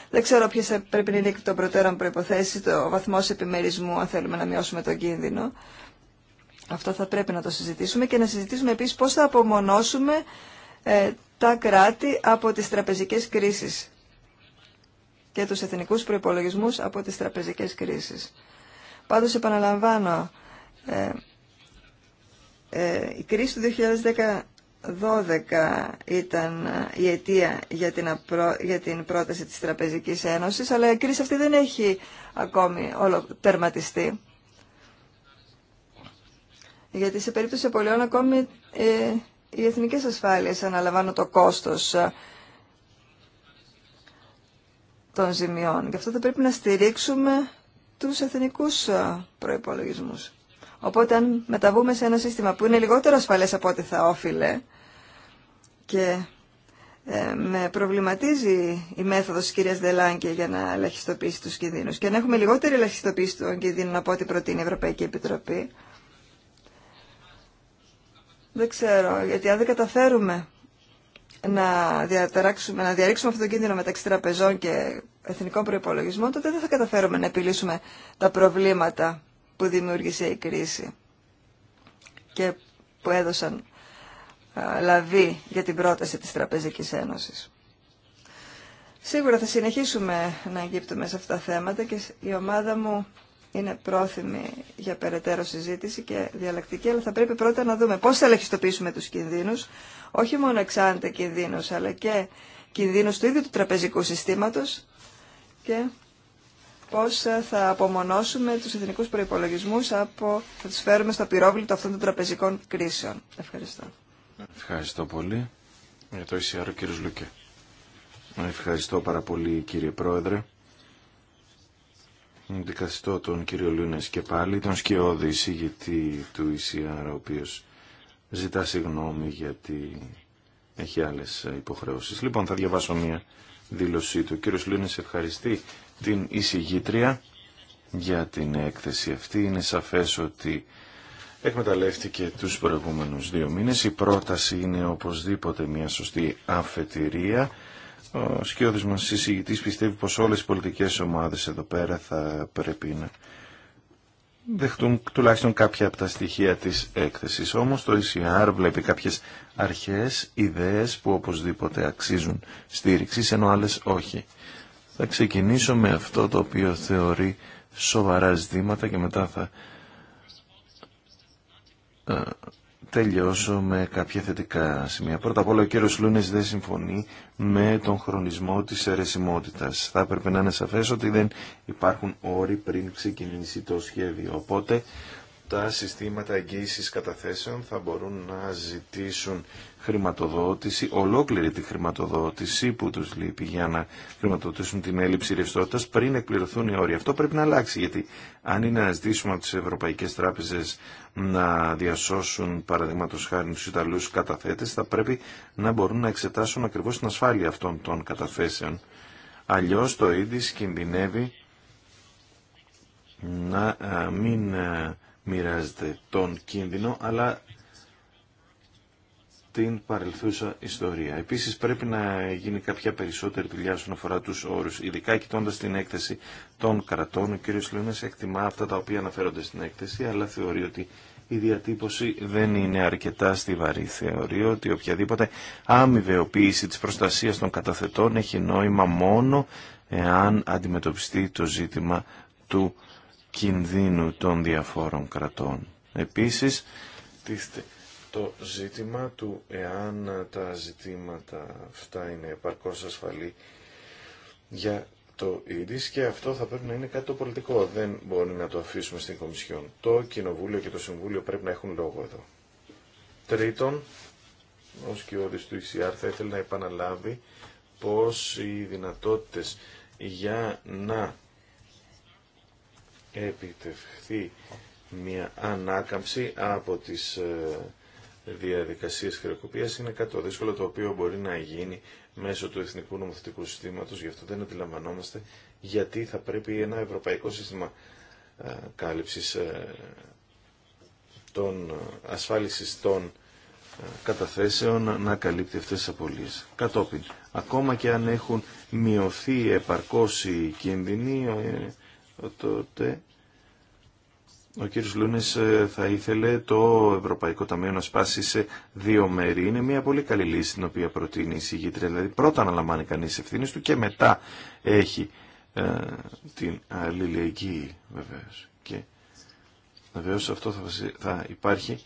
Δεν ξέρω ποιε πρέπει να είναι εκ των προτέρων προποθέσει, το βαθμό επιμερισμού, αν θέλουμε να μειώσουμε τον κίνδυνο. Αυτό θα πρέπει να το συζητήσουμε και να συζητήσουμε επίση πώ θα απομονώσουμε ε, τα κράτη από τι τραπεζικέ κρίσει και τους εθνικούς προϋπολογισμούς από τις τραπεζικές κρίσεις. Πάντως επαναλαμβάνω, ε, ε, η κρίση του 2012 ήταν ε, η αιτία για την, για την πρόταση της Τραπεζικής Ένωσης, αλλά η κρίση αυτή δεν έχει ακόμη όλο τερματιστεί. Γιατί σε περίπτωση απολειών ακόμη ε, οι εθνικές ασφάλειες αναλαμβάνουν το κόστος ε, των ζημιών. Γι' αυτό θα πρέπει να στηρίξουμε τους εθνικούς ε, προϋπολογισμούς. Οπότε αν μεταβούμε σε ένα σύστημα που είναι λιγότερο ασφαλές από ό,τι θα όφιλε και ε, με προβληματίζει η μέθοδος της κυρίας Δελάνκε για να ελαχιστοποιήσει τους κινδύνους και να έχουμε λιγότερη ελαχιστοποίηση των κινδύνων από ό,τι προτείνει η Ευρωπαϊκή Επιτροπή. Δεν ξέρω, γιατί αν δεν καταφέρουμε να, να διαρρήξουμε αυτόν τον κίνδυνο μεταξύ τραπεζών και εθνικών προϋπολογισμών, τότε δεν θα καταφέρουμε να επιλύσουμε τα προβλήματα που δημιούργησε η κρίση και που έδωσαν λαβή για την πρόταση της Τραπεζικής Ένωσης. Σίγουρα θα συνεχίσουμε να αγγίπτουμε σε αυτά τα θέματα και η ομάδα μου είναι πρόθυμη για περαιτέρω συζήτηση και διαλλακτική, αλλά θα πρέπει πρώτα να δούμε πώς θα ελεγχιστοποιήσουμε τους κινδύνους, όχι μόνο εξάντε κινδύνους, αλλά και κινδύνους του ίδιου του τραπεζικού συστήματος και πώς θα απομονώσουμε τους εθνικούς προϋπολογισμούς από, θα τους φέρουμε στο πυρόβλητο αυτών των τραπεζικών κρίσεων. Ευχαριστώ. Ευχαριστώ πολύ. Για το ΙΣΙΑΡΟ, κύριο Λουκέ. Ευχαριστώ πάρα πολύ, κύριε Πρόεδρε. Δικαστώ τον κύριο Λούνες και πάλι, τον σκιώδη εισηγητή του ECR, ο οποίος ζητά συγγνώμη γιατί έχει άλλες υποχρεώσεις. Λοιπόν, θα διαβάσω μία δήλωσή του. Ο κύριος Λούνης ευχαριστεί την εισηγήτρια για την έκθεση αυτή. Είναι σαφές ότι εκμεταλλεύτηκε τους προηγούμενους δύο μήνες. Η πρόταση είναι οπωσδήποτε μια σωστή αφετηρία. Ο σκιώδης μας εισηγητής πιστεύει πως όλες οι πολιτικές ομάδες εδώ πέρα θα πρέπει να δεχτούν τουλάχιστον κάποια από τα στοιχεία της έκθεσης. Όμως το ECR βλέπει κάποιες αρχές, ιδέες που οπωσδήποτε αξίζουν στήριξη, ενώ άλλες όχι. Θα ξεκινήσω με αυτό το οποίο θεωρεί σοβαρά ζητήματα και μετά θα ε, τελειώσω με κάποια θετικά σημεία. Πρώτα απ' όλα ο κύριος Λούνες δεν συμφωνεί με τον χρονισμό της αιρεσιμότητας. Θα έπρεπε να είναι σαφές ότι δεν υπάρχουν όροι πριν ξεκινήσει το σχέδιο. Οπότε τα συστήματα εγγύησης καταθέσεων θα μπορούν να ζητήσουν χρηματοδότηση, ολόκληρη τη χρηματοδότηση που τους λείπει για να χρηματοδοτήσουν την έλλειψη ρευστότητας πριν εκπληρωθούν οι όροι. Αυτό πρέπει να αλλάξει γιατί αν είναι να ζητήσουμε από τις ευρωπαϊκές τράπεζες να διασώσουν παραδείγματο χάρη του Ιταλούς καταθέτες θα πρέπει να μπορούν να εξετάσουν ακριβώς την ασφάλεια αυτών των καταθέσεων. Αλλιώς το ίδιο κινδυνεύει να ε, μην ε, μοιράζεται τον κίνδυνο, αλλά την παρελθούσα ιστορία. Επίσης πρέπει να γίνει κάποια περισσότερη δουλειά όσον αφορά τους όρους, ειδικά κοιτώντας την έκθεση των κρατών. Ο κ. Λούνας εκτιμά αυτά τα οποία αναφέρονται στην έκθεση, αλλά θεωρεί ότι η διατύπωση δεν είναι αρκετά στιβαρή. Θεωρεί ότι οποιαδήποτε αμοιβεοποίηση της προστασίας των καταθετών έχει νόημα μόνο εάν αντιμετωπιστεί το ζήτημα του κινδύνου των διαφόρων κρατών. Επίσης, το ζήτημα του εάν τα ζητήματα αυτά είναι επαρκώς ασφαλή για το ΙΔΙΣ και αυτό θα πρέπει να είναι κάτι το πολιτικό. Δεν μπορεί να το αφήσουμε στην Κομισιόν. Το Κοινοβούλιο και το Συμβούλιο πρέπει να έχουν λόγο εδώ. Τρίτον, ο σκιώδης του ΙΣΙΑΡ θα ήθελε να επαναλάβει πως οι δυνατότητες για να επιτευχθεί μια ανάκαμψη από τις ε, διαδικασίες χρεοκοπίας είναι κάτι το δύσκολο το οποίο μπορεί να γίνει μέσω του εθνικού νομοθετικού συστήματος, γι' αυτό δεν αντιλαμβανόμαστε γιατί θα πρέπει ένα ευρωπαϊκό σύστημα ε, κάλυψης ε, των ασφάλισης των καταθέσεων να καλύπτει αυτές τις απολύες. Κατόπιν, ακόμα και αν έχουν μειωθεί επαρκώς οι κίνδυνοι, τότε ο κύριος Λούνες ε, θα ήθελε το Ευρωπαϊκό Ταμείο να σπάσει σε δύο μέρη. Είναι μια πολύ καλή λύση την οποία προτείνει η συγγήτρια. Δηλαδή πρώτα αναλαμβάνει κανείς ευθύνε του και μετά έχει ε, την αλληλεγγύη βεβαίως. Και βεβαίως αυτό θα, θα υπάρχει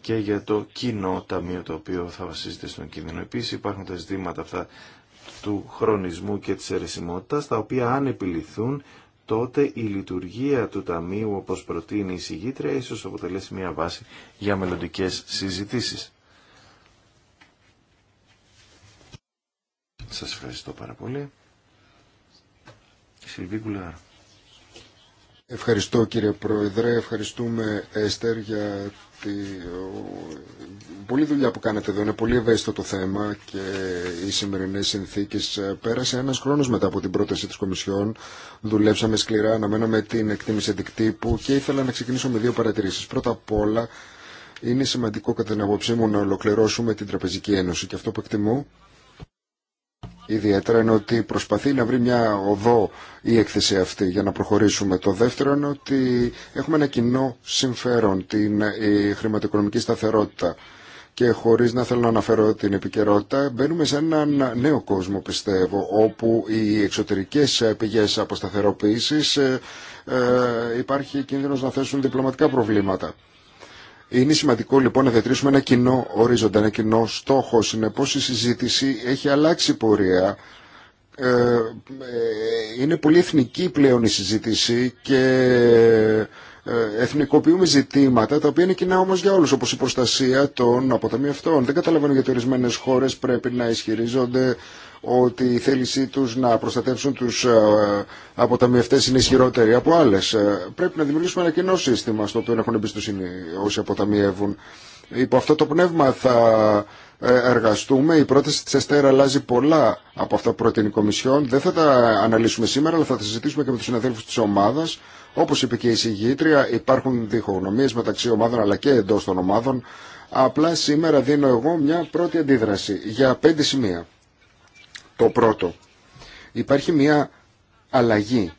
και για το κοινό ταμείο το οποίο θα βασίζεται στον κίνδυνο. Επίσης υπάρχουν τα ζητήματα αυτά του χρονισμού και της αιρεσιμότητας, τα οποία αν επιληθούν τότε η λειτουργία του Ταμείου, όπως προτείνει η συγγήτρια, ίσως αποτελέσει μια βάση για μελλοντικές συζητήσεις. Σας ευχαριστώ πάρα πολύ. Ευχαριστώ κύριε Πρόεδρε, ευχαριστούμε Έστερ για πολλή δουλειά που κάνετε εδώ είναι πολύ ευαίσθητο το θέμα και οι σημερινές συνθήκες ε, πέρασε ένας χρόνος μετά από την πρόταση της Κομισιόν δουλέψαμε σκληρά, αναμέναμε την εκτίμηση αντικτύπου και ήθελα να ξεκινήσω με δύο παρατηρήσεις πρώτα απ' όλα είναι σημαντικό κατά την απόψή μου να ολοκληρώσουμε την Τραπεζική Ένωση και αυτό που εκτιμώ Ιδιαίτερα είναι ότι προσπαθεί να βρει μια οδό η έκθεση αυτή για να προχωρήσουμε. Το δεύτερο είναι ότι έχουμε ένα κοινό συμφέρον, την η χρηματοοικονομική σταθερότητα. Και χωρίς να θέλω να αναφέρω την επικαιρότητα, μπαίνουμε σε έναν νέο κόσμο, πιστεύω, όπου οι εξωτερικές πηγές αποσταθεροποίησης ε, ε υπάρχει κίνδυνος να θέσουν διπλωματικά προβλήματα. Είναι σημαντικό λοιπόν να διατηρήσουμε ένα κοινό ορίζοντα, ένα κοινό στόχο. Συνεπώ η συζήτηση έχει αλλάξει πορεία. Ε, ε, είναι πολύ εθνική πλέον η συζήτηση και ε, εθνικοποιούμε ζητήματα τα οποία είναι κοινά όμως για όλους όπως η προστασία των αποταμιευτών. Δεν καταλαβαίνω γιατί ορισμένε χώρες πρέπει να ισχυρίζονται ότι η θέλησή τους να προστατεύσουν τους ε, αποταμιευτές είναι ισχυρότερη από άλλες. Ε, πρέπει να δημιουργήσουμε ένα κοινό σύστημα στο οποίο έχουν εμπιστοσύνη όσοι αποταμιεύουν. Υπό αυτό το πνεύμα θα ε, εργαστούμε. Η πρόταση της Αστέρα αλλάζει πολλά από αυτά που προτείνει η Κομισιόν. Δεν θα τα αναλύσουμε σήμερα, αλλά θα τα συζητήσουμε και με τους συναδέλφους της ομάδας. Όπως είπε και η συγγήτρια, υπάρχουν διχογνωμίες μεταξύ ομάδων αλλά και εντός των ομάδων. Απλά σήμερα δίνω εγώ μια πρώτη αντίδραση για πέντε σημεία. Το πρώτο. Υπάρχει μια αλλαγή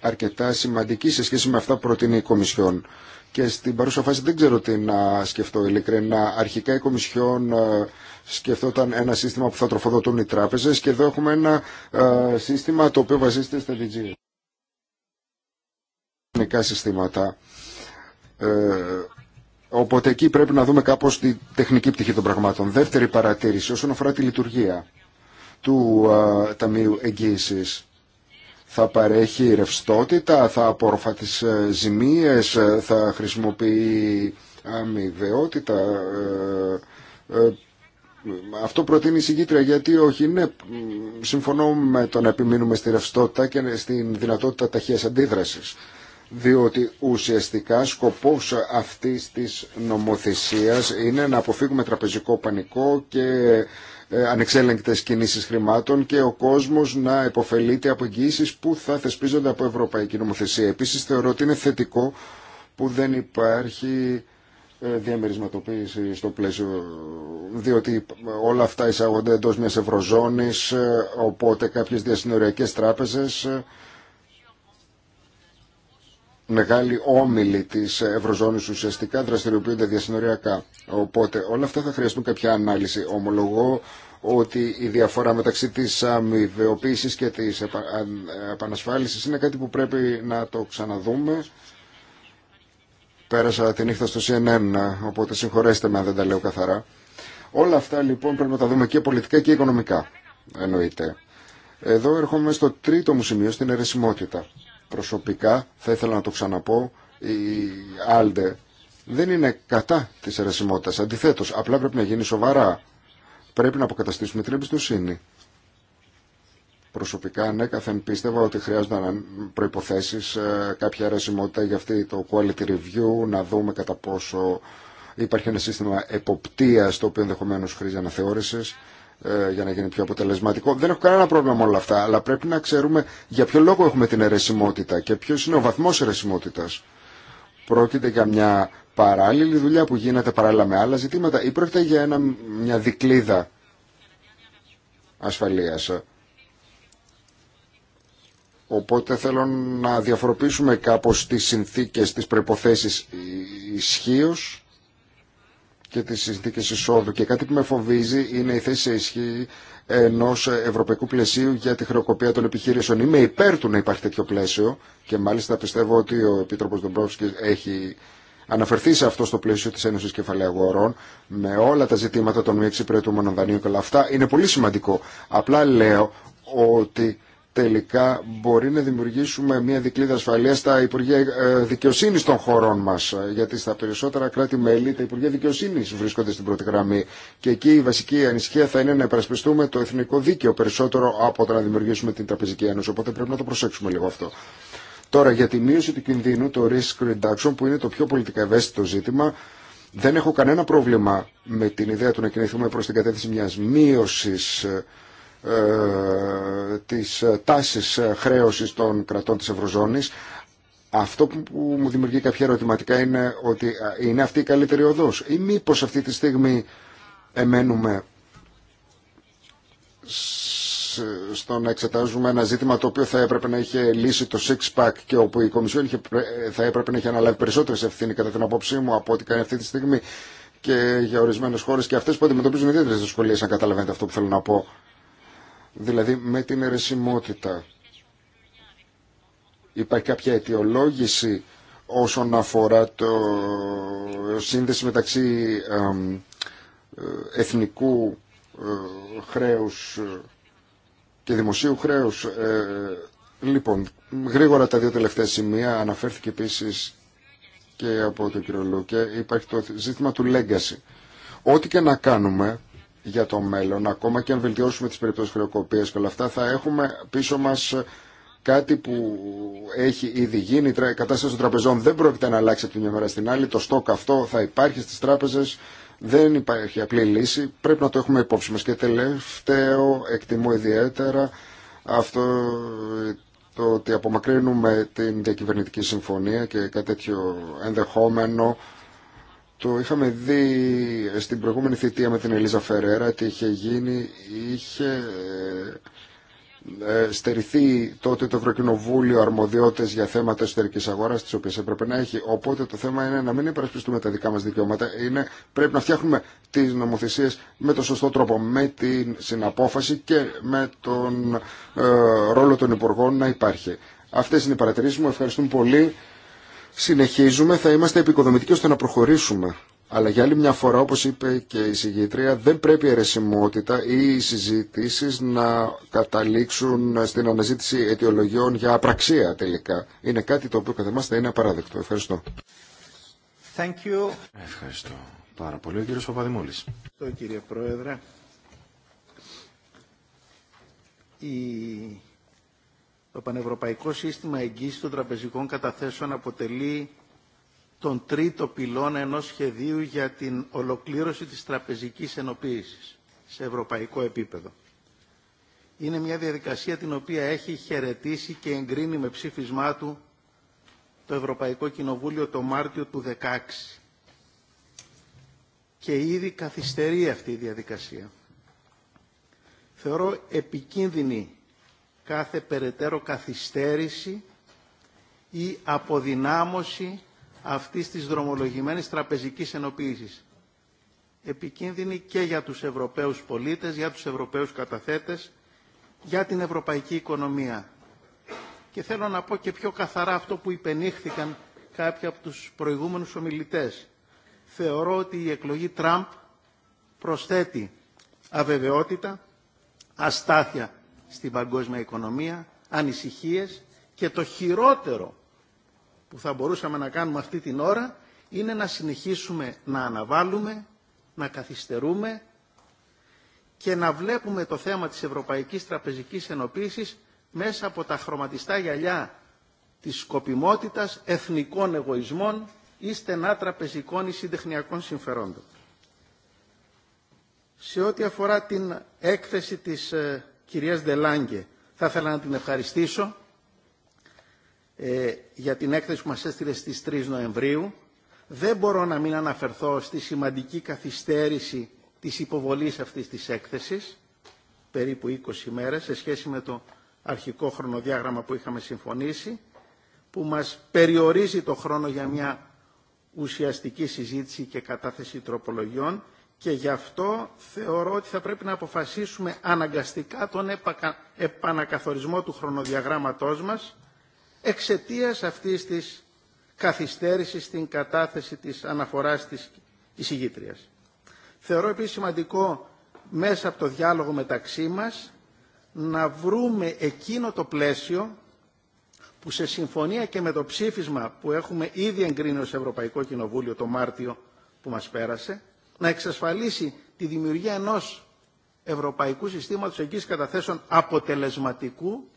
αρκετά σημαντική σε σχέση με αυτά που προτείνει η Κομισιόν. Και στην παρούσα φάση δεν ξέρω τι να σκεφτώ ειλικρινά. Αρχικά η Κομισιόν ε, σκεφτόταν ένα σύστημα που θα τροφοδοτούν οι τράπεζε και εδώ έχουμε ένα ε, σύστημα το οποίο βασίζεται στα DG. συστήματα. Ε, οπότε εκεί πρέπει να δούμε κάπως τη τεχνική πτυχή των πραγμάτων. Δεύτερη παρατήρηση όσον αφορά τη λειτουργία του α, Ταμείου Εγγύησης. Θα παρέχει ρευστότητα, θα απορροφά τις ε, ζημίες, ε, θα χρησιμοποιεί αμοιβαιότητα. Ε, αυτό προτείνει η συγκήτρια γιατί όχι, ναι, συμφωνώ με το να επιμείνουμε στη ρευστότητα και στην δυνατότητα ταχείας αντίδρασης. Διότι ουσιαστικά σκοπός αυτής της νομοθεσίας είναι να αποφύγουμε τραπεζικό πανικό και ε, ανεξέλεγκτες κινήσεις χρημάτων και ο κόσμος να υποφελείται από εγγυήσεις που θα θεσπίζονται από ευρωπαϊκή νομοθεσία. Επίσης θεωρώ ότι είναι θετικό που δεν υπάρχει ε, διαμερισματοποίηση στο πλαίσιο διότι όλα αυτά εισάγονται εντός μιας ευρωζώνης ε, οπότε κάποιες διασυνοριακές τράπεζες μεγάλοι όμιλοι τη Ευρωζώνη ουσιαστικά δραστηριοποιούνται διασυνοριακά. Οπότε όλα αυτά θα χρειαστούν κάποια ανάλυση. Ομολογώ ότι η διαφορά μεταξύ τη αμοιβαιοποίηση και τη επανασφάλιση είναι κάτι που πρέπει να το ξαναδούμε. Πέρασα τη νύχτα στο CNN, οπότε συγχωρέστε με αν δεν τα λέω καθαρά. Όλα αυτά λοιπόν πρέπει να τα δούμε και πολιτικά και οικονομικά, εννοείται. Εδώ έρχομαι στο τρίτο μου σημείο, στην αιρεσιμότητα. Προσωπικά, θα ήθελα να το ξαναπώ, η Άλντε δεν είναι κατά τη αιρεσιμότητα. Αντιθέτω, απλά πρέπει να γίνει σοβαρά. Πρέπει να αποκαταστήσουμε την εμπιστοσύνη. Προσωπικά, ναι, καθεν πίστευα ότι χρειάζονταν προϋποθέσεις, ε, κάποια αιρεσιμότητα για αυτή το quality review, να δούμε κατά πόσο υπάρχει ένα σύστημα εποπτεία το οποίο ενδεχομένως χρήζει αναθεώρηση. Ε, για να γίνει πιο αποτελεσματικό. Δεν έχω κανένα πρόβλημα με όλα αυτά, αλλά πρέπει να ξέρουμε για ποιο λόγο έχουμε την αιρεσιμότητα και ποιο είναι ο βαθμό αιρεσιμότητα. Πρόκειται για μια παράλληλη δουλειά που γίνεται παράλληλα με άλλα ζητήματα ή πρόκειται για μια δικλίδα ασφαλείας. Οπότε θέλω να διαφοροποιήσουμε κάπως τις συνθήκες, τις προϋποθέσεις ισχύω και τις συνθήκες εισόδου. Και κάτι που με φοβίζει είναι η θέση ισχύ ενό ευρωπαϊκού πλαισίου για τη χρεοκοπία των επιχειρήσεων. Είμαι υπέρ του να υπάρχει τέτοιο πλαίσιο και μάλιστα πιστεύω ότι ο Επίτροπος Ντομπρόφσκης έχει αναφερθεί σε αυτό στο πλαίσιο της Ένωσης Κεφαλαίου Αγορών με όλα τα ζητήματα των μη εξυπηρετούμενων δανείων και όλα αυτά. Είναι πολύ σημαντικό. Απλά λέω ότι τελικά μπορεί να δημιουργήσουμε μια δικλίδα ασφαλείας στα Υπουργεία ε, Δικαιοσύνης των χωρών μας. Ε, γιατί στα περισσότερα κράτη-μέλη τα Υπουργεία Δικαιοσύνης βρίσκονται στην πρώτη γραμμή. Και εκεί η βασική ανησυχία θα είναι να υπερασπιστούμε το εθνικό δίκαιο περισσότερο από το να δημιουργήσουμε την Τραπεζική Ένωση. Οπότε πρέπει να το προσέξουμε λίγο αυτό. Τώρα για τη μείωση του κινδύνου, το risk reduction που είναι το πιο πολιτικά ευαίσθητο ζήτημα, δεν έχω κανένα πρόβλημα με την ιδέα του να κινηθούμε προς την κατεύθυνση μιας μείωσης ε, ε, τις ε, τάσεις ε, χρέωσης των κρατών της Ευρωζώνης. Αυτό που μου δημιουργεί κάποια ερωτηματικά είναι ότι είναι αυτή η καλύτερη οδός ή μήπως αυτή τη στιγμή εμένουμε στο να εξετάζουμε ένα ζήτημα το οποίο θα έπρεπε να είχε λύσει το six-pack και όπου η Κομισιόν θα έπρεπε να είχε αναλάβει περισσότερες ευθύνη κατά την απόψή μου από ό,τι κάνει αυτή τη στιγμή και για ορισμένες χώρες και αυτές που αντιμετωπίζουν ιδιαίτερες δυσκολίες αν καταλαβαίνετε αυτό που θέλω να πω δηλαδή με την αιρεσιμότητα. Υπάρχει κάποια αιτιολόγηση όσον αφορά το σύνδεση μεταξύ ε, εθνικού ε, χρέους ε, και δημοσίου χρέους. Λοιπόν, γρήγορα τα δύο τελευταία σημεία αναφέρθηκε επίσης και από τον κύριο Λούκε. Υπάρχει το ζήτημα του legacy. Ό,τι και να κάνουμε για το μέλλον, ακόμα και αν βελτιώσουμε τις περιπτώσεις χρεοκοπίας και όλα αυτά, θα έχουμε πίσω μας κάτι που έχει ήδη γίνει. Η κατάσταση των τραπεζών δεν πρόκειται να αλλάξει από τη μια μέρα στην άλλη. Το στόκ αυτό θα υπάρχει στις τράπεζες. Δεν υπάρχει απλή λύση. Πρέπει να το έχουμε υπόψη μας. Και τελευταίο, εκτιμώ ιδιαίτερα αυτό το ότι απομακρύνουμε την διακυβερνητική συμφωνία και κάτι τέτοιο ενδεχόμενο το είχαμε δει στην προηγούμενη θητεία με την Ελίζα Φερέρα τι είχε γίνει. Είχε ε, στερηθεί τότε το Ευρωκοινοβούλιο αρμοδιότητες για θέματα εσωτερική αγοράς τις οποίες έπρεπε να έχει. Οπότε το θέμα είναι να μην υπερασπιστούμε τα δικά μας δικαιώματα. Είναι, πρέπει να φτιάχνουμε τις νομοθεσίες με το σωστό τρόπο, με την συναπόφαση και με τον ε, ρόλο των υπουργών να υπάρχει. Αυτές είναι οι παρατηρήσεις μου. Ευχαριστούμε πολύ συνεχίζουμε, θα είμαστε επικοδομητικοί ώστε να προχωρήσουμε. Αλλά για άλλη μια φορά, όπως είπε και η συγγήτρια, δεν πρέπει η αιρεσιμότητα ή οι συζητήσεις να καταλήξουν στην αναζήτηση αιτιολογιών για απραξία τελικά. Είναι κάτι το οποίο κατά εμάς είναι απαράδεκτο. Ευχαριστώ. Thank you. Ευχαριστώ πάρα πολύ. Ο Παπαδημούλης. Ευχαριστώ κύριε Πρόεδρε. Η το Πανευρωπαϊκό Σύστημα Εγγύησης των Τραπεζικών Καταθέσεων αποτελεί τον τρίτο πυλώνα ενός σχεδίου για την ολοκλήρωση της τραπεζικής ενοποίησης σε ευρωπαϊκό επίπεδο. Είναι μια διαδικασία την οποία έχει χαιρετήσει και εγκρίνει με ψήφισμά του το Ευρωπαϊκό Κοινοβούλιο το Μάρτιο του 2016. Και ήδη καθυστερεί αυτή η διαδικασία. Θεωρώ επικίνδυνη κάθε περαιτέρω καθυστέρηση ή αποδυνάμωση αυτής της δρομολογημένης τραπεζικής ενοποίησης. Επικίνδυνη και για τους Ευρωπαίους πολίτες, για τους Ευρωπαίους καταθέτες, για την ευρωπαϊκή οικονομία. Και θέλω να πω και πιο καθαρά αυτό που υπενήχθηκαν κάποιοι από τους προηγούμενους ομιλητές. Θεωρώ ότι η εκλογή Τραμπ προσθέτει αβεβαιότητα, αστάθεια στην παγκόσμια οικονομία, ανησυχίες και το χειρότερο που θα μπορούσαμε να κάνουμε αυτή την ώρα είναι να συνεχίσουμε να αναβάλουμε, να καθυστερούμε και να βλέπουμε το θέμα της Ευρωπαϊκής Τραπεζικής Ενοποίησης μέσα από τα χρωματιστά γυαλιά της σκοπιμότητας εθνικών εγωισμών ή στενά τραπεζικών ή συντεχνιακών συμφερόντων. Σε ό,τι αφορά την έκθεση της ε, κυρίας Δελάνγκε. Θα ήθελα να την ευχαριστήσω ε, για την έκθεση που μας έστειλε στις 3 Νοεμβρίου. Δεν μπορώ να μην αναφερθώ στη σημαντική καθυστέρηση της υποβολής αυτής της έκθεσης, περίπου 20 μέρες, σε σχέση με το αρχικό χρονοδιάγραμμα που είχαμε συμφωνήσει, που μας περιορίζει το χρόνο για μια ουσιαστική συζήτηση και κατάθεση τροπολογιών και γι' αυτό θεωρώ ότι θα πρέπει να αποφασίσουμε αναγκαστικά τον επανακαθορισμό του χρονοδιαγράμματός μας εξαιτίας αυτής της καθυστέρησης στην κατάθεση της αναφοράς της εισηγήτριας. Θεωρώ επίσης σημαντικό μέσα από το διάλογο μεταξύ μας να βρούμε εκείνο το πλαίσιο που σε συμφωνία και με το ψήφισμα που έχουμε ήδη εγκρίνει ως Ευρωπαϊκό Κοινοβούλιο το Μάρτιο που μας πέρασε, να εξασφαλίσει τη δημιουργία ενός ευρωπαϊκού συστήματος εγγύησης καταθέσεων αποτελεσματικού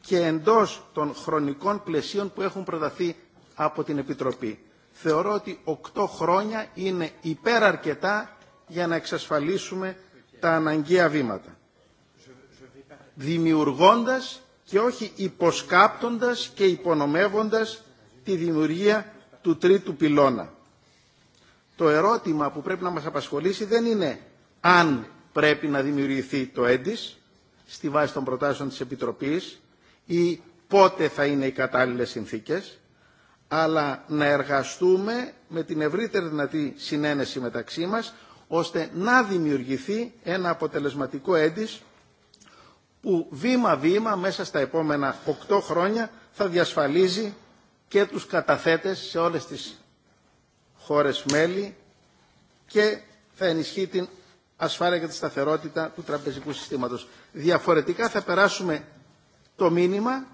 και εντός των χρονικών πλαισίων που έχουν προταθεί από την Επιτροπή. Θεωρώ ότι οκτώ χρόνια είναι υπεραρκετά για να εξασφαλίσουμε τα αναγκαία βήματα. Δημιουργώντας και όχι υποσκάπτοντας και υπονομεύοντας τη δημιουργία του τρίτου πυλώνα το ερώτημα που πρέπει να μας απασχολήσει δεν είναι αν πρέπει να δημιουργηθεί το έντις στη βάση των προτάσεων της Επιτροπής ή πότε θα είναι οι κατάλληλες συνθήκες, αλλά να εργαστούμε με την ευρύτερη δυνατή συνένεση μεταξύ μας, ώστε να δημιουργηθεί ένα αποτελεσματικό έντις που βήμα-βήμα μέσα στα επόμενα 8 χρόνια θα διασφαλίζει και τους καταθέτες σε όλες τις χώρες μέλη και θα ενισχύει την ασφάλεια και τη σταθερότητα του τραπεζικού συστήματος. Διαφορετικά θα περάσουμε το μήνυμα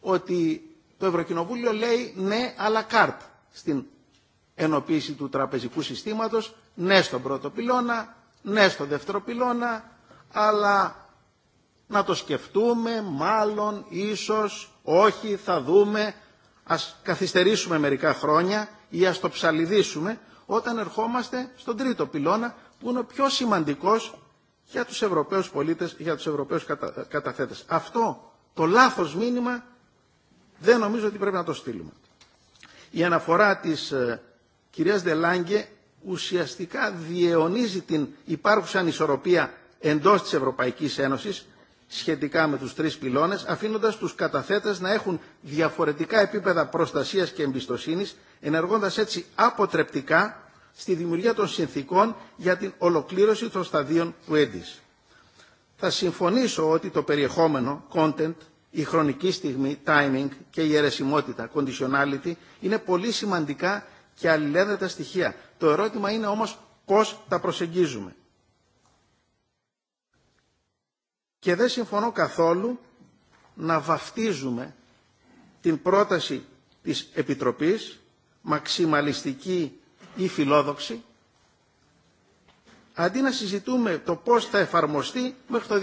ότι το Ευρωκοινοβούλιο λέει ναι αλλά κάρτ στην ενοποίηση του τραπεζικού συστήματος, ναι στον πρώτο πυλώνα, ναι στον δεύτερο πυλώνα, αλλά να το σκεφτούμε, μάλλον, ίσως, όχι, θα δούμε, Ας καθυστερήσουμε μερικά χρόνια ή ας το ψαλιδίσουμε όταν ερχόμαστε στον τρίτο πυλώνα που είναι ο πιο σημαντικός για τους Ευρωπαίους πολίτες, για τους Ευρωπαίους κατα... καταθέτες. Αυτό το λάθος μήνυμα δεν νομίζω ότι πρέπει να το στείλουμε. Η αναφορά της ε, κυρίας Δελάγκε ουσιαστικά διαιωνίζει την υπάρχουσα ανισορροπία εντός της Ευρωπαϊκής Ένωσης σχετικά με τους τρεις πυλώνες, αφήνοντας τους καταθέτες να έχουν διαφορετικά επίπεδα προστασίας και εμπιστοσύνης, ενεργώντας έτσι αποτρεπτικά στη δημιουργία των συνθήκων για την ολοκλήρωση των σταδίων του έντις. Θα συμφωνήσω ότι το περιεχόμενο, content, η χρονική στιγμή, timing και η αιρεσιμότητα, conditionality, είναι πολύ σημαντικά και αλληλένδετα στοιχεία. Το ερώτημα είναι όμως πώς τα προσεγγίζουμε. Και δεν συμφωνώ καθόλου να βαφτίζουμε την πρόταση της Επιτροπής, μαξιμαλιστική ή φιλόδοξη, αντί να συζητούμε το πώς θα εφαρμοστεί μέχρι το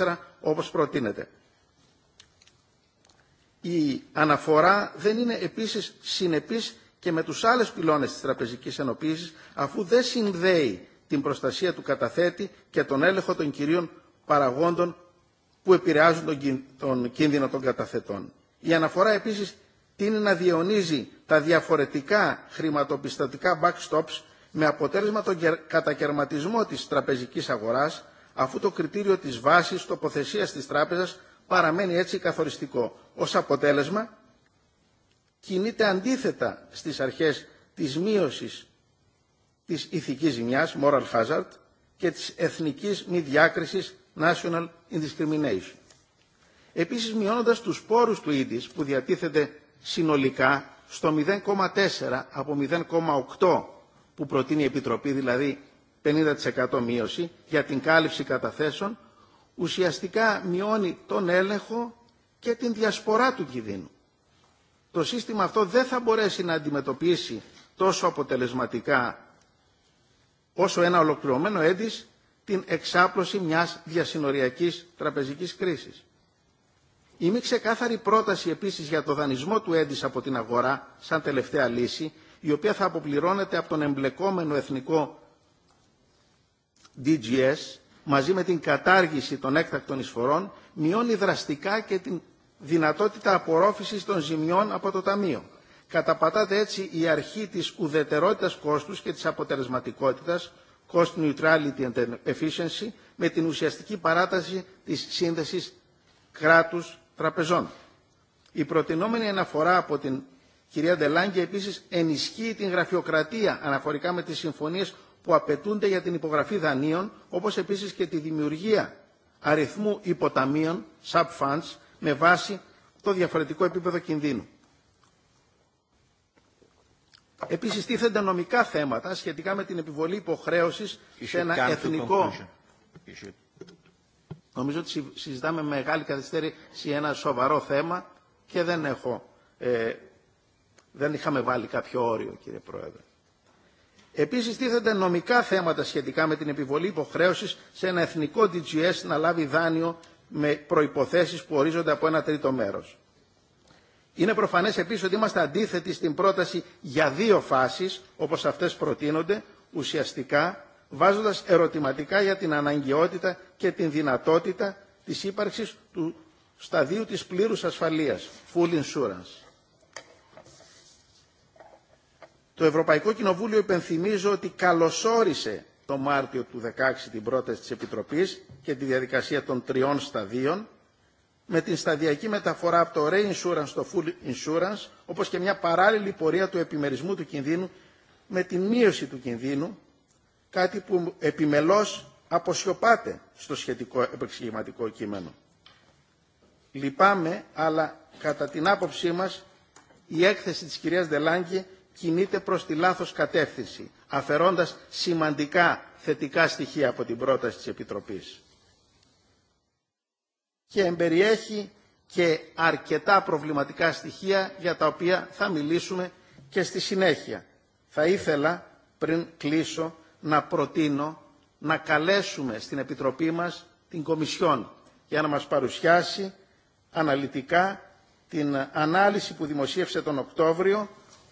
2024 όπως προτείνεται. Η αναφορά δεν είναι επίσης συνεπής και με τους άλλες πυλώνες της τραπεζικής ενοποίησης αφού δεν συνδέει την προστασία του καταθέτη και τον έλεγχο των κυρίων παραγόντων που επηρεάζουν τον κίνδυνο των καταθετών. Η αναφορά επίσης τίνει να διαιωνίζει τα διαφορετικά χρηματοπιστωτικά backstops με αποτέλεσμα τον κατακαιρματισμό της τραπεζικής αγοράς, αφού το κριτήριο της βάσης τοποθεσίας της τράπεζας παραμένει έτσι καθοριστικό. Ως αποτέλεσμα, κινείται αντίθετα στις αρχές της μείωσης της ηθικής ζημιάς, moral hazard, και της εθνικής μη διάκρισης national indiscrimination. Επίσης μειώνοντας τους πόρους του ίδις που διατίθεται συνολικά στο 0,4 από 0,8 που προτείνει η Επιτροπή, δηλαδή 50% μείωση για την κάλυψη καταθέσεων, ουσιαστικά μειώνει τον έλεγχο και την διασπορά του κινδύνου. Το σύστημα αυτό δεν θα μπορέσει να αντιμετωπίσει τόσο αποτελεσματικά όσο ένα ολοκληρωμένο έντις την εξάπλωση μιας διασυνοριακής τραπεζικής κρίσης. Η μη ξεκάθαρη πρόταση επίσης για το δανεισμό του έντις από την αγορά σαν τελευταία λύση, η οποία θα αποπληρώνεται από τον εμπλεκόμενο εθνικό DGS, μαζί με την κατάργηση των έκτακτων εισφορών, μειώνει δραστικά και την δυνατότητα απορρόφησης των ζημιών από το Ταμείο. Καταπατάται έτσι η αρχή της ουδετερότητας κόστους και της αποτελεσματικότητας cost neutrality and efficiency, με την ουσιαστική παράταση της σύνδεσης κράτους τραπεζών. Η προτινόμενη αναφορά από την κυρία Ντελάνγκη επίσης ενισχύει την γραφειοκρατία αναφορικά με τις συμφωνίες που απαιτούνται για την υπογραφή δανείων, όπως επίσης και τη δημιουργία αριθμού υποταμείων, sub-funds, με βάση το διαφορετικό επίπεδο κινδύνου. Επίσης τίθενται νομικά θέματα σχετικά με την επιβολή υποχρέωσης σε ένα εθνικό... Νομίζω ότι συζητάμε μεγάλη καθυστέρηση ένα σοβαρό θέμα και δεν έχω... Ε, δεν είχαμε βάλει κάποιο όριο, κύριε Πρόεδρε. Επίσης τίθενται νομικά θέματα σχετικά με την επιβολή υποχρέωσης σε ένα εθνικό DGS να λάβει δάνειο με προϋποθέσεις που ορίζονται από ένα τρίτο μέρος. Είναι προφανές επίσης ότι είμαστε αντίθετοι στην πρόταση για δύο φάσεις, όπως αυτές προτείνονται, ουσιαστικά βάζοντας ερωτηματικά για την αναγκαιότητα και την δυνατότητα της ύπαρξης του σταδίου της πλήρους ασφαλείας, full insurance. Το Ευρωπαϊκό Κοινοβούλιο υπενθυμίζω ότι καλωσόρισε το Μάρτιο του 2016 την πρόταση της Επιτροπής και τη διαδικασία των τριών σταδίων με την σταδιακή μεταφορά από το reinsurance στο full insurance, όπως και μια παράλληλη πορεία του επιμερισμού του κινδύνου με την μείωση του κινδύνου, κάτι που επιμελώς αποσιωπάται στο σχετικό επεξηγηματικό κείμενο. Λυπάμαι, αλλά κατά την άποψή μας η έκθεση της κυρίας Δελάνγκη κινείται προς τη λάθος κατεύθυνση, αφαιρώντας σημαντικά θετικά στοιχεία από την πρόταση της Επιτροπής και εμπεριέχει και αρκετά προβληματικά στοιχεία για τα οποία θα μιλήσουμε και στη συνέχεια. Θα ήθελα πριν κλείσω να προτείνω να καλέσουμε στην Επιτροπή μας την Κομισιόν για να μας παρουσιάσει αναλυτικά την ανάλυση που δημοσίευσε τον Οκτώβριο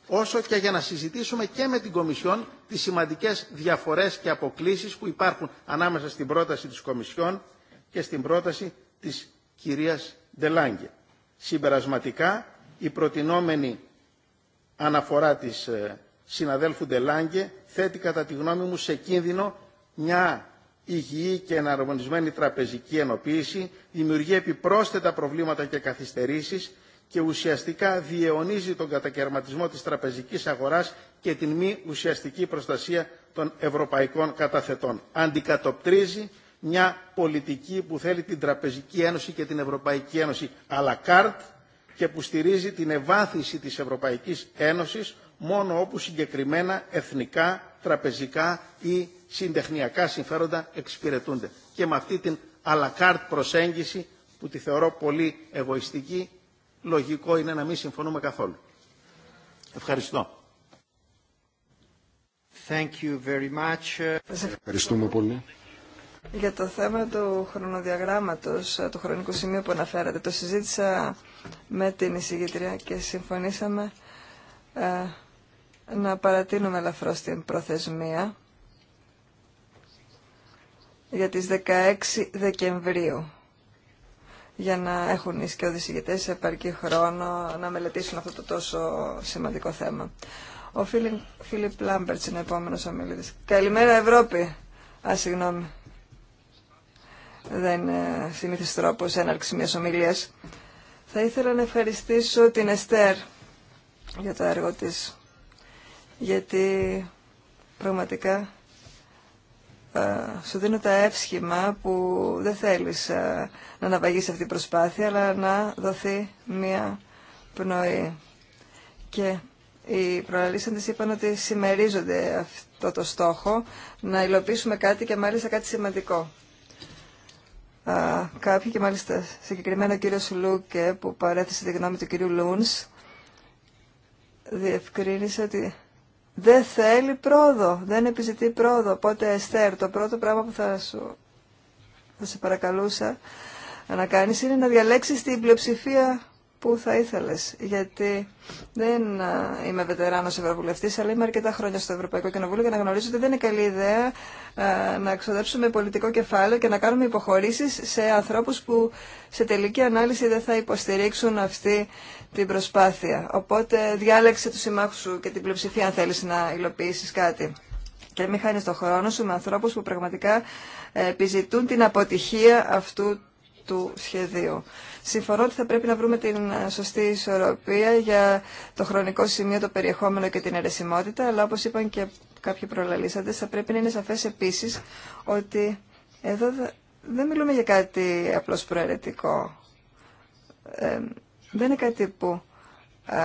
όσο και για να συζητήσουμε και με την Κομισιόν τις σημαντικές διαφορές και αποκλήσεις που υπάρχουν ανάμεσα στην πρόταση της Κομισιόν και στην πρόταση της κυρίας Ντελάγκε. Συμπερασματικά, η προτινόμενη αναφορά της ε, συναδέλφου Ντελάγκε θέτει κατά τη γνώμη μου σε κίνδυνο μια υγιή και εναρμονισμένη τραπεζική ενοποίηση, δημιουργεί επιπρόσθετα προβλήματα και καθυστερήσεις και ουσιαστικά διαιωνίζει τον κατακαιρματισμό της τραπεζικής αγοράς και την μη ουσιαστική προστασία των ευρωπαϊκών καταθετών. Αντικατοπτρίζει μια πολιτική που θέλει την Τραπεζική Ένωση και την Ευρωπαϊκή Ένωση la carte και που στηρίζει την ευάθυνση της Ευρωπαϊκής Ένωσης μόνο όπου συγκεκριμένα εθνικά, τραπεζικά ή συντεχνιακά συμφέροντα εξυπηρετούνται. Και με αυτή την carte προσέγγιση που τη θεωρώ πολύ εγωιστική, λογικό είναι να μην συμφωνούμε καθόλου. Ευχαριστώ. Thank you για το θέμα του χρονοδιαγράμματος, ε, του χρονικού σημείου που αναφέρατε, το συζήτησα με την εισηγήτρια και συμφωνήσαμε ε, να παρατείνουμε ελαφρώς την προθεσμία για τις 16 Δεκεμβρίου για να έχουν οι σκιώδεις σε επαρκή χρόνο να μελετήσουν αυτό το τόσο σημαντικό θέμα. Ο Φίλιπ Λάμπερτς είναι επόμενος ομιλητής. Καλημέρα Ευρώπη. Α, συγγνώμη δεν είναι συνήθις τρόπος έναρξη μιας ομιλίας. Θα ήθελα να ευχαριστήσω την Εστέρ για το έργο της, γιατί πραγματικά ε, σου δίνω τα εύσχημα που δεν θέλεις ε, να αναπαγείς αυτή η προσπάθεια, αλλά να δοθεί μία πνοή. Και οι προαλήσαντες είπαν ότι συμμερίζονται αυτό το στόχο, να υλοποιήσουμε κάτι και μάλιστα κάτι σημαντικό κάποιοι και μάλιστα συγκεκριμένα ο κύριος Λούκε που παρέθεσε τη γνώμη του κυρίου Λούνς διευκρίνησε ότι δεν θέλει πρόοδο, δεν επιζητεί πρόοδο. Οπότε, Εστέρ, το πρώτο πράγμα που θα σου θα σε παρακαλούσα να κάνεις είναι να διαλέξεις την πλειοψηφία που θα ήθελες, γιατί δεν είμαι βετεράνος ευρωβουλευτής, αλλά είμαι αρκετά χρόνια στο Ευρωπαϊκό Κοινοβούλιο για να γνωρίζω ότι δεν είναι καλή ιδέα να εξοδέψουμε πολιτικό κεφάλαιο και να κάνουμε υποχωρήσεις σε ανθρώπους που σε τελική ανάλυση δεν θα υποστηρίξουν αυτή την προσπάθεια. Οπότε διάλεξε τους συμμάχους σου και την πλειοψηφία αν θέλεις να υλοποιήσεις κάτι. Και μην χάνεις τον χρόνο σου με ανθρώπους που πραγματικά ε, επιζητούν την αποτυχία αυτού του σχεδίου. Συμφωνώ ότι θα πρέπει να βρούμε την ε, σωστή ισορροπία για το χρονικό σημείο, το περιεχόμενο και την αιρεσιμότητα, αλλά όπως είπαν και κάποιοι προλαλήσαντες, θα πρέπει να είναι σαφές επίσης ότι εδώ δεν μιλούμε για κάτι απλώς προαιρετικό. Ε, δεν είναι κάτι που ε,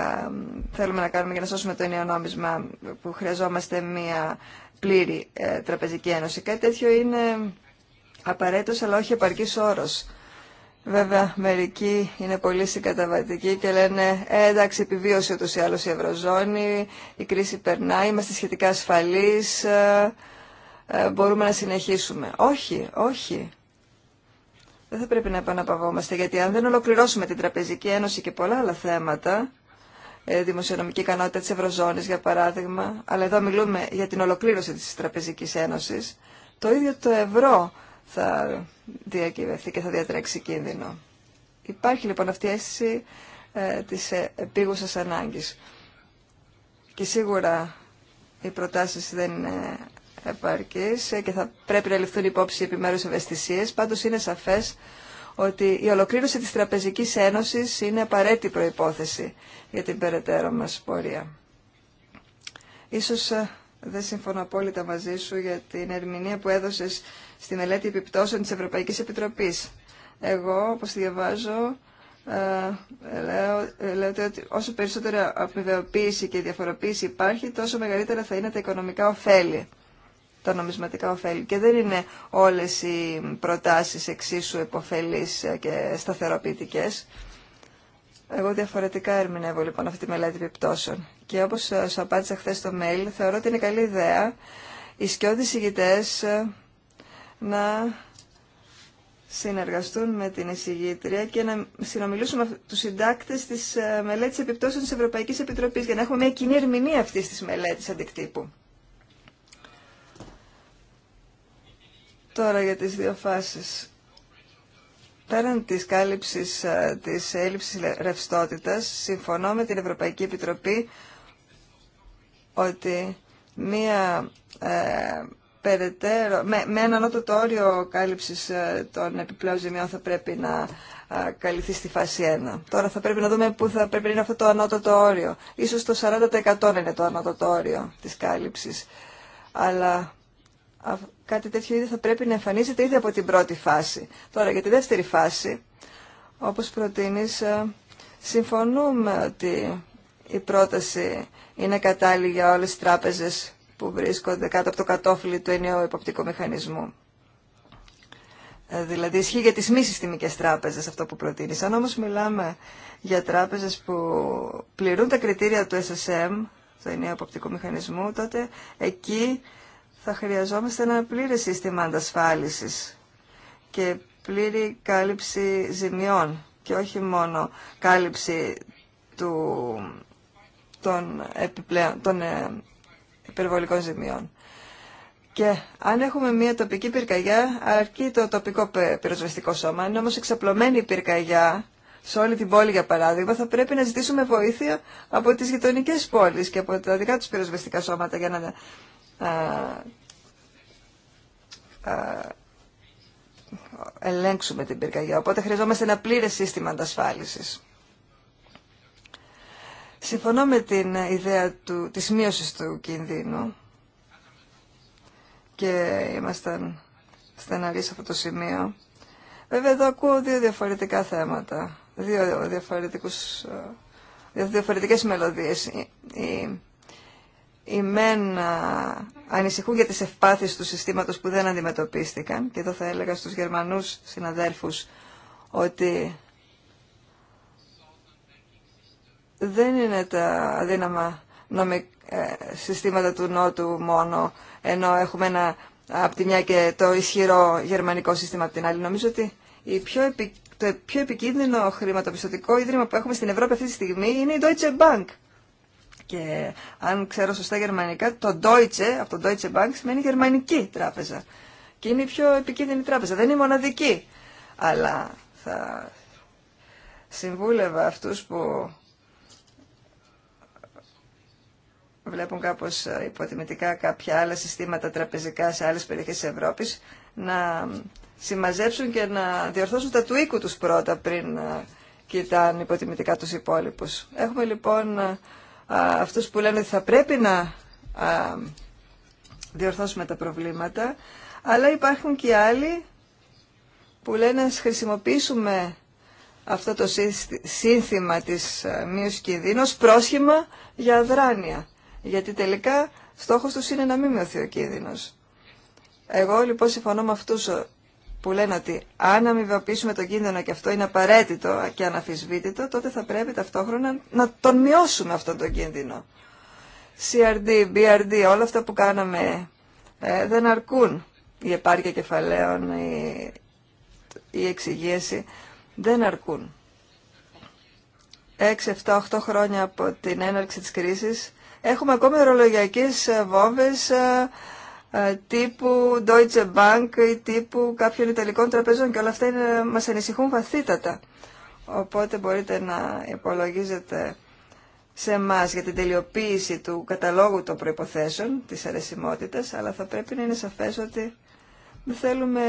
θέλουμε να κάνουμε για να σώσουμε το ενιαίο νόμισμα που χρειαζόμαστε μια πλήρη τραπεζική ένωση. Κάτι τέτοιο είναι απαραίτητο, αλλά όχι επαρκής όρος. Βέβαια, μερικοί είναι πολύ συγκαταβατικοί και λένε «Ε, εντάξει, επιβίωσε ούτως ή άλλως η Ευρωζώνη, η κρίση περνάει, είμαστε σχετικά ασφαλείς, ε, ε, μπορούμε να συνεχίσουμε. Όχι, όχι. Δεν θα πρέπει να επαναπαυόμαστε, γιατί αν δεν ολοκληρώσουμε την Τραπεζική Ένωση και πολλά άλλα θέματα, δημοσιονομική ικανότητα της Ευρωζώνης για παράδειγμα, αλλά εδώ μιλούμε για την ολοκλήρωση της Τραπεζικής Ένωσης, το ίδιο το ευρώ θα διακυβευτεί και θα διατρέξει κίνδυνο. Υπάρχει λοιπόν αυτή η αίσθηση ε, της ε, επίγουσας ανάγκης. Και σίγουρα οι προτάσεις δεν είναι επαρκείς ε, και θα πρέπει να ληφθούν υπόψη οι επιμέρους ευαισθησίες. Πάντως είναι σαφές ότι η ολοκλήρωση της Τραπεζικής Ένωσης είναι απαραίτητη προϋπόθεση για την περαιτέρω μας πορεία. Ίσως ε, δεν συμφωνώ απόλυτα μαζί σου για την ερμηνεία που έδωσες στη μελέτη επιπτώσεων της Ευρωπαϊκής Επιτροπής. Εγώ, όπως διαβάζω, ε, λέω, ε, λέω ότι όσο περισσότερη αμοιβαιοποίηση και διαφοροποίηση υπάρχει, τόσο μεγαλύτερα θα είναι τα οικονομικά ωφέλη, τα νομισματικά ωφέλη. Και δεν είναι όλες οι προτάσεις εξίσου επωφελείς και σταθεροποιητικές. Εγώ διαφορετικά ερμηνεύω λοιπόν αυτή τη μελέτη επιπτώσεων. Και όπως ε, σου απάντησα χθε στο mail, θεωρώ ότι είναι καλή ιδέα οι σκιώδεις ηγητές να συνεργαστούν με την εισηγήτρια και να συνομιλούσουμε με τους συντάκτες της ε, μελέτης επιπτώσεων της Ευρωπαϊκής Επιτροπής για να έχουμε μια κοινή ερμηνεία αυτής της μελέτης αντικτύπου. Τώρα για τις δύο φάσεις. Πέραν της κάλυψης ε, της έλλειψης ρευστότητας, συμφωνώ με την Ευρωπαϊκή Επιτροπή ότι μία ε, περαιτέρω, με, με έναν το όριο κάλυψης ε, των επιπλέον ζημιών θα πρέπει να καλυφθεί στη φάση 1. Τώρα θα πρέπει να δούμε πού θα πρέπει να είναι αυτό το ανώτατο όριο. Ίσως το 40% είναι το ανώτατο όριο της κάλυψης. Αλλά κάτι τέτοιο ήδη θα πρέπει να εμφανίζεται ήδη από την πρώτη φάση. Τώρα για τη δεύτερη φάση, όπως προτείνεις, ε, συμφωνούμε ότι η πρόταση είναι κατάλληλη για όλες τις τράπεζες που βρίσκονται κάτω από το κατόφλι του ενιαίου υποπτικού μηχανισμού. Ε, δηλαδή ισχύει για τις μη συστημικές τράπεζες αυτό που προτείνει. Αν όμως μιλάμε για τράπεζες που πληρούν τα κριτήρια του SSM, του ενιαίου υποπτικού μηχανισμού, τότε εκεί θα χρειαζόμαστε ένα πλήρες σύστημα αντασφάλισης και πλήρη κάλυψη ζημιών και όχι μόνο κάλυψη του, των, επιπλέον, ε, υπερβολικών ζημιών. Και αν έχουμε μια τοπική πυρκαγιά, αρκεί το τοπικό πυροσβεστικό σώμα. Αν είναι όμως εξαπλωμένη η πυρκαγιά, σε όλη την πόλη για παράδειγμα, θα πρέπει να ζητήσουμε βοήθεια από τις γειτονικέ πόλεις και από τα δικά τους πυροσβεστικά σώματα για να α, ελέγξουμε την πυρκαγιά. Οπότε χρειαζόμαστε ένα πλήρες σύστημα αντασφάλισης. Συμφωνώ με την ιδέα του, της μείωσης του κινδύνου και ήμασταν στεναροί σε αυτό το σημείο. Βέβαια εδώ ακούω δύο διαφορετικά θέματα, δύο διαφορετικούς, ε, δύο διαφορετικές μελωδίες. Οι, μεν ε, ανησυχούν για τις ευπάθειες του συστήματος που δεν αντιμετωπίστηκαν και εδώ θα έλεγα στους Γερμανούς συναδέλφους ότι δεν είναι τα αδύναμα ε, συστήματα του Νότου μόνο, ενώ έχουμε ένα από τη μια και το ισχυρό γερμανικό σύστημα από την άλλη. Νομίζω ότι η πιο το πιο επικίνδυνο χρηματοπιστωτικό ίδρυμα που έχουμε στην Ευρώπη αυτή τη στιγμή είναι η Deutsche Bank. Και αν ξέρω σωστά γερμανικά, το Deutsche, από το Deutsche Bank σημαίνει γερμανική τράπεζα. Και είναι η πιο επικίνδυνη τράπεζα. Δεν είναι μοναδική. Αλλά θα συμβούλευα αυτούς που βλέπουν κάπως ε, υποτιμητικά κάποια άλλα συστήματα τραπεζικά σε άλλες περιοχές της Ευρώπης, να συμμαζέψουν και να διορθώσουν τα του οίκου τους πρώτα πριν ε, κοιτάνε υποτιμητικά τους υπόλοιπους. Έχουμε λοιπόν ε, αυτού αυτούς που λένε ότι θα πρέπει να διορθώσουμε τα προβλήματα, αλλά υπάρχουν και άλλοι που λένε να χρησιμοποιήσουμε αυτό το σύνθημα της μείωσης κινδύνου πρόσχημα για αδράνεια γιατί τελικά στόχος τους είναι να μην μειωθεί ο κίνδυνος. Εγώ λοιπόν συμφωνώ με αυτούς που λένε ότι αν αμοιβοποιήσουμε τον κίνδυνο και αυτό είναι απαραίτητο και αναφυσβήτητο, τότε θα πρέπει ταυτόχρονα να τον μειώσουμε αυτόν τον κίνδυνο. CRD, BRD, όλα αυτά που κάναμε ε, δεν αρκούν. Η επάρκεια κεφαλαίων, η, η εξυγίαση δεν αρκούν. 6, 7, 8 χρόνια από την έναρξη της κρίσης Έχουμε ακόμη ορολογιακές ε, βόμβες ε, ε, τύπου Deutsche Bank ή τύπου κάποιων Ιταλικών τραπεζών και όλα αυτά είναι, μας ανησυχούν βαθύτατα. Οπότε μπορείτε να υπολογίζετε σε εμά για την τελειοποίηση του καταλόγου των προϋποθέσεων της αρεσιμότητας, αλλά θα πρέπει να είναι σαφές ότι δεν θέλουμε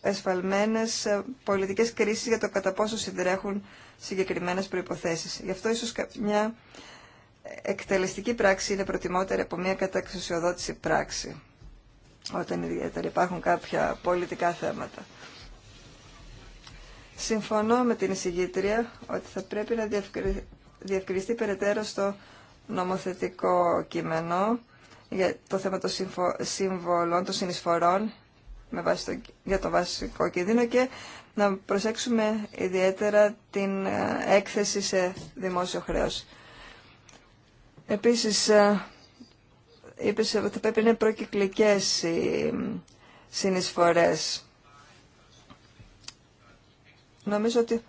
εσφαλμένες πολιτικές κρίσεις για το κατά πόσο συντρέχουν συγκεκριμένες προϋποθέσεις. Γι' αυτό ίσως μια εκτελεστική πράξη είναι προτιμότερη από μια καταξουσιοδότηση πράξη, όταν ιδιαίτερα υπάρχουν κάποια πολιτικά θέματα. Συμφωνώ με την εισηγήτρια ότι θα πρέπει να διευκριστεί περαιτέρω στο νομοθετικό κείμενο για το θέμα των συμβολών, των συνεισφορών με βάση το, για το βασικό κίνδυνο και να προσέξουμε ιδιαίτερα την ε, έκθεση σε δημόσιο χρέος. Επίσης, ε, είπε ότι θα πρέπει να είναι προκυκλικές οι συνεισφορές. Νομίζω ότι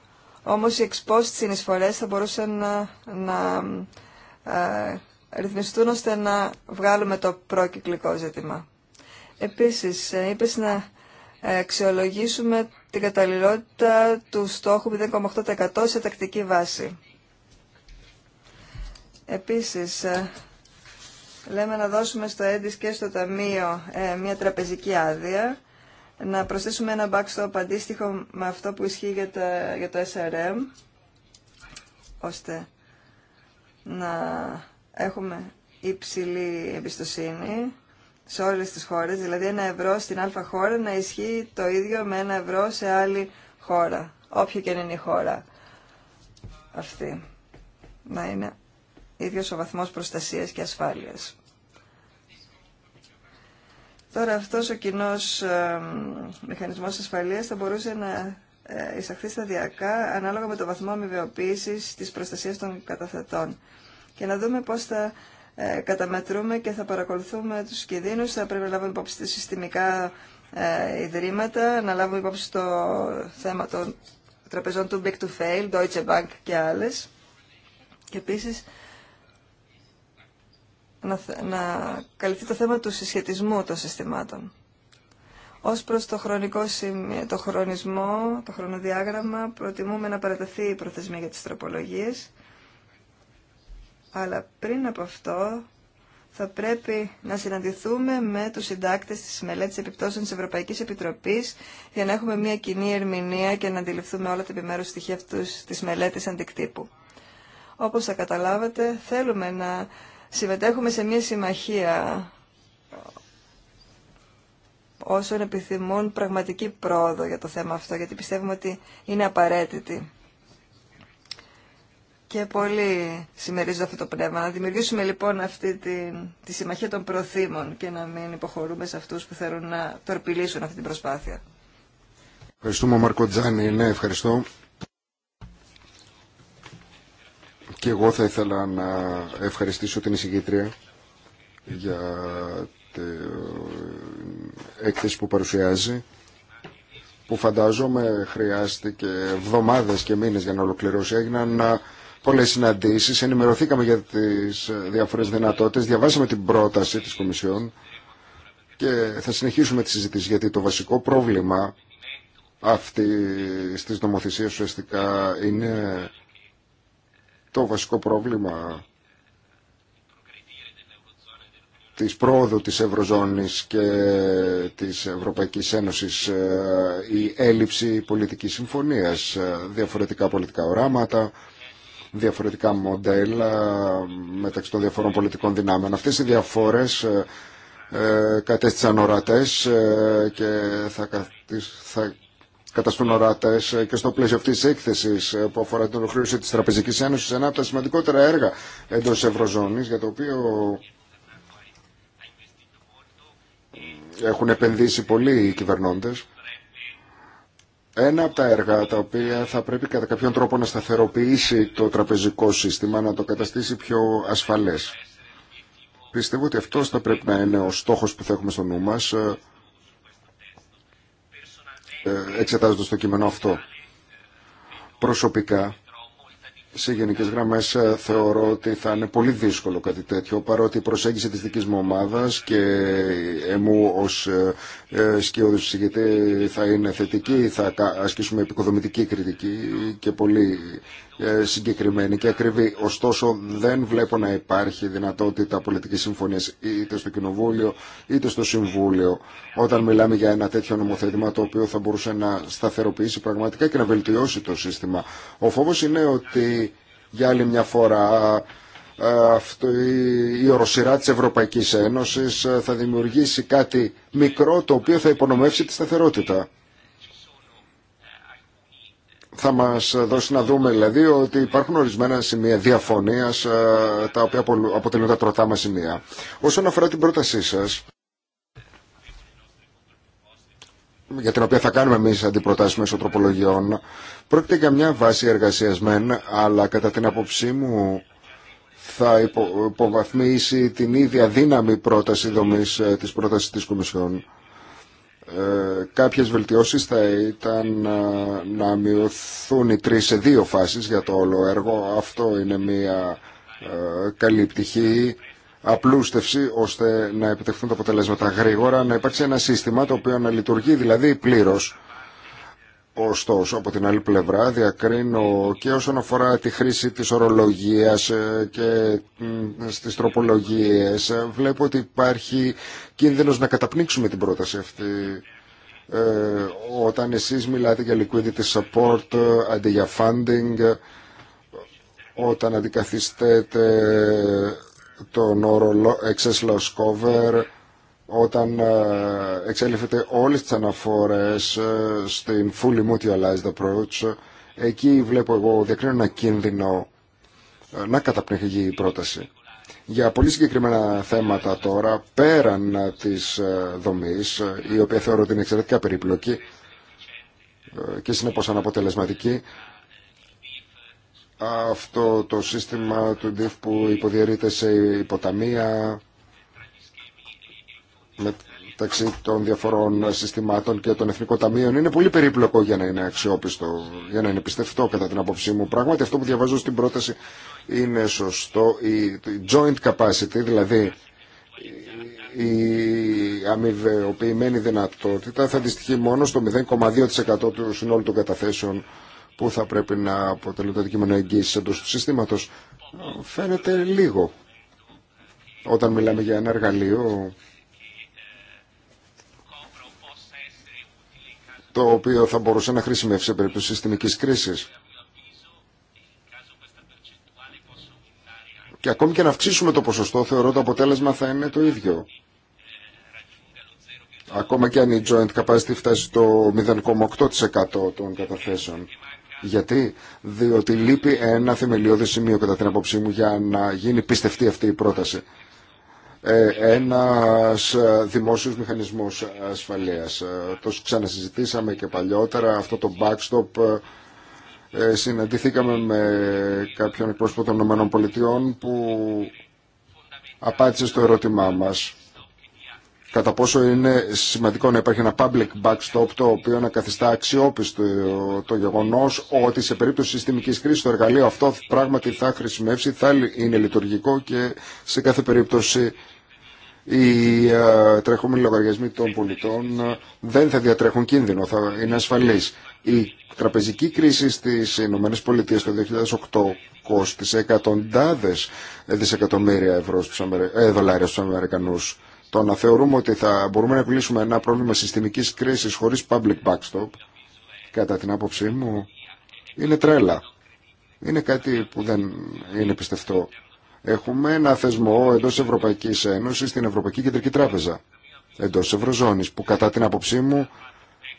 όμως οι εξπόσεις συνεισφορές θα μπορούσαν να, να ε, ρυθμιστούν ώστε να βγάλουμε το προκυκλικό ζήτημα. Επίσης, ε, είπες να αξιολογήσουμε την καταλληλότητα του στόχου 0,8% σε τακτική βάση. Επίσης, ε, λέμε να δώσουμε στο ΕΝΤΙΣ και στο Ταμείο ε, μια τραπεζική άδεια, να προσθέσουμε ένα backstop αντίστοιχο με αυτό που ισχύει για, για το SRM, ώστε να έχουμε υψηλή εμπιστοσύνη σε όλες τις χώρες, δηλαδή ένα ευρώ στην α χώρα να ισχύει το ίδιο με ένα ευρώ σε άλλη χώρα, όποια και είναι η χώρα αυτή. Να είναι ίδιος ο βαθμός προστασίας και ασφάλειας. Τώρα αυτός ο κοινό ε, μηχανισμός ασφαλείας θα μπορούσε να ε, εισαχθεί σταδιακά ανάλογα με το βαθμό αμοιβαιοποίησης της προστασίας των καταθετών και να δούμε πώς θα ε, καταμετρούμε και θα παρακολουθούμε τους κινδύνους, θα πρέπει να λάβουμε υπόψη τα συστημικά ιδρύματα, να λάβουμε υπόψη το θέμα των τραπεζών του Big to Fail, Deutsche Bank και άλλες. Και επίσης να, να καλυφθεί το θέμα του συσχετισμού των συστημάτων. Ω προ το χρονικό το χρονισμό, το χρονοδιάγραμμα, προτιμούμε να παρατεθεί η προθεσμία για τις τροπολογίε. αλλά πριν από αυτό θα πρέπει να συναντηθούμε με τους συντάκτες τη μελέτη επιπτώσεων τη Ευρωπαϊκή Επιτροπή, για να έχουμε μια κοινή ερμηνεία και να αντιληφθούμε όλα τα επιμέρου στοιχεία τη μελέτη αντικτύπου. Όπω θα καταλάβατε, θέλουμε να συμμετέχουμε σε μια συμμαχία όσων επιθυμούν πραγματική πρόοδο για το θέμα αυτό, γιατί πιστεύουμε ότι είναι απαραίτητη. Και πολύ συμμερίζω αυτό το πνεύμα. Να δημιουργήσουμε λοιπόν αυτή τη, τη συμμαχία των προθήμων και να μην υποχωρούμε σε αυτούς που θέλουν να τορπιλήσουν αυτή την προσπάθεια. Ευχαριστούμε Μαρκο Ναι, ευχαριστώ. Και εγώ θα ήθελα να ευχαριστήσω την εισηγήτρια για την έκθεση που παρουσιάζει που φαντάζομαι χρειάστηκε εβδομάδες και μήνες για να ολοκληρώσει. Έγιναν ε, πολλές συναντήσεις, ενημερωθήκαμε για τις διάφορες δυνατότητες, διαβάσαμε την πρόταση της Κομισιόν και θα συνεχίσουμε τη συζήτηση γιατί το βασικό πρόβλημα αυτή της νομοθεσία ουσιαστικά είναι το βασικό πρόβλημα της πρόοδου της Ευρωζώνης και της Ευρωπαϊκής Ένωσης ε, η έλλειψη πολιτικής συμφωνίας, ε, διαφορετικά πολιτικά οράματα, διαφορετικά μοντέλα ε, μεταξύ των διαφορών πολιτικών δυνάμεων. Αυτές οι διαφορές κατέστησαν ορατές και θα, θα στον οράτε και στο πλαίσιο αυτή τη έκθεση ε, που αφορά την ολοκλήρωση τη Τραπεζική Ένωση, ένα από τα σημαντικότερα έργα εντό Ευρωζώνη, για το οποίο ε, έχουν επενδύσει πολλοί οι κυβερνώντε. Ένα από τα έργα τα οποία θα πρέπει κατά κάποιον τρόπο να σταθεροποιήσει το τραπεζικό σύστημα, να το καταστήσει πιο ασφαλές. Πιστεύω ότι αυτός θα πρέπει να είναι ο στόχος που θα έχουμε στο νου μας, ε, ε, εξετάζοντας το κείμενο αυτό. Προσωπικά σε γενικές γραμμές ε, θεωρώ ότι θα είναι πολύ δύσκολο κάτι τέτοιο παρότι η προσέγγιση της δικής μου ομάδας και εμού ως ε, ε, σκιώδης συγκεκριτή θα είναι θετική, θα ασκήσουμε επικοδομητική κριτική και πολύ συγκεκριμένη και ακριβή. Ωστόσο δεν βλέπω να υπάρχει δυνατότητα πολιτικής συμφωνίας είτε στο Κοινοβούλιο είτε στο Συμβούλιο όταν μιλάμε για ένα τέτοιο νομοθέτημα το οποίο θα μπορούσε να σταθεροποιήσει πραγματικά και να βελτιώσει το σύστημα. Ο φόβος είναι ότι για άλλη μια φορά ε, αυτή η οροσυρά της Ευρωπαϊκής Ένωσης ε, θα δημιουργήσει κάτι μικρό το οποίο θα υπονομεύσει τη σταθερότητα. Θα μας δώσει να δούμε δηλαδή ότι υπάρχουν ορισμένα σημεία διαφωνίας ε, τα οποία αποτελούν τα τροτά μας σημεία. Όσον αφορά την πρότασή σας, για την οποία θα κάνουμε εμεί αντιπροτάσει μέσω τροπολογιών, πρόκειται για μια βάση εργασιασμένη, αλλά κατά την άποψή μου θα υπο, υποβαθμίσει την ίδια δύναμη πρόταση δομή ε, τη πρόταση τη Κομισιόν. Ε, κάποιες βελτιώσεις θα ήταν ε, να, μειωθούν οι τρει σε δύο φάσει για το όλο έργο. Αυτό είναι μια ε, καλή πτυχή απλούστευση ώστε να επιτευχθούν τα αποτελέσματα γρήγορα, να υπάρξει ένα σύστημα το οποίο να λειτουργεί δηλαδή πλήρω, Ωστόσο, από την άλλη πλευρά διακρίνω και όσον αφορά τη χρήση της ορολογίας ε, και στις τροπολογίες ε, βλέπω ότι υπάρχει κίνδυνος να καταπνίξουμε την πρόταση αυτή. Ε, όταν εσείς μιλάτε για liquidity support ε, αντί για funding, όταν αντικαθιστέτε τον όρο excess loss cover όταν ε, εξέλιφεται όλες τις αναφορές ε, στην fully mutualized approach εκεί βλέπω εγώ διακρίνω ένα κίνδυνο ε, να καταπνίχει η πρόταση. Για πολύ συγκεκριμένα θέματα τώρα, πέραν της δομής, η οποία θεωρώ ότι είναι εξαιρετικά περίπλοκη και συνεπώς αναποτελεσματική, αυτό το σύστημα του DIF που υποδιαιρείται σε υποταμεία μεταξύ των διαφορών συστημάτων και των εθνικών ταμείων είναι πολύ περίπλοκο για να είναι αξιόπιστο, για να είναι πιστευτό κατά την απόψή μου. Πράγματι αυτό που διαβάζω στην πρόταση είναι σωστό. Η joint capacity, δηλαδή η αμοιβεοποιημένη δυνατότητα θα αντιστοιχεί μόνο στο 0,2% του συνόλου των καταθέσεων που θα πρέπει να αποτελούν το αντικείμενο εγγύηση εντό του συστήματο. Φαίνεται λίγο όταν μιλάμε για ένα εργαλείο το οποίο θα μπορούσε να χρησιμεύσει σε περίπτωση συστημικής κρίσης. Και ακόμη και να αυξήσουμε το ποσοστό, θεωρώ το αποτέλεσμα θα είναι το ίδιο. Ακόμα και αν η joint capacity φτάσει στο 0,8% των καταθέσεων. Γιατί, διότι λείπει ένα θεμελιώδη σημείο κατά την απόψή μου για να γίνει πιστευτή αυτή η πρόταση. Ε, ένας ε, δημόσιος μηχανισμός ασφαλείας. Ε, το ξανασυζητήσαμε και παλιότερα, αυτό το backstop ε, συναντηθήκαμε με κάποιον εκπρόσωπο των ΗΠΑ που απάντησε στο ερώτημά μας κατά πόσο είναι σημαντικό να υπάρχει ένα public backstop το οποίο να καθιστά αξιόπιστο το γεγονός ότι σε περίπτωση συστημικής κρίσης το εργαλείο αυτό πράγματι θα χρησιμεύσει, θα είναι λειτουργικό και σε κάθε περίπτωση οι ε, τρεχόμενοι λογαριασμοί των πολιτών ε, δεν θα διατρέχουν κίνδυνο, θα είναι ασφαλείς. Η τραπεζική κρίση στις ΗΠΑ το 2008 κόστησε εκατοντάδες δισεκατομμύρια ευρώ στους Αμερι... Ε, δολάρια στους Αμερικανούς το να θεωρούμε ότι θα μπορούμε να επιλύσουμε ένα πρόβλημα συστημικής κρίσης χωρίς public backstop, κατά την άποψή μου, είναι τρέλα. Είναι κάτι που δεν είναι πιστευτό. Έχουμε ένα θεσμό εντός Ευρωπαϊκής Ένωσης, στην Ευρωπαϊκή Κεντρική Τράπεζα, εντός Ευρωζώνης, που κατά την άποψή μου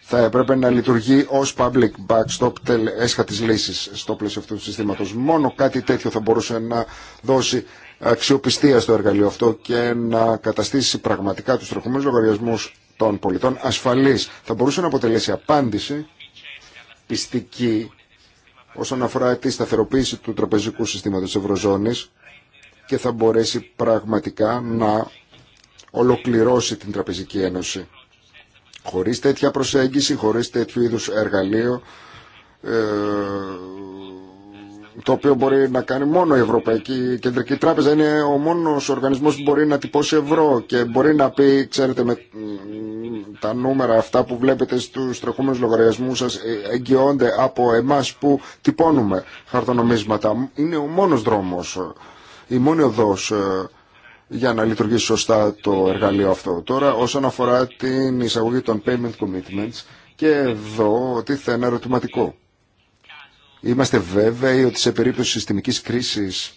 θα έπρεπε να λειτουργεί ως public backstop έσχα της λύσης στο πλαίσιο αυτού του συστήματος. Μόνο κάτι τέτοιο θα μπορούσε να δώσει αξιοπιστία στο εργαλείο αυτό και να καταστήσει πραγματικά τους τροχούμενους λογαριασμούς των πολιτών ασφαλείς. Θα μπορούσε να αποτελέσει απάντηση πιστική όσον αφορά τη σταθεροποίηση του τραπεζικού συστήματος της Ευρωζώνης και θα μπορέσει πραγματικά να ολοκληρώσει την Τραπεζική Ένωση. Χωρίς τέτοια προσέγγιση, χωρίς τέτοιου είδους εργαλείο, ε, το οποίο μπορεί να κάνει μόνο η Ευρωπαϊκή Κεντρική Τράπεζα. Είναι ο μόνος οργανισμός που μπορεί να τυπώσει ευρώ και μπορεί να πει, ξέρετε, με τα νούμερα αυτά που βλέπετε στους τρεχόμενους λογαριασμούς σας ε, εγγυώνται από εμάς που τυπώνουμε χαρτονομίσματα. Είναι ο μόνος δρόμος, η μόνη οδός ε, για να λειτουργήσει σωστά το εργαλείο αυτό. Τώρα, όσον αφορά την εισαγωγή των payment commitments, και εδώ θέλει ένα ερωτηματικό. Είμαστε βέβαιοι ότι σε περίπτωση συστημικής κρίσης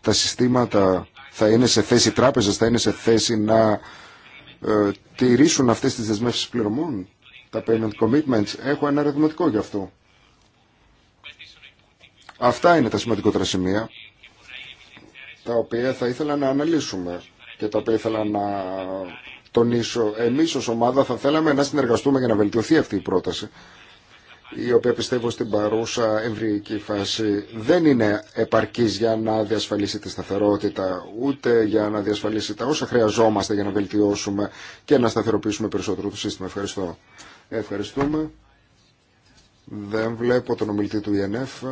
τα συστήματα θα είναι σε θέση, οι θα είναι σε θέση να ε, τηρήσουν αυτές τις δεσμεύσεις πληρωμών, τα payment commitments. Έχω ένα ερωτηματικό γι' αυτό. Αυτά είναι τα σημαντικότερα σημεία, τα οποία θα ήθελα να αναλύσουμε και τα οποία ήθελα να τονίσω. Εμείς ως ομάδα θα θέλαμε να συνεργαστούμε για να βελτιωθεί αυτή η πρόταση η οποία πιστεύω στην παρούσα εμβριακή φάση δεν είναι επαρκής για να διασφαλίσει τη σταθερότητα, ούτε για να διασφαλίσει τα όσα χρειαζόμαστε για να βελτιώσουμε και να σταθεροποιήσουμε περισσότερο το σύστημα. Ευχαριστώ. Ευχαριστούμε. Δεν βλέπω τον ομιλητή του ΙΕΝΕΦ,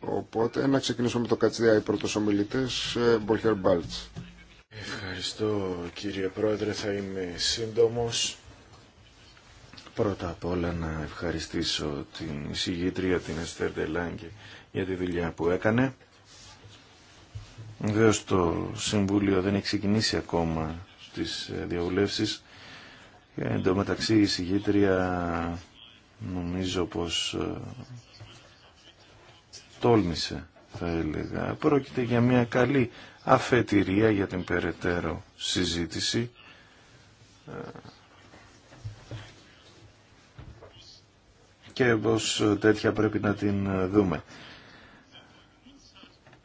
οπότε να ξεκινήσουμε με το ΚΑΤΣΔΙΑ. Οι πρώτος ομιλητής, ε, Μπολχερ Μπάλτς. Ευχαριστώ κύριε Πρόεδρε, θα είμαι σύντομος. Πρώτα απ' όλα να ευχαριστήσω την εισηγήτρια την Εστέρ Ντελάγκη για τη δουλειά που έκανε. Βεβαίω το Συμβούλιο δεν έχει ξεκινήσει ακόμα τις ε, διαβουλεύσεις. Ε, Εν τω μεταξύ η εισηγήτρια νομίζω πως ε, τόλμησε θα έλεγα. Πρόκειται για μια καλή αφετηρία για την περαιτέρω συζήτηση και ως τέτοια πρέπει να την δούμε.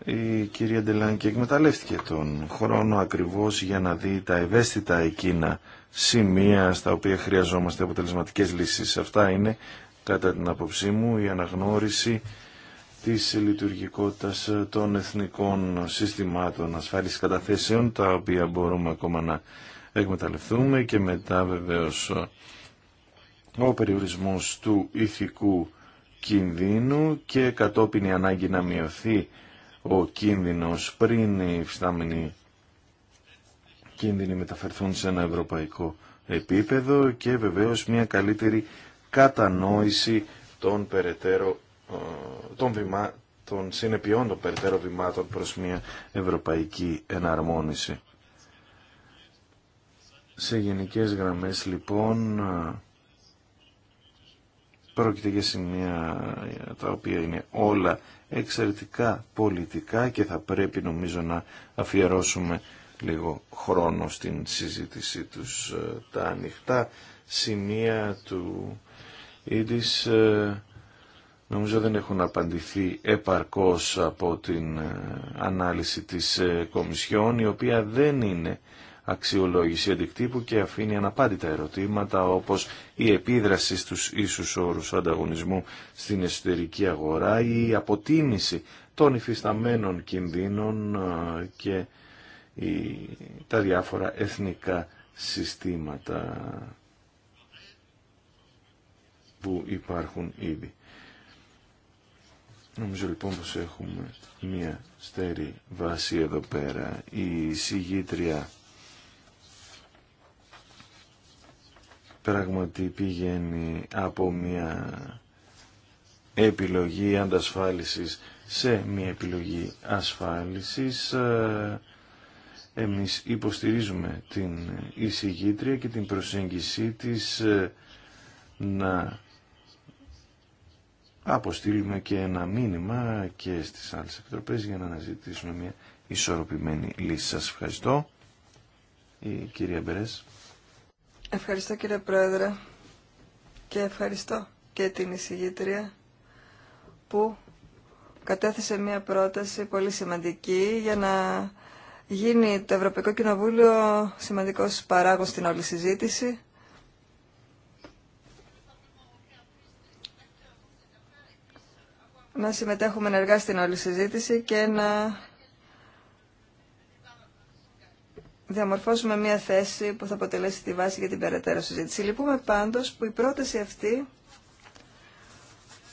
Η κυρία Ντελάνκη εκμεταλλεύτηκε τον χρόνο ακριβώς για να δει τα ευαίσθητα εκείνα σημεία στα οποία χρειαζόμαστε αποτελεσματικές λύσεις. Αυτά είναι, κατά την άποψή μου, η αναγνώριση της λειτουργικότητας των εθνικών συστημάτων ασφάλισης καταθέσεων, τα οποία μπορούμε ακόμα να εκμεταλλευτούμε και μετά βεβαίως ο περιορισμός του ηθικού κινδύνου και κατόπιν η ανάγκη να μειωθεί ο κίνδυνος πριν οι φυστάμινοι κίνδυνοι μεταφερθούν σε ένα ευρωπαϊκό επίπεδο και βεβαίως μια καλύτερη κατανόηση των περαιτέρω ε, των, βημά, των συνεπειών των περαιτέρω βημάτων προς μια ευρωπαϊκή εναρμόνιση. Σε γενικές γραμμές λοιπόν Πρόκειται για σημεία τα οποία είναι όλα εξαιρετικά πολιτικά και θα πρέπει νομίζω να αφιερώσουμε λίγο χρόνο στην συζήτησή τους. Ε, τα ανοιχτά σημεία του Ήλις ε, νομίζω δεν έχουν απαντηθεί επαρκώς από την ε, ανάλυση της Κομισιόν η οποία δεν είναι αξιολόγηση αντικτύπου και αφήνει αναπάντητα ερωτήματα όπως η επίδραση στους ίσους όρους ανταγωνισμού στην εσωτερική αγορά, η αποτίμηση των υφισταμένων κινδύνων και τα διάφορα εθνικά συστήματα που υπάρχουν ήδη. Νομίζω λοιπόν πως έχουμε μία στέρη βάση εδώ πέρα. Η συγγήτρια πράγματι πηγαίνει από μια επιλογή αντασφάλισης σε μια επιλογή ασφάλισης. Ε, εμείς υποστηρίζουμε την εισηγήτρια και την προσέγγιση της ε, να αποστείλουμε και ένα μήνυμα και στις άλλες επιτροπές για να αναζητήσουμε μια ισορροπημένη λύση. Σας ευχαριστώ. Η κυρία Μπερές. Ευχαριστώ κύριε Πρόεδρε και ευχαριστώ και την εισηγήτρια που κατέθεσε μια πρόταση πολύ σημαντική για να γίνει το Ευρωπαϊκό Κοινοβούλιο σημαντικός παράγος στην όλη συζήτηση. Να συμμετέχουμε ενεργά στην όλη συζήτηση και να διαμορφώσουμε μια θέση που θα αποτελέσει τη βάση για την περαιτέρω συζήτηση. Λυπούμε πάντως που η πρόταση αυτή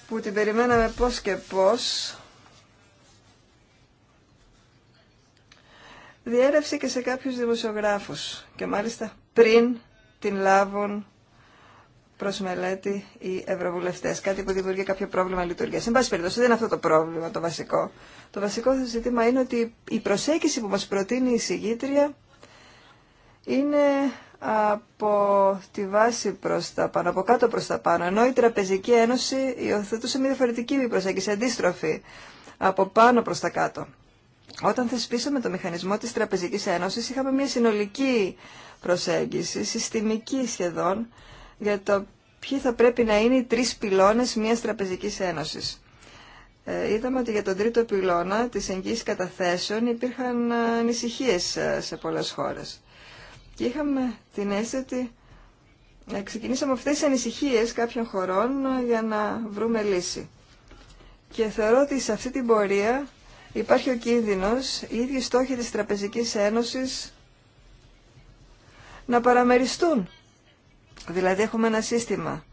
που την περιμέναμε πώς και πώς διέρευσε και σε κάποιους δημοσιογράφους και μάλιστα πριν την λάβουν προς μελέτη οι ευρωβουλευτές, κάτι που δημιουργεί κάποιο πρόβλημα λειτουργίας. Εν πάση περιπτώσει δεν είναι αυτό το πρόβλημα το βασικό. Το βασικό ζήτημα είναι ότι η προσέγγιση που μας προτείνει η συγγήτρια είναι από τη βάση προς τα πάνω, από κάτω προς τα πάνω, ενώ η Τραπεζική Ένωση υιοθετούσε μια διαφορετική προσέγγιση, αντίστροφη, από πάνω προς τα κάτω. Όταν θεσπίσαμε το μηχανισμό της Τραπεζικής Ένωσης είχαμε μια συνολική προσέγγιση, συστημική σχεδόν, για το ποιοι θα πρέπει να είναι οι τρεις πυλώνες μιας Τραπεζικής Ένωσης. Ε, είδαμε ότι για τον τρίτο πυλώνα της εγγύης καταθέσεων υπήρχαν ανησυχίε ε, σε πολλές χώρες. Και είχαμε την αίσθηση ότι ε, ξεκινήσαμε αυτές τις ανησυχίες κάποιων χωρών ε, για να βρούμε λύση. Και θεωρώ ότι σε αυτή την πορεία υπάρχει ο κίνδυνος, οι ίδιοι στόχοι της Τραπεζικής Ένωσης να παραμεριστούν. Δηλαδή έχουμε ένα σύστημα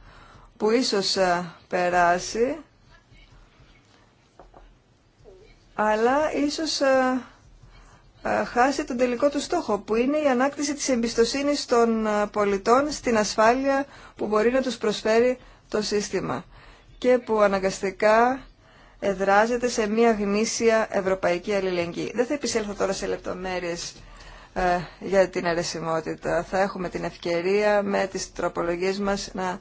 που ίσως ε, περάσει, αλλά ίσως χάσει τον τελικό του στόχο, που είναι η ανάκτηση της εμπιστοσύνης των πολιτών στην ασφάλεια που μπορεί να τους προσφέρει το σύστημα και που αναγκαστικά εδράζεται σε μια γνήσια ευρωπαϊκή αλληλεγγύη. Δεν θα επισέλθω τώρα σε λεπτομέρειες για την αρεσιμότητα. Θα έχουμε την ευκαιρία με τις τροπολογίες μας να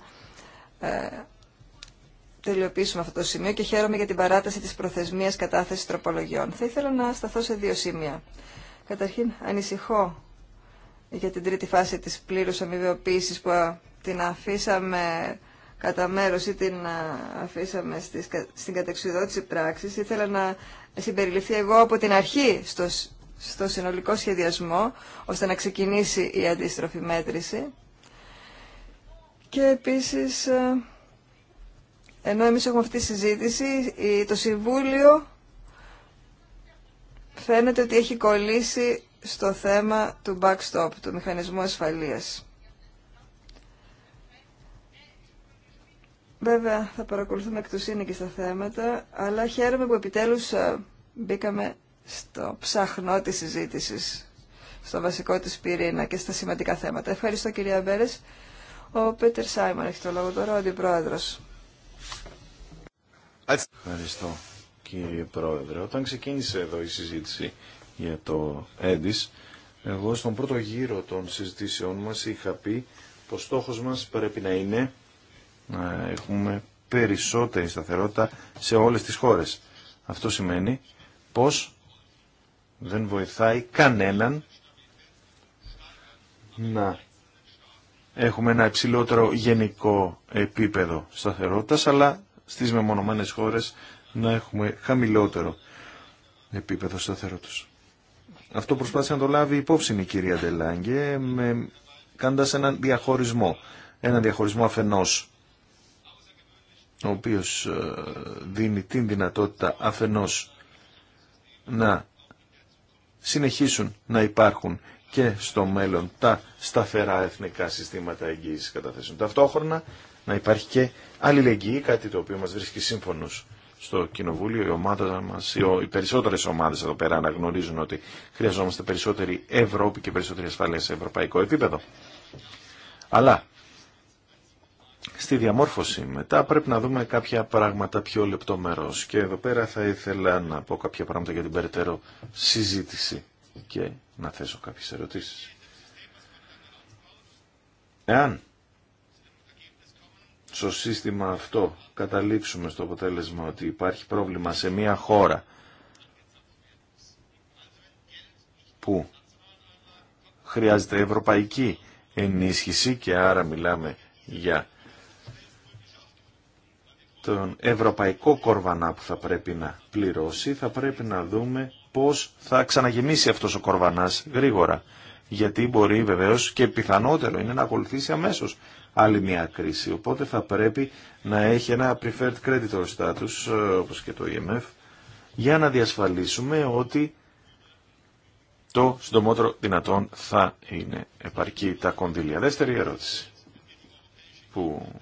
τελειοποιήσουμε αυτό το σημείο και χαίρομαι για την παράταση της προθεσμίας κατάθεσης τροπολογιών. Θα ήθελα να σταθώ σε δύο σημεία. Καταρχήν, ανησυχώ για την τρίτη φάση της πλήρους αμοιβαιοποίησης που την αφήσαμε κατά μέρος ή την αφήσαμε στην κατεξουδότηση πράξης. Ήθελα να συμπεριληφθεί εγώ από την αρχή στο, στο συνολικό σχεδιασμό, ώστε να ξεκινήσει η αντίστροφη μέτρηση. Και επίσης ενώ εμείς έχουμε αυτή τη συζήτηση, το Συμβούλιο φαίνεται ότι έχει κολλήσει στο θέμα του backstop, του μηχανισμού ασφαλείας. Βέβαια, θα παρακολουθούμε εκ του και στα θέματα, αλλά χαίρομαι που επιτέλους ε, μπήκαμε στο ψαχνό της συζήτησης, στο βασικό της πυρήνα και στα σημαντικά θέματα. Ευχαριστώ κυρία Μπέρες. Ο Πέτερ Σάιμον έχει το λόγο τώρα, ο αντιπρόεδρος. Ευχαριστώ κύριε Πρόεδρε. Όταν ξεκίνησε εδώ η συζήτηση για το ΕΔΙΣ, εγώ στον πρώτο γύρο των συζητήσεών μας είχα πει πως στόχος μας πρέπει να είναι να έχουμε περισσότερη σταθερότητα σε όλες τις χώρες. Αυτό σημαίνει πως δεν βοηθάει κανέναν να έχουμε ένα υψηλότερο γενικό επίπεδο σταθερότητας, αλλά στις μεμονωμένες χώρες να έχουμε χαμηλότερο επίπεδο σταθερότητας. Αυτό προσπάθησε να το λάβει υπόψη η κυρία Ντελάγκε με, κάνοντας έναν διαχωρισμό. Έναν διαχωρισμό αφενός ο οποίος ε, δίνει την δυνατότητα αφενός να συνεχίσουν να υπάρχουν και στο μέλλον τα σταθερά εθνικά συστήματα εγγύησης καταθέσεων. Ταυτόχρονα να υπάρχει και αλληλεγγύη, κάτι το οποίο μας βρίσκει σύμφωνος στο Κοινοβούλιο. Η ομάδα μας, οι περισσότερες ομάδες εδώ πέρα αναγνωρίζουν ότι χρειαζόμαστε περισσότερη Ευρώπη και περισσότερη ασφάλεια σε ευρωπαϊκό επίπεδο. Αλλά στη διαμόρφωση μετά πρέπει να δούμε κάποια πράγματα πιο λεπτομερώς και εδώ πέρα θα ήθελα να πω κάποια πράγματα για την περαιτέρω συζήτηση και να θέσω κάποιες ερωτήσεις. Εάν στο σύστημα αυτό καταλήξουμε στο αποτέλεσμα ότι υπάρχει πρόβλημα σε μια χώρα που χρειάζεται ευρωπαϊκή ενίσχυση και άρα μιλάμε για τον ευρωπαϊκό κορβανά που θα πρέπει να πληρώσει, θα πρέπει να δούμε πώς θα ξαναγεμίσει αυτός ο κορβανάς γρήγορα. Γιατί μπορεί βεβαίως και πιθανότερο είναι να ακολουθήσει αμέσως άλλη μια κρίση. Οπότε θα πρέπει να έχει ένα preferred creditor status, ε, όπως και το IMF, e για να διασφαλίσουμε ότι το συντομότερο δυνατόν θα είναι επαρκή τα κονδύλια. Δεύτερη ερώτηση που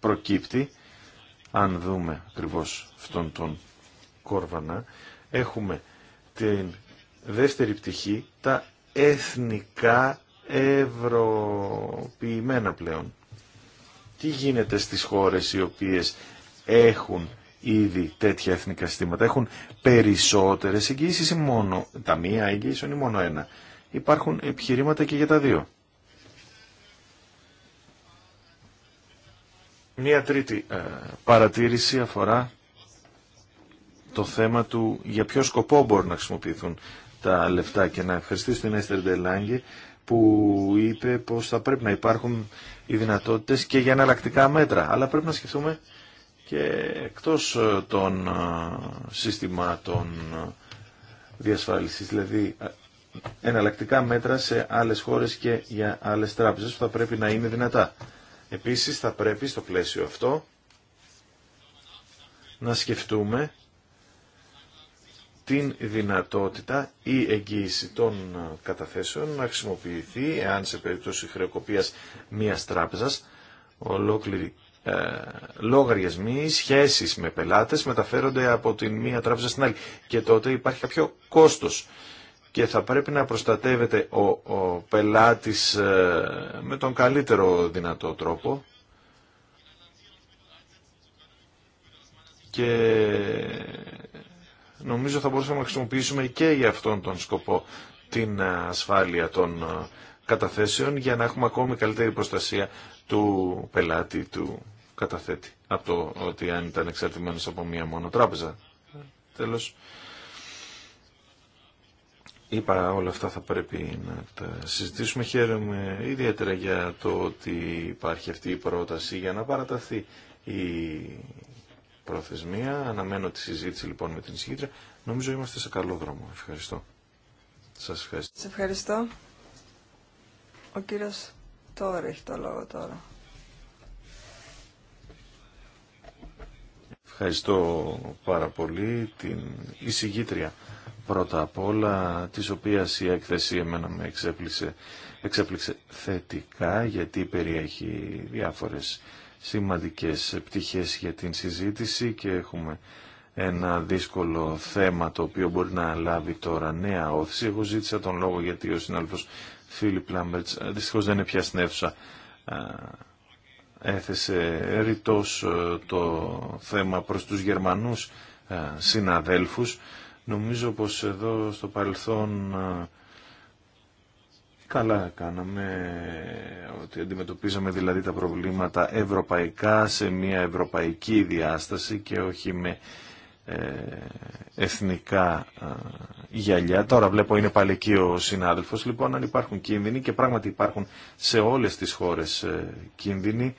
προκύπτει, αν δούμε ακριβώ αυτόν τον κόρβανα, έχουμε την δεύτερη πτυχή, τα εθνικά ευρωποιημένα πλέον τι γίνεται στις χώρες οι οποίες έχουν ήδη τέτοια εθνικά συστήματα. Έχουν περισσότερες εγγύησεις ή μόνο τα μία εγγύησεων ή μόνο ένα. Υπάρχουν επιχειρήματα και για τα δύο. Μία τρίτη ε, παρατήρηση αφορά το θέμα του για ποιο σκοπό μπορούν να χρησιμοποιηθούν τα λεφτά και να ευχαριστήσω την Έστερ που είπε πως θα πρέπει να υπάρχουν οι δυνατότητες και για εναλλακτικά μέτρα. Αλλά πρέπει να σκεφτούμε και εκτός ε, των ε, συστημάτων ε, διασφάλισης, δηλαδή εναλλακτικά μέτρα σε άλλες χώρες και για άλλες τράπεζες που θα πρέπει να είναι δυνατά. Επίσης θα πρέπει στο πλαίσιο αυτό να σκεφτούμε την δυνατότητα η εγγύηση των ε, καταθέσεων να χρησιμοποιηθεί εάν σε περίπτωση χρεοκοπίας μιας τράπεζας ολόκληρη ε, λογαριασμοί, σχέσεις με πελάτες μεταφέρονται από την μία τράπεζα στην άλλη και τότε υπάρχει κάποιο κόστος και θα πρέπει να προστατεύεται ο, πελάτης ε, με τον καλύτερο δυνατό τρόπο και νομίζω θα μπορούσαμε να χρησιμοποιήσουμε και για αυτόν τον σκοπό την ε, ασφάλεια των ε, καταθέσεων για να έχουμε ακόμη καλύτερη προστασία του πελάτη, του καταθέτη, από το ότι αν ήταν εξαρτημένος από μία μόνο τράπεζα. Τέλος, είπα όλα αυτά θα πρέπει να τα συζητήσουμε. Χαίρομαι ιδιαίτερα για το ότι υπάρχει αυτή η πρόταση για να παραταθεί η προθεσμία. Αναμένω τη συζήτηση λοιπόν με την εισηγήτρια. Νομίζω είμαστε σε καλό δρόμο. Ευχαριστώ. Σας ευχαριστώ. Σας ευχαριστώ. Ο κύριος τώρα έχει το λόγο τώρα. Ευχαριστώ πάρα πολύ την εισηγήτρια πρώτα απ' όλα, της οποίας η έκθεση εμένα με εξέπληξε, εξέπληξε θετικά γιατί περιέχει διάφορες σημαντικές πτυχές για την συζήτηση και έχουμε ένα δύσκολο θέμα το οποίο μπορεί να λάβει τώρα νέα όθηση. Εγώ ζήτησα τον λόγο γιατί ο συνάδελφος Φίλιπ Λάμπερτς ε, δυστυχώς δεν είναι πια στην ε, έθεσε ρητός ε, το θέμα προς τους Γερμανούς συναδέλφους. Νομίζω πως εδώ στο παρελθόν Καλά κάναμε ότι αντιμετωπίζαμε δηλαδή τα προβλήματα ευρωπαϊκά σε μια ευρωπαϊκή διάσταση και όχι με ε, εθνικά ε, γυαλιά. Τώρα βλέπω είναι πάλι εκεί ο συνάδελφος. Λοιπόν, αν υπάρχουν κίνδυνοι και πράγματι υπάρχουν σε όλες τις χώρες ε, κίνδυνοι,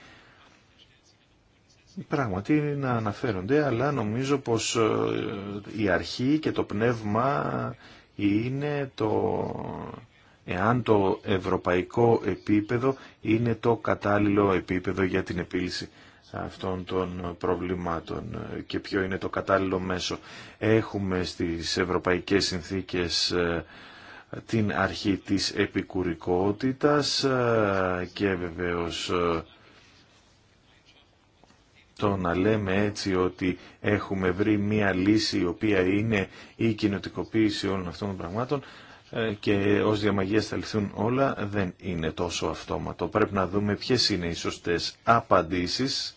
πράγματι είναι να αναφέρονται, αλλά νομίζω πως η αρχή και το πνεύμα είναι το εάν το ευρωπαϊκό επίπεδο είναι το κατάλληλο επίπεδο για την επίλυση αυτών των προβλημάτων και ποιο είναι το κατάλληλο μέσο. Έχουμε στις ευρωπαϊκές συνθήκες ε, την αρχή της επικουρικότητας ε, και βεβαίως ε, το να λέμε έτσι ότι έχουμε βρει μία λύση η οποία είναι η κοινοτικοποίηση όλων αυτών των πραγμάτων ε, και ως διαμαγεία θα λυθούν όλα δεν είναι τόσο αυτόματο. Πρέπει να δούμε ποιες είναι οι σωστές απαντήσεις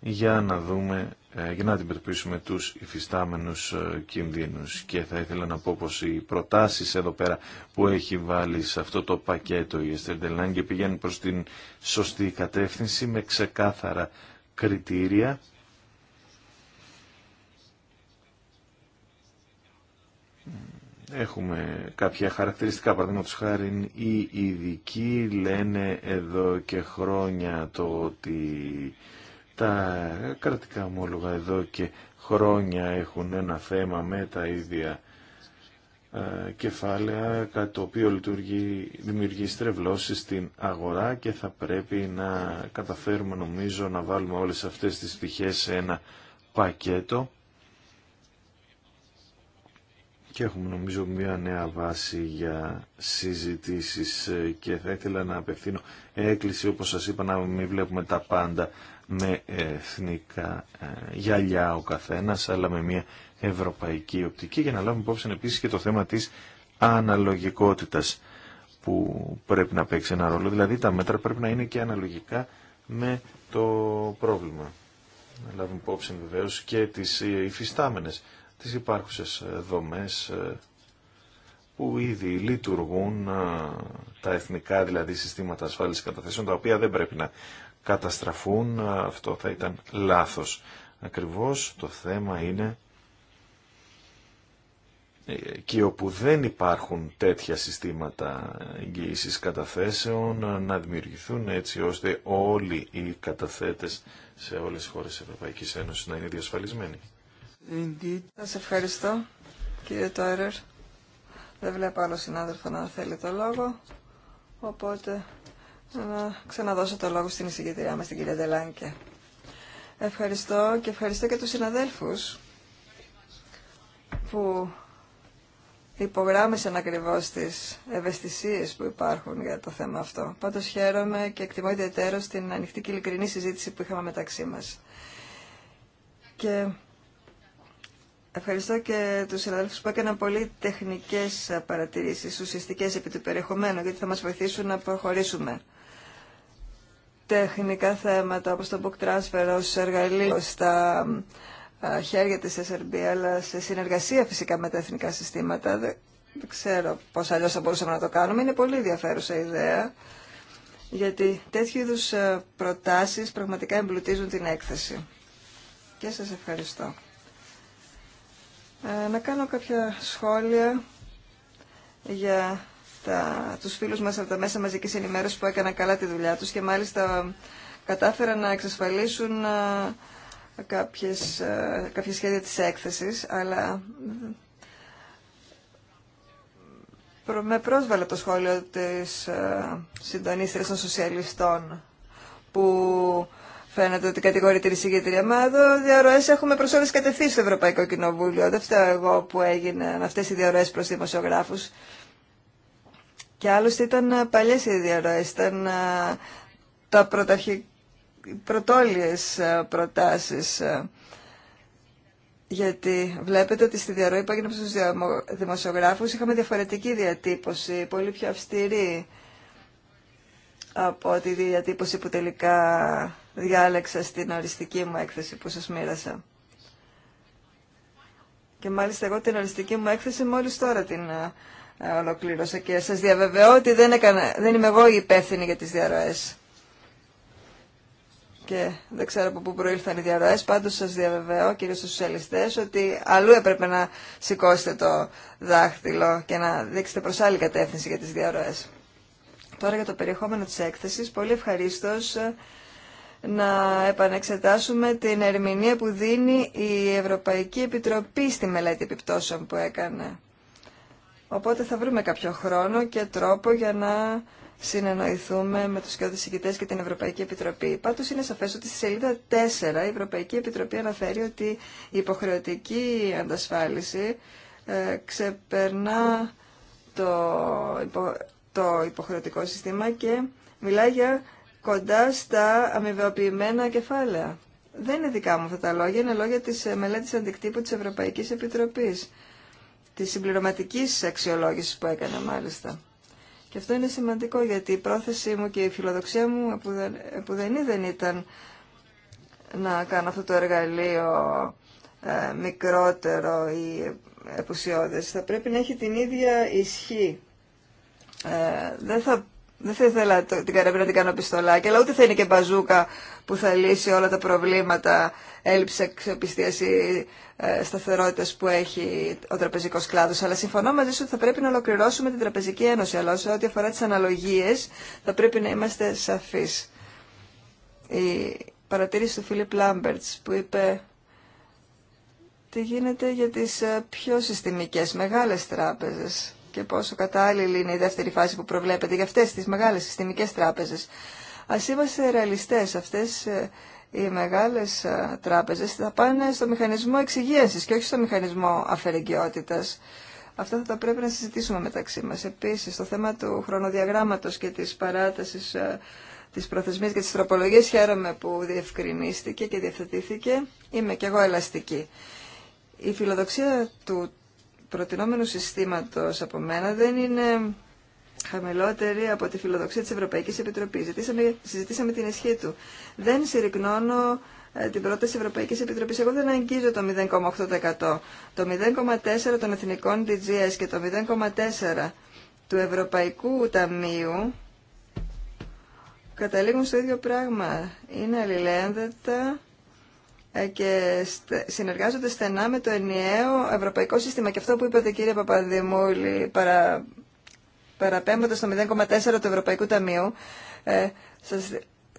για να δούμε ε, για να αντιμετωπίσουμε τους υφιστάμενους ε, κινδύνους. Και θα ήθελα να πω πως οι προτάσεις εδώ πέρα που έχει βάλει σε αυτό το πακέτο η Εστέρ πηγαίνουν προς την σωστή κατεύθυνση με ξεκάθαρα κριτήρια Έχουμε κάποια χαρακτηριστικά, παραδείγματος χάρη, οι ειδικοί λένε εδώ και χρόνια το ότι τα κρατικά ομόλογα εδώ και χρόνια έχουν ένα θέμα με τα ίδια ε, κεφάλαια, κάτι το οποίο λειτουργεί, δημιουργεί στρεβλώσεις στην αγορά και θα πρέπει να καταφέρουμε νομίζω να βάλουμε όλες αυτές τις πτυχές σε ένα πακέτο και έχουμε νομίζω μια νέα βάση για συζητήσεις ε, και θα ήθελα να απευθύνω έκκληση όπως σας είπα να μην βλέπουμε τα πάντα με εθνικά ε, γυαλιά ο καθένας αλλά με μια ευρωπαϊκή οπτική για να λάβουμε υπόψη επίσης και το θέμα της αναλογικότητας που πρέπει να παίξει ένα ρόλο δηλαδή τα μέτρα πρέπει να είναι και αναλογικά με το πρόβλημα να λάβουμε υπόψη βεβαίως και τις υφιστάμενες τις υπάρχουσες ε, δομές ε, που ήδη λειτουργούν ε, τα εθνικά δηλαδή συστήματα ασφάλισης καταθέσεων τα οποία δεν πρέπει να καταστραφούν αυτό θα ήταν λάθος ακριβώς το θέμα είναι και όπου δεν υπάρχουν τέτοια συστήματα εγγύησης καταθέσεων να δημιουργηθούν έτσι ώστε όλοι οι καταθέτες σε όλες τις χώρες της Ευρωπαϊκής Ένωσης να είναι διασφαλισμένοι. Indeed. Σας ευχαριστώ, κύριε Τόιρερ. Δεν βλέπω άλλο συνάδελφο να θέλει το λόγο, οπότε να ξαναδώσω το λόγο στην εισηγητριά μας, την κυρία Ντελάνκε. Ευχαριστώ και ευχαριστώ και τους συναδέλφους που υπογράμμισαν ακριβώ τι ευαισθησίε που υπάρχουν για το θέμα αυτό. Πάντως χαίρομαι και εκτιμώ ιδιαίτερο την ανοιχτή και ειλικρινή συζήτηση που είχαμε μεταξύ μας. Και Ευχαριστώ και του συναδέλφου που έκαναν πολύ τεχνικέ παρατηρήσει, ουσιαστικέ επί του περιεχομένου, γιατί θα μα βοηθήσουν να προχωρήσουμε. Τεχνικά θέματα, όπω το book transfer ως εργαλείο στα χέρια τη SRB, αλλά σε συνεργασία φυσικά με τα εθνικά συστήματα, δεν ξέρω πώ αλλιώ θα μπορούσαμε να το κάνουμε, είναι πολύ ενδιαφέρουσα ιδέα, γιατί τέτοιου είδου ε, προτάσει πραγματικά εμπλουτίζουν την έκθεση. Και σα ευχαριστώ. Ε, να κάνω κάποια σχόλια για τα, τους φίλους μας από τα μέσα μαζικής ενημέρωσης που έκαναν καλά τη δουλειά τους και μάλιστα κατάφεραν να εξασφαλίσουν ε, κάποιες, ε, κάποια σχέδια της έκθεσης, αλλά με πρόσβαλε το σχόλιο της συντονίστρια των σοσιαλιστών που φαίνεται ότι κατηγορείται η συγκεκριμένη Μα εδώ διαρροέ έχουμε προ όλε κατευθύνσει στο Ευρωπαϊκό Κοινοβούλιο. Δεν φταίω εγώ που έγιναν αυτέ οι διαρροέ προ δημοσιογράφου. Και άλλωστε ήταν παλιέ οι διαρροέ. Ήταν τα πρωταρχικά πρωτόλιες προτάσεις γιατί βλέπετε ότι στη διαρροή που έγινε του δημοσιογράφους είχαμε διαφορετική διατύπωση, πολύ πιο αυστηρή από τη διατύπωση που τελικά διάλεξα στην οριστική μου έκθεση που σας μοίρασα. Και μάλιστα εγώ την οριστική μου έκθεση μόλις τώρα την ε, ολοκλήρωσα και σας διαβεβαιώ ότι δεν, έκανα, δεν είμαι εγώ η υπεύθυνη για τις διαρροές. Και δεν ξέρω από πού προήλθαν οι διαρροές, πάντως σας διαβεβαιώ κύριε στους σοσιαλιστές ότι αλλού έπρεπε να σηκώσετε το δάχτυλο και να δείξετε προς άλλη κατεύθυνση για τις διαρροές. Τώρα για το περιεχόμενο της έκθεσης, πολύ ευχαρίστως να επανεξετάσουμε την ερμηνεία που δίνει η Ευρωπαϊκή Επιτροπή στη μελέτη επιπτώσεων που έκανε. Οπότε θα βρούμε κάποιο χρόνο και τρόπο για να συνεννοηθούμε με τους κοιόδους και την Ευρωπαϊκή Επιτροπή. Πάντως είναι σαφές ότι στη σελίδα 4 η Ευρωπαϊκή Επιτροπή αναφέρει ότι η υποχρεωτική αντασφάλιση ε, ξεπερνά το, το υποχρεωτικό σύστημα και μιλάει για κοντά στα αμοιβεοποιημένα κεφάλαια. Δεν είναι δικά μου αυτά τα λόγια, είναι λόγια της ε, μελέτης αντικτύπου της Ευρωπαϊκής Επιτροπής, της συμπληρωματικής αξιολόγησης που έκανε μάλιστα. Και αυτό είναι σημαντικό γιατί η πρόθεσή μου και η φιλοδοξία μου που δεν, ε, που δεν, ήταν να κάνω αυτό το εργαλείο ε, μικρότερο ή επουσιώδες. Θα πρέπει να έχει την ίδια ισχύ. Ε, δεν θα δεν θα ήθελα την καραμπίνα να την κάνω πιστολάκι, αλλά ούτε θα είναι και μπαζούκα που θα λύσει όλα τα προβλήματα έλλειψη αξιοπιστία ή ε, σταθερότητα που έχει ο τραπεζικό κλάδο. Αλλά συμφωνώ μαζί σου ότι θα πρέπει να ολοκληρώσουμε την Τραπεζική Ένωση. Αλλά όσο ό,τι αφορά τι αναλογίε, θα πρέπει να είμαστε σαφεί. Η παρατήρηση του Φίλιπ Λάμπερτ που είπε τι γίνεται για τις ε, πιο συστημικές μεγάλες τράπεζες και πόσο κατάλληλη είναι η δεύτερη φάση που προβλέπεται για αυτές τις μεγάλες συστημικές τράπεζες. Ας είμαστε ρεαλιστές, αυτές ε, οι μεγάλες ε, τράπεζες θα πάνε στο μηχανισμό εξυγίανσης και όχι στο μηχανισμό αφαιρεγκαιότητας. Αυτά θα τα πρέπει να συζητήσουμε μεταξύ μας. Επίσης, το θέμα του χρονοδιαγράμματος και της παράτασης ε, της προθεσμής και της τροπολογίας χαίρομαι που διευκρινίστηκε και διευθετήθηκε. Είμαι κι εγώ ελαστική. Η φιλοδοξία του προτινόμενου συστήματος από μένα δεν είναι χαμηλότερη από τη φιλοδοξία της Ευρωπαϊκής Επιτροπής. συζητήσαμε την ισχύ του. Δεν συρρυκνώνω ε, την πρόταση Ευρωπαϊκής Επιτροπής. Εγώ δεν αγγίζω το 0,8%. Το 0,4% των εθνικών DGS και το 0,4% του Ευρωπαϊκού Ταμείου καταλήγουν στο ίδιο πράγμα. Είναι αλληλένδετα ε, και συνεργάζονται στενά με το ενιαίο ευρωπαϊκό σύστημα. Και αυτό που είπατε κύριε Παπαδημούλη, παρα, το 0,4 του Ευρωπαϊκού Ταμείου, ε,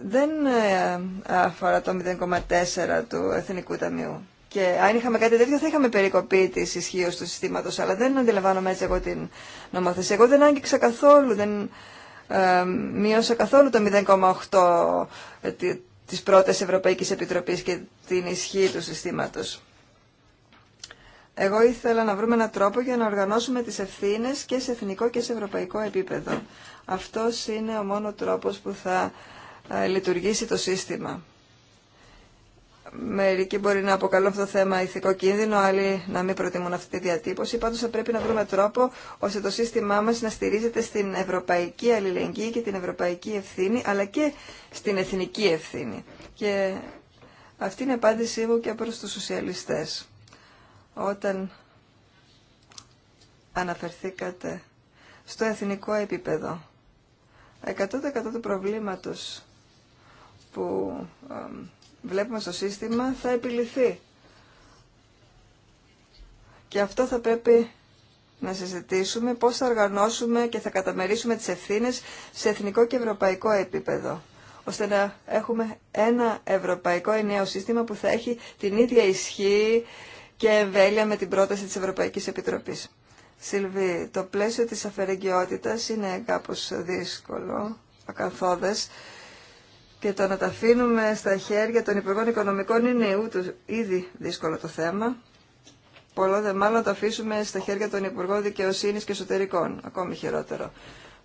δεν ε, αφορά το 0,4 του Εθνικού Ταμείου. Και αν είχαμε κάτι τέτοιο θα είχαμε περικοπή τη ισχύω του συστήματος, αλλά δεν αντιλαμβάνομαι έτσι εγώ την νομοθεσία. Εγώ δεν άγγιξα καθόλου, δεν μείωσα καθόλου το 0,8 της πρώτης Ευρωπαϊκής Επιτροπής και την ισχύ του συστήματος. Εγώ ήθελα να βρούμε έναν τρόπο για να οργανώσουμε τις ευθύνε και σε εθνικό και σε ευρωπαϊκό επίπεδο. Αυτός είναι ο μόνο τρόπος που θα ε, λειτουργήσει το σύστημα. Μερικοί μπορεί να αποκαλούν αυτό το θέμα ηθικό κίνδυνο, άλλοι να μην προτιμούν αυτή τη διατύπωση. Πάντω θα πρέπει να βρούμε τρόπο ώστε το σύστημά μα να στηρίζεται στην ευρωπαϊκή αλληλεγγύη και την ευρωπαϊκή ευθύνη, αλλά και στην εθνική ευθύνη. Και αυτή είναι η απάντησή μου και προ του σοσιαλιστέ. Όταν αναφερθήκατε στο εθνικό επίπεδο, 100% του προβλήματος που βλέπουμε στο σύστημα θα επιληθεί. Και αυτό θα πρέπει να συζητήσουμε πώς θα οργανώσουμε και θα καταμερίσουμε τις ευθύνες σε εθνικό και ευρωπαϊκό επίπεδο ώστε να έχουμε ένα ευρωπαϊκό ενιαίο σύστημα που θα έχει την ίδια ισχύ και εμβέλεια με την πρόταση της Ευρωπαϊκής Επιτροπής. Σιλβί, το πλαίσιο της αφαιρεγγιότητας είναι κάπως δύσκολο, ακαθόδες και το να τα αφήνουμε στα χέρια των Υπουργών Οικονομικών είναι ούτως ήδη δύσκολο το θέμα. Πολλό δε μάλλον να το αφήσουμε στα χέρια των Υπουργών Δικαιοσύνης και Εσωτερικών, ακόμη χειρότερο.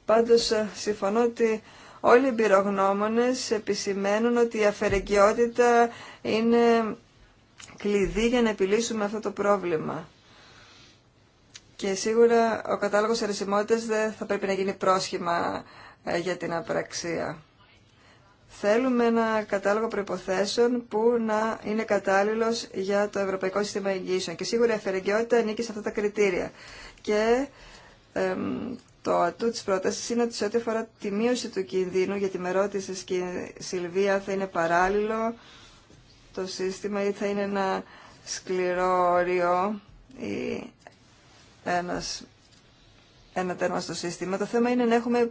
Πάντως ε, συμφωνώ ότι όλοι οι εμπειρογνώμονες επισημαίνουν ότι η αφαιρεγκαιότητα είναι κλειδί για να επιλύσουμε αυτό το πρόβλημα. Και σίγουρα ο κατάλογος αρισιμότητας δεν θα πρέπει να γίνει πρόσχημα ε, για την απραξία. Θέλουμε ένα κατάλογο προϋποθέσεων που να είναι κατάλληλος για το Ευρωπαϊκό Σύστημα Εγγύσεων. Και σίγουρα η αφαιρεγγιότητα ανήκει σε αυτά τα κριτήρια. Και το ατού της πρότασης είναι ότι σε ό,τι αφορά τη μείωση του κινδύνου, γιατί με ρώτησε Σιλβία θα είναι παράλληλο το σύστημα ή θα είναι ένα σκληρό όριο ή ένας, ένα τέρμα στο σύστημα. Το θέμα είναι να έχουμε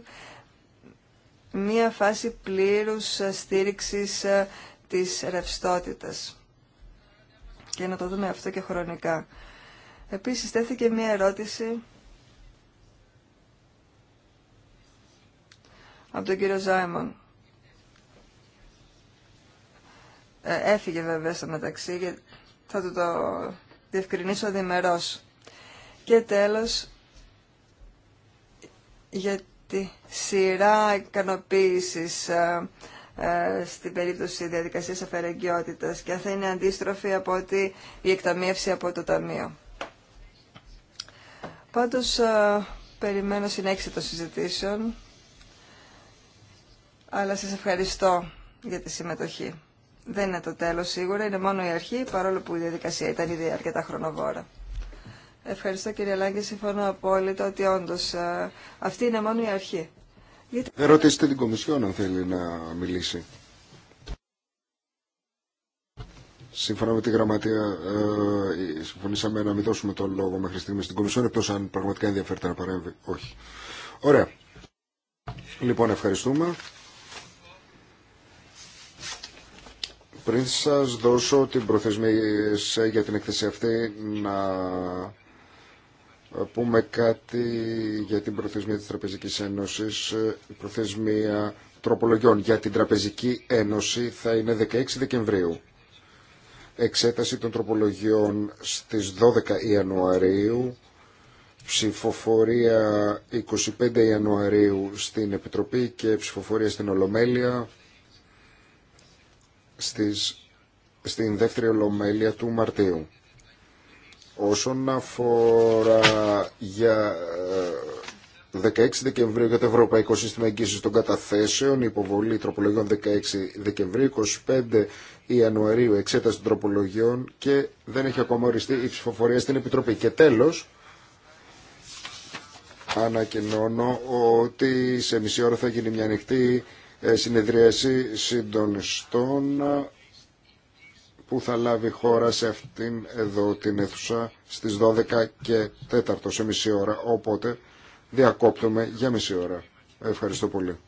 μία φάση πλήρους στήριξης ε, της ρευστότητα. Και να το δούμε αυτό και χρονικά. Επίσης, τέθηκε μία ερώτηση από τον κύριο Ζάιμον. Ε, έφυγε βέβαια στο μεταξύ και θα του το διευκρινίσω διμερός. Και τέλος, γιατί τη σειρά ικανοποίηση ε, ε, στην περίπτωση διαδικασίας αφαιρεγκιότητας και αν θα είναι αντίστροφη από ότι η εκταμίευση από το Ταμείο. Πάντως, ε, περιμένω συνέχιση των συζητήσεων, αλλά σας ευχαριστώ για τη συμμετοχή. Δεν είναι το τέλος σίγουρα, είναι μόνο η αρχή, παρόλο που η διαδικασία ήταν ήδη αρκετά χρονοβόρα. Ευχαριστώ κύριε Λάγκη, συμφωνώ απόλυτα ότι όντω. Ε, αυτή είναι μόνο η αρχή. Γιατί... την Κομισιόν αν θέλει να μιλήσει. Σύμφωνα με τη γραμματεία, ε, συμφωνήσαμε να μην δώσουμε τον λόγο μέχρι στιγμή στην Κομισιόν, εκτό αν πραγματικά ενδιαφέρεται να παρέμβει. Όχι. Ωραία. Λοιπόν, ευχαριστούμε. Πριν σας δώσω την προθεσμία για την εκθεσία αυτή, να πούμε κάτι για την προθεσμία της Τραπεζικής Ένωσης, ε, η προθεσμία τροπολογιών για την Τραπεζική Ένωση θα είναι 16 Δεκεμβρίου. Εξέταση των τροπολογιών στις 12 Ιανουαρίου, ψηφοφορία 25 Ιανουαρίου στην Επιτροπή και ψηφοφορία στην Ολομέλεια στις, στην δεύτερη Ολομέλεια του Μαρτίου. Όσον αφορά για 16 ε, Δεκεμβρίου για το Ευρωπαϊκό Σύστημα Εγγύησης των Καταθέσεων, υποβολή τροπολογιών 16 Δεκεμβρίου, 25 Ιανουαρίου εξέταση των τροπολογιών και δεν έχει ακόμα οριστεί η ψηφοφορία στην Επιτροπή. Και τέλος, ανακοινώνω ότι σε μισή ώρα θα γίνει μια ανοιχτή ε, συνεδρίαση συντονιστών που θα λάβει χώρα σε αυτήν εδώ την αίθουσα στις 12 και 4 σε μισή ώρα. Οπότε διακόπτουμε για μισή ώρα. Ευχαριστώ πολύ.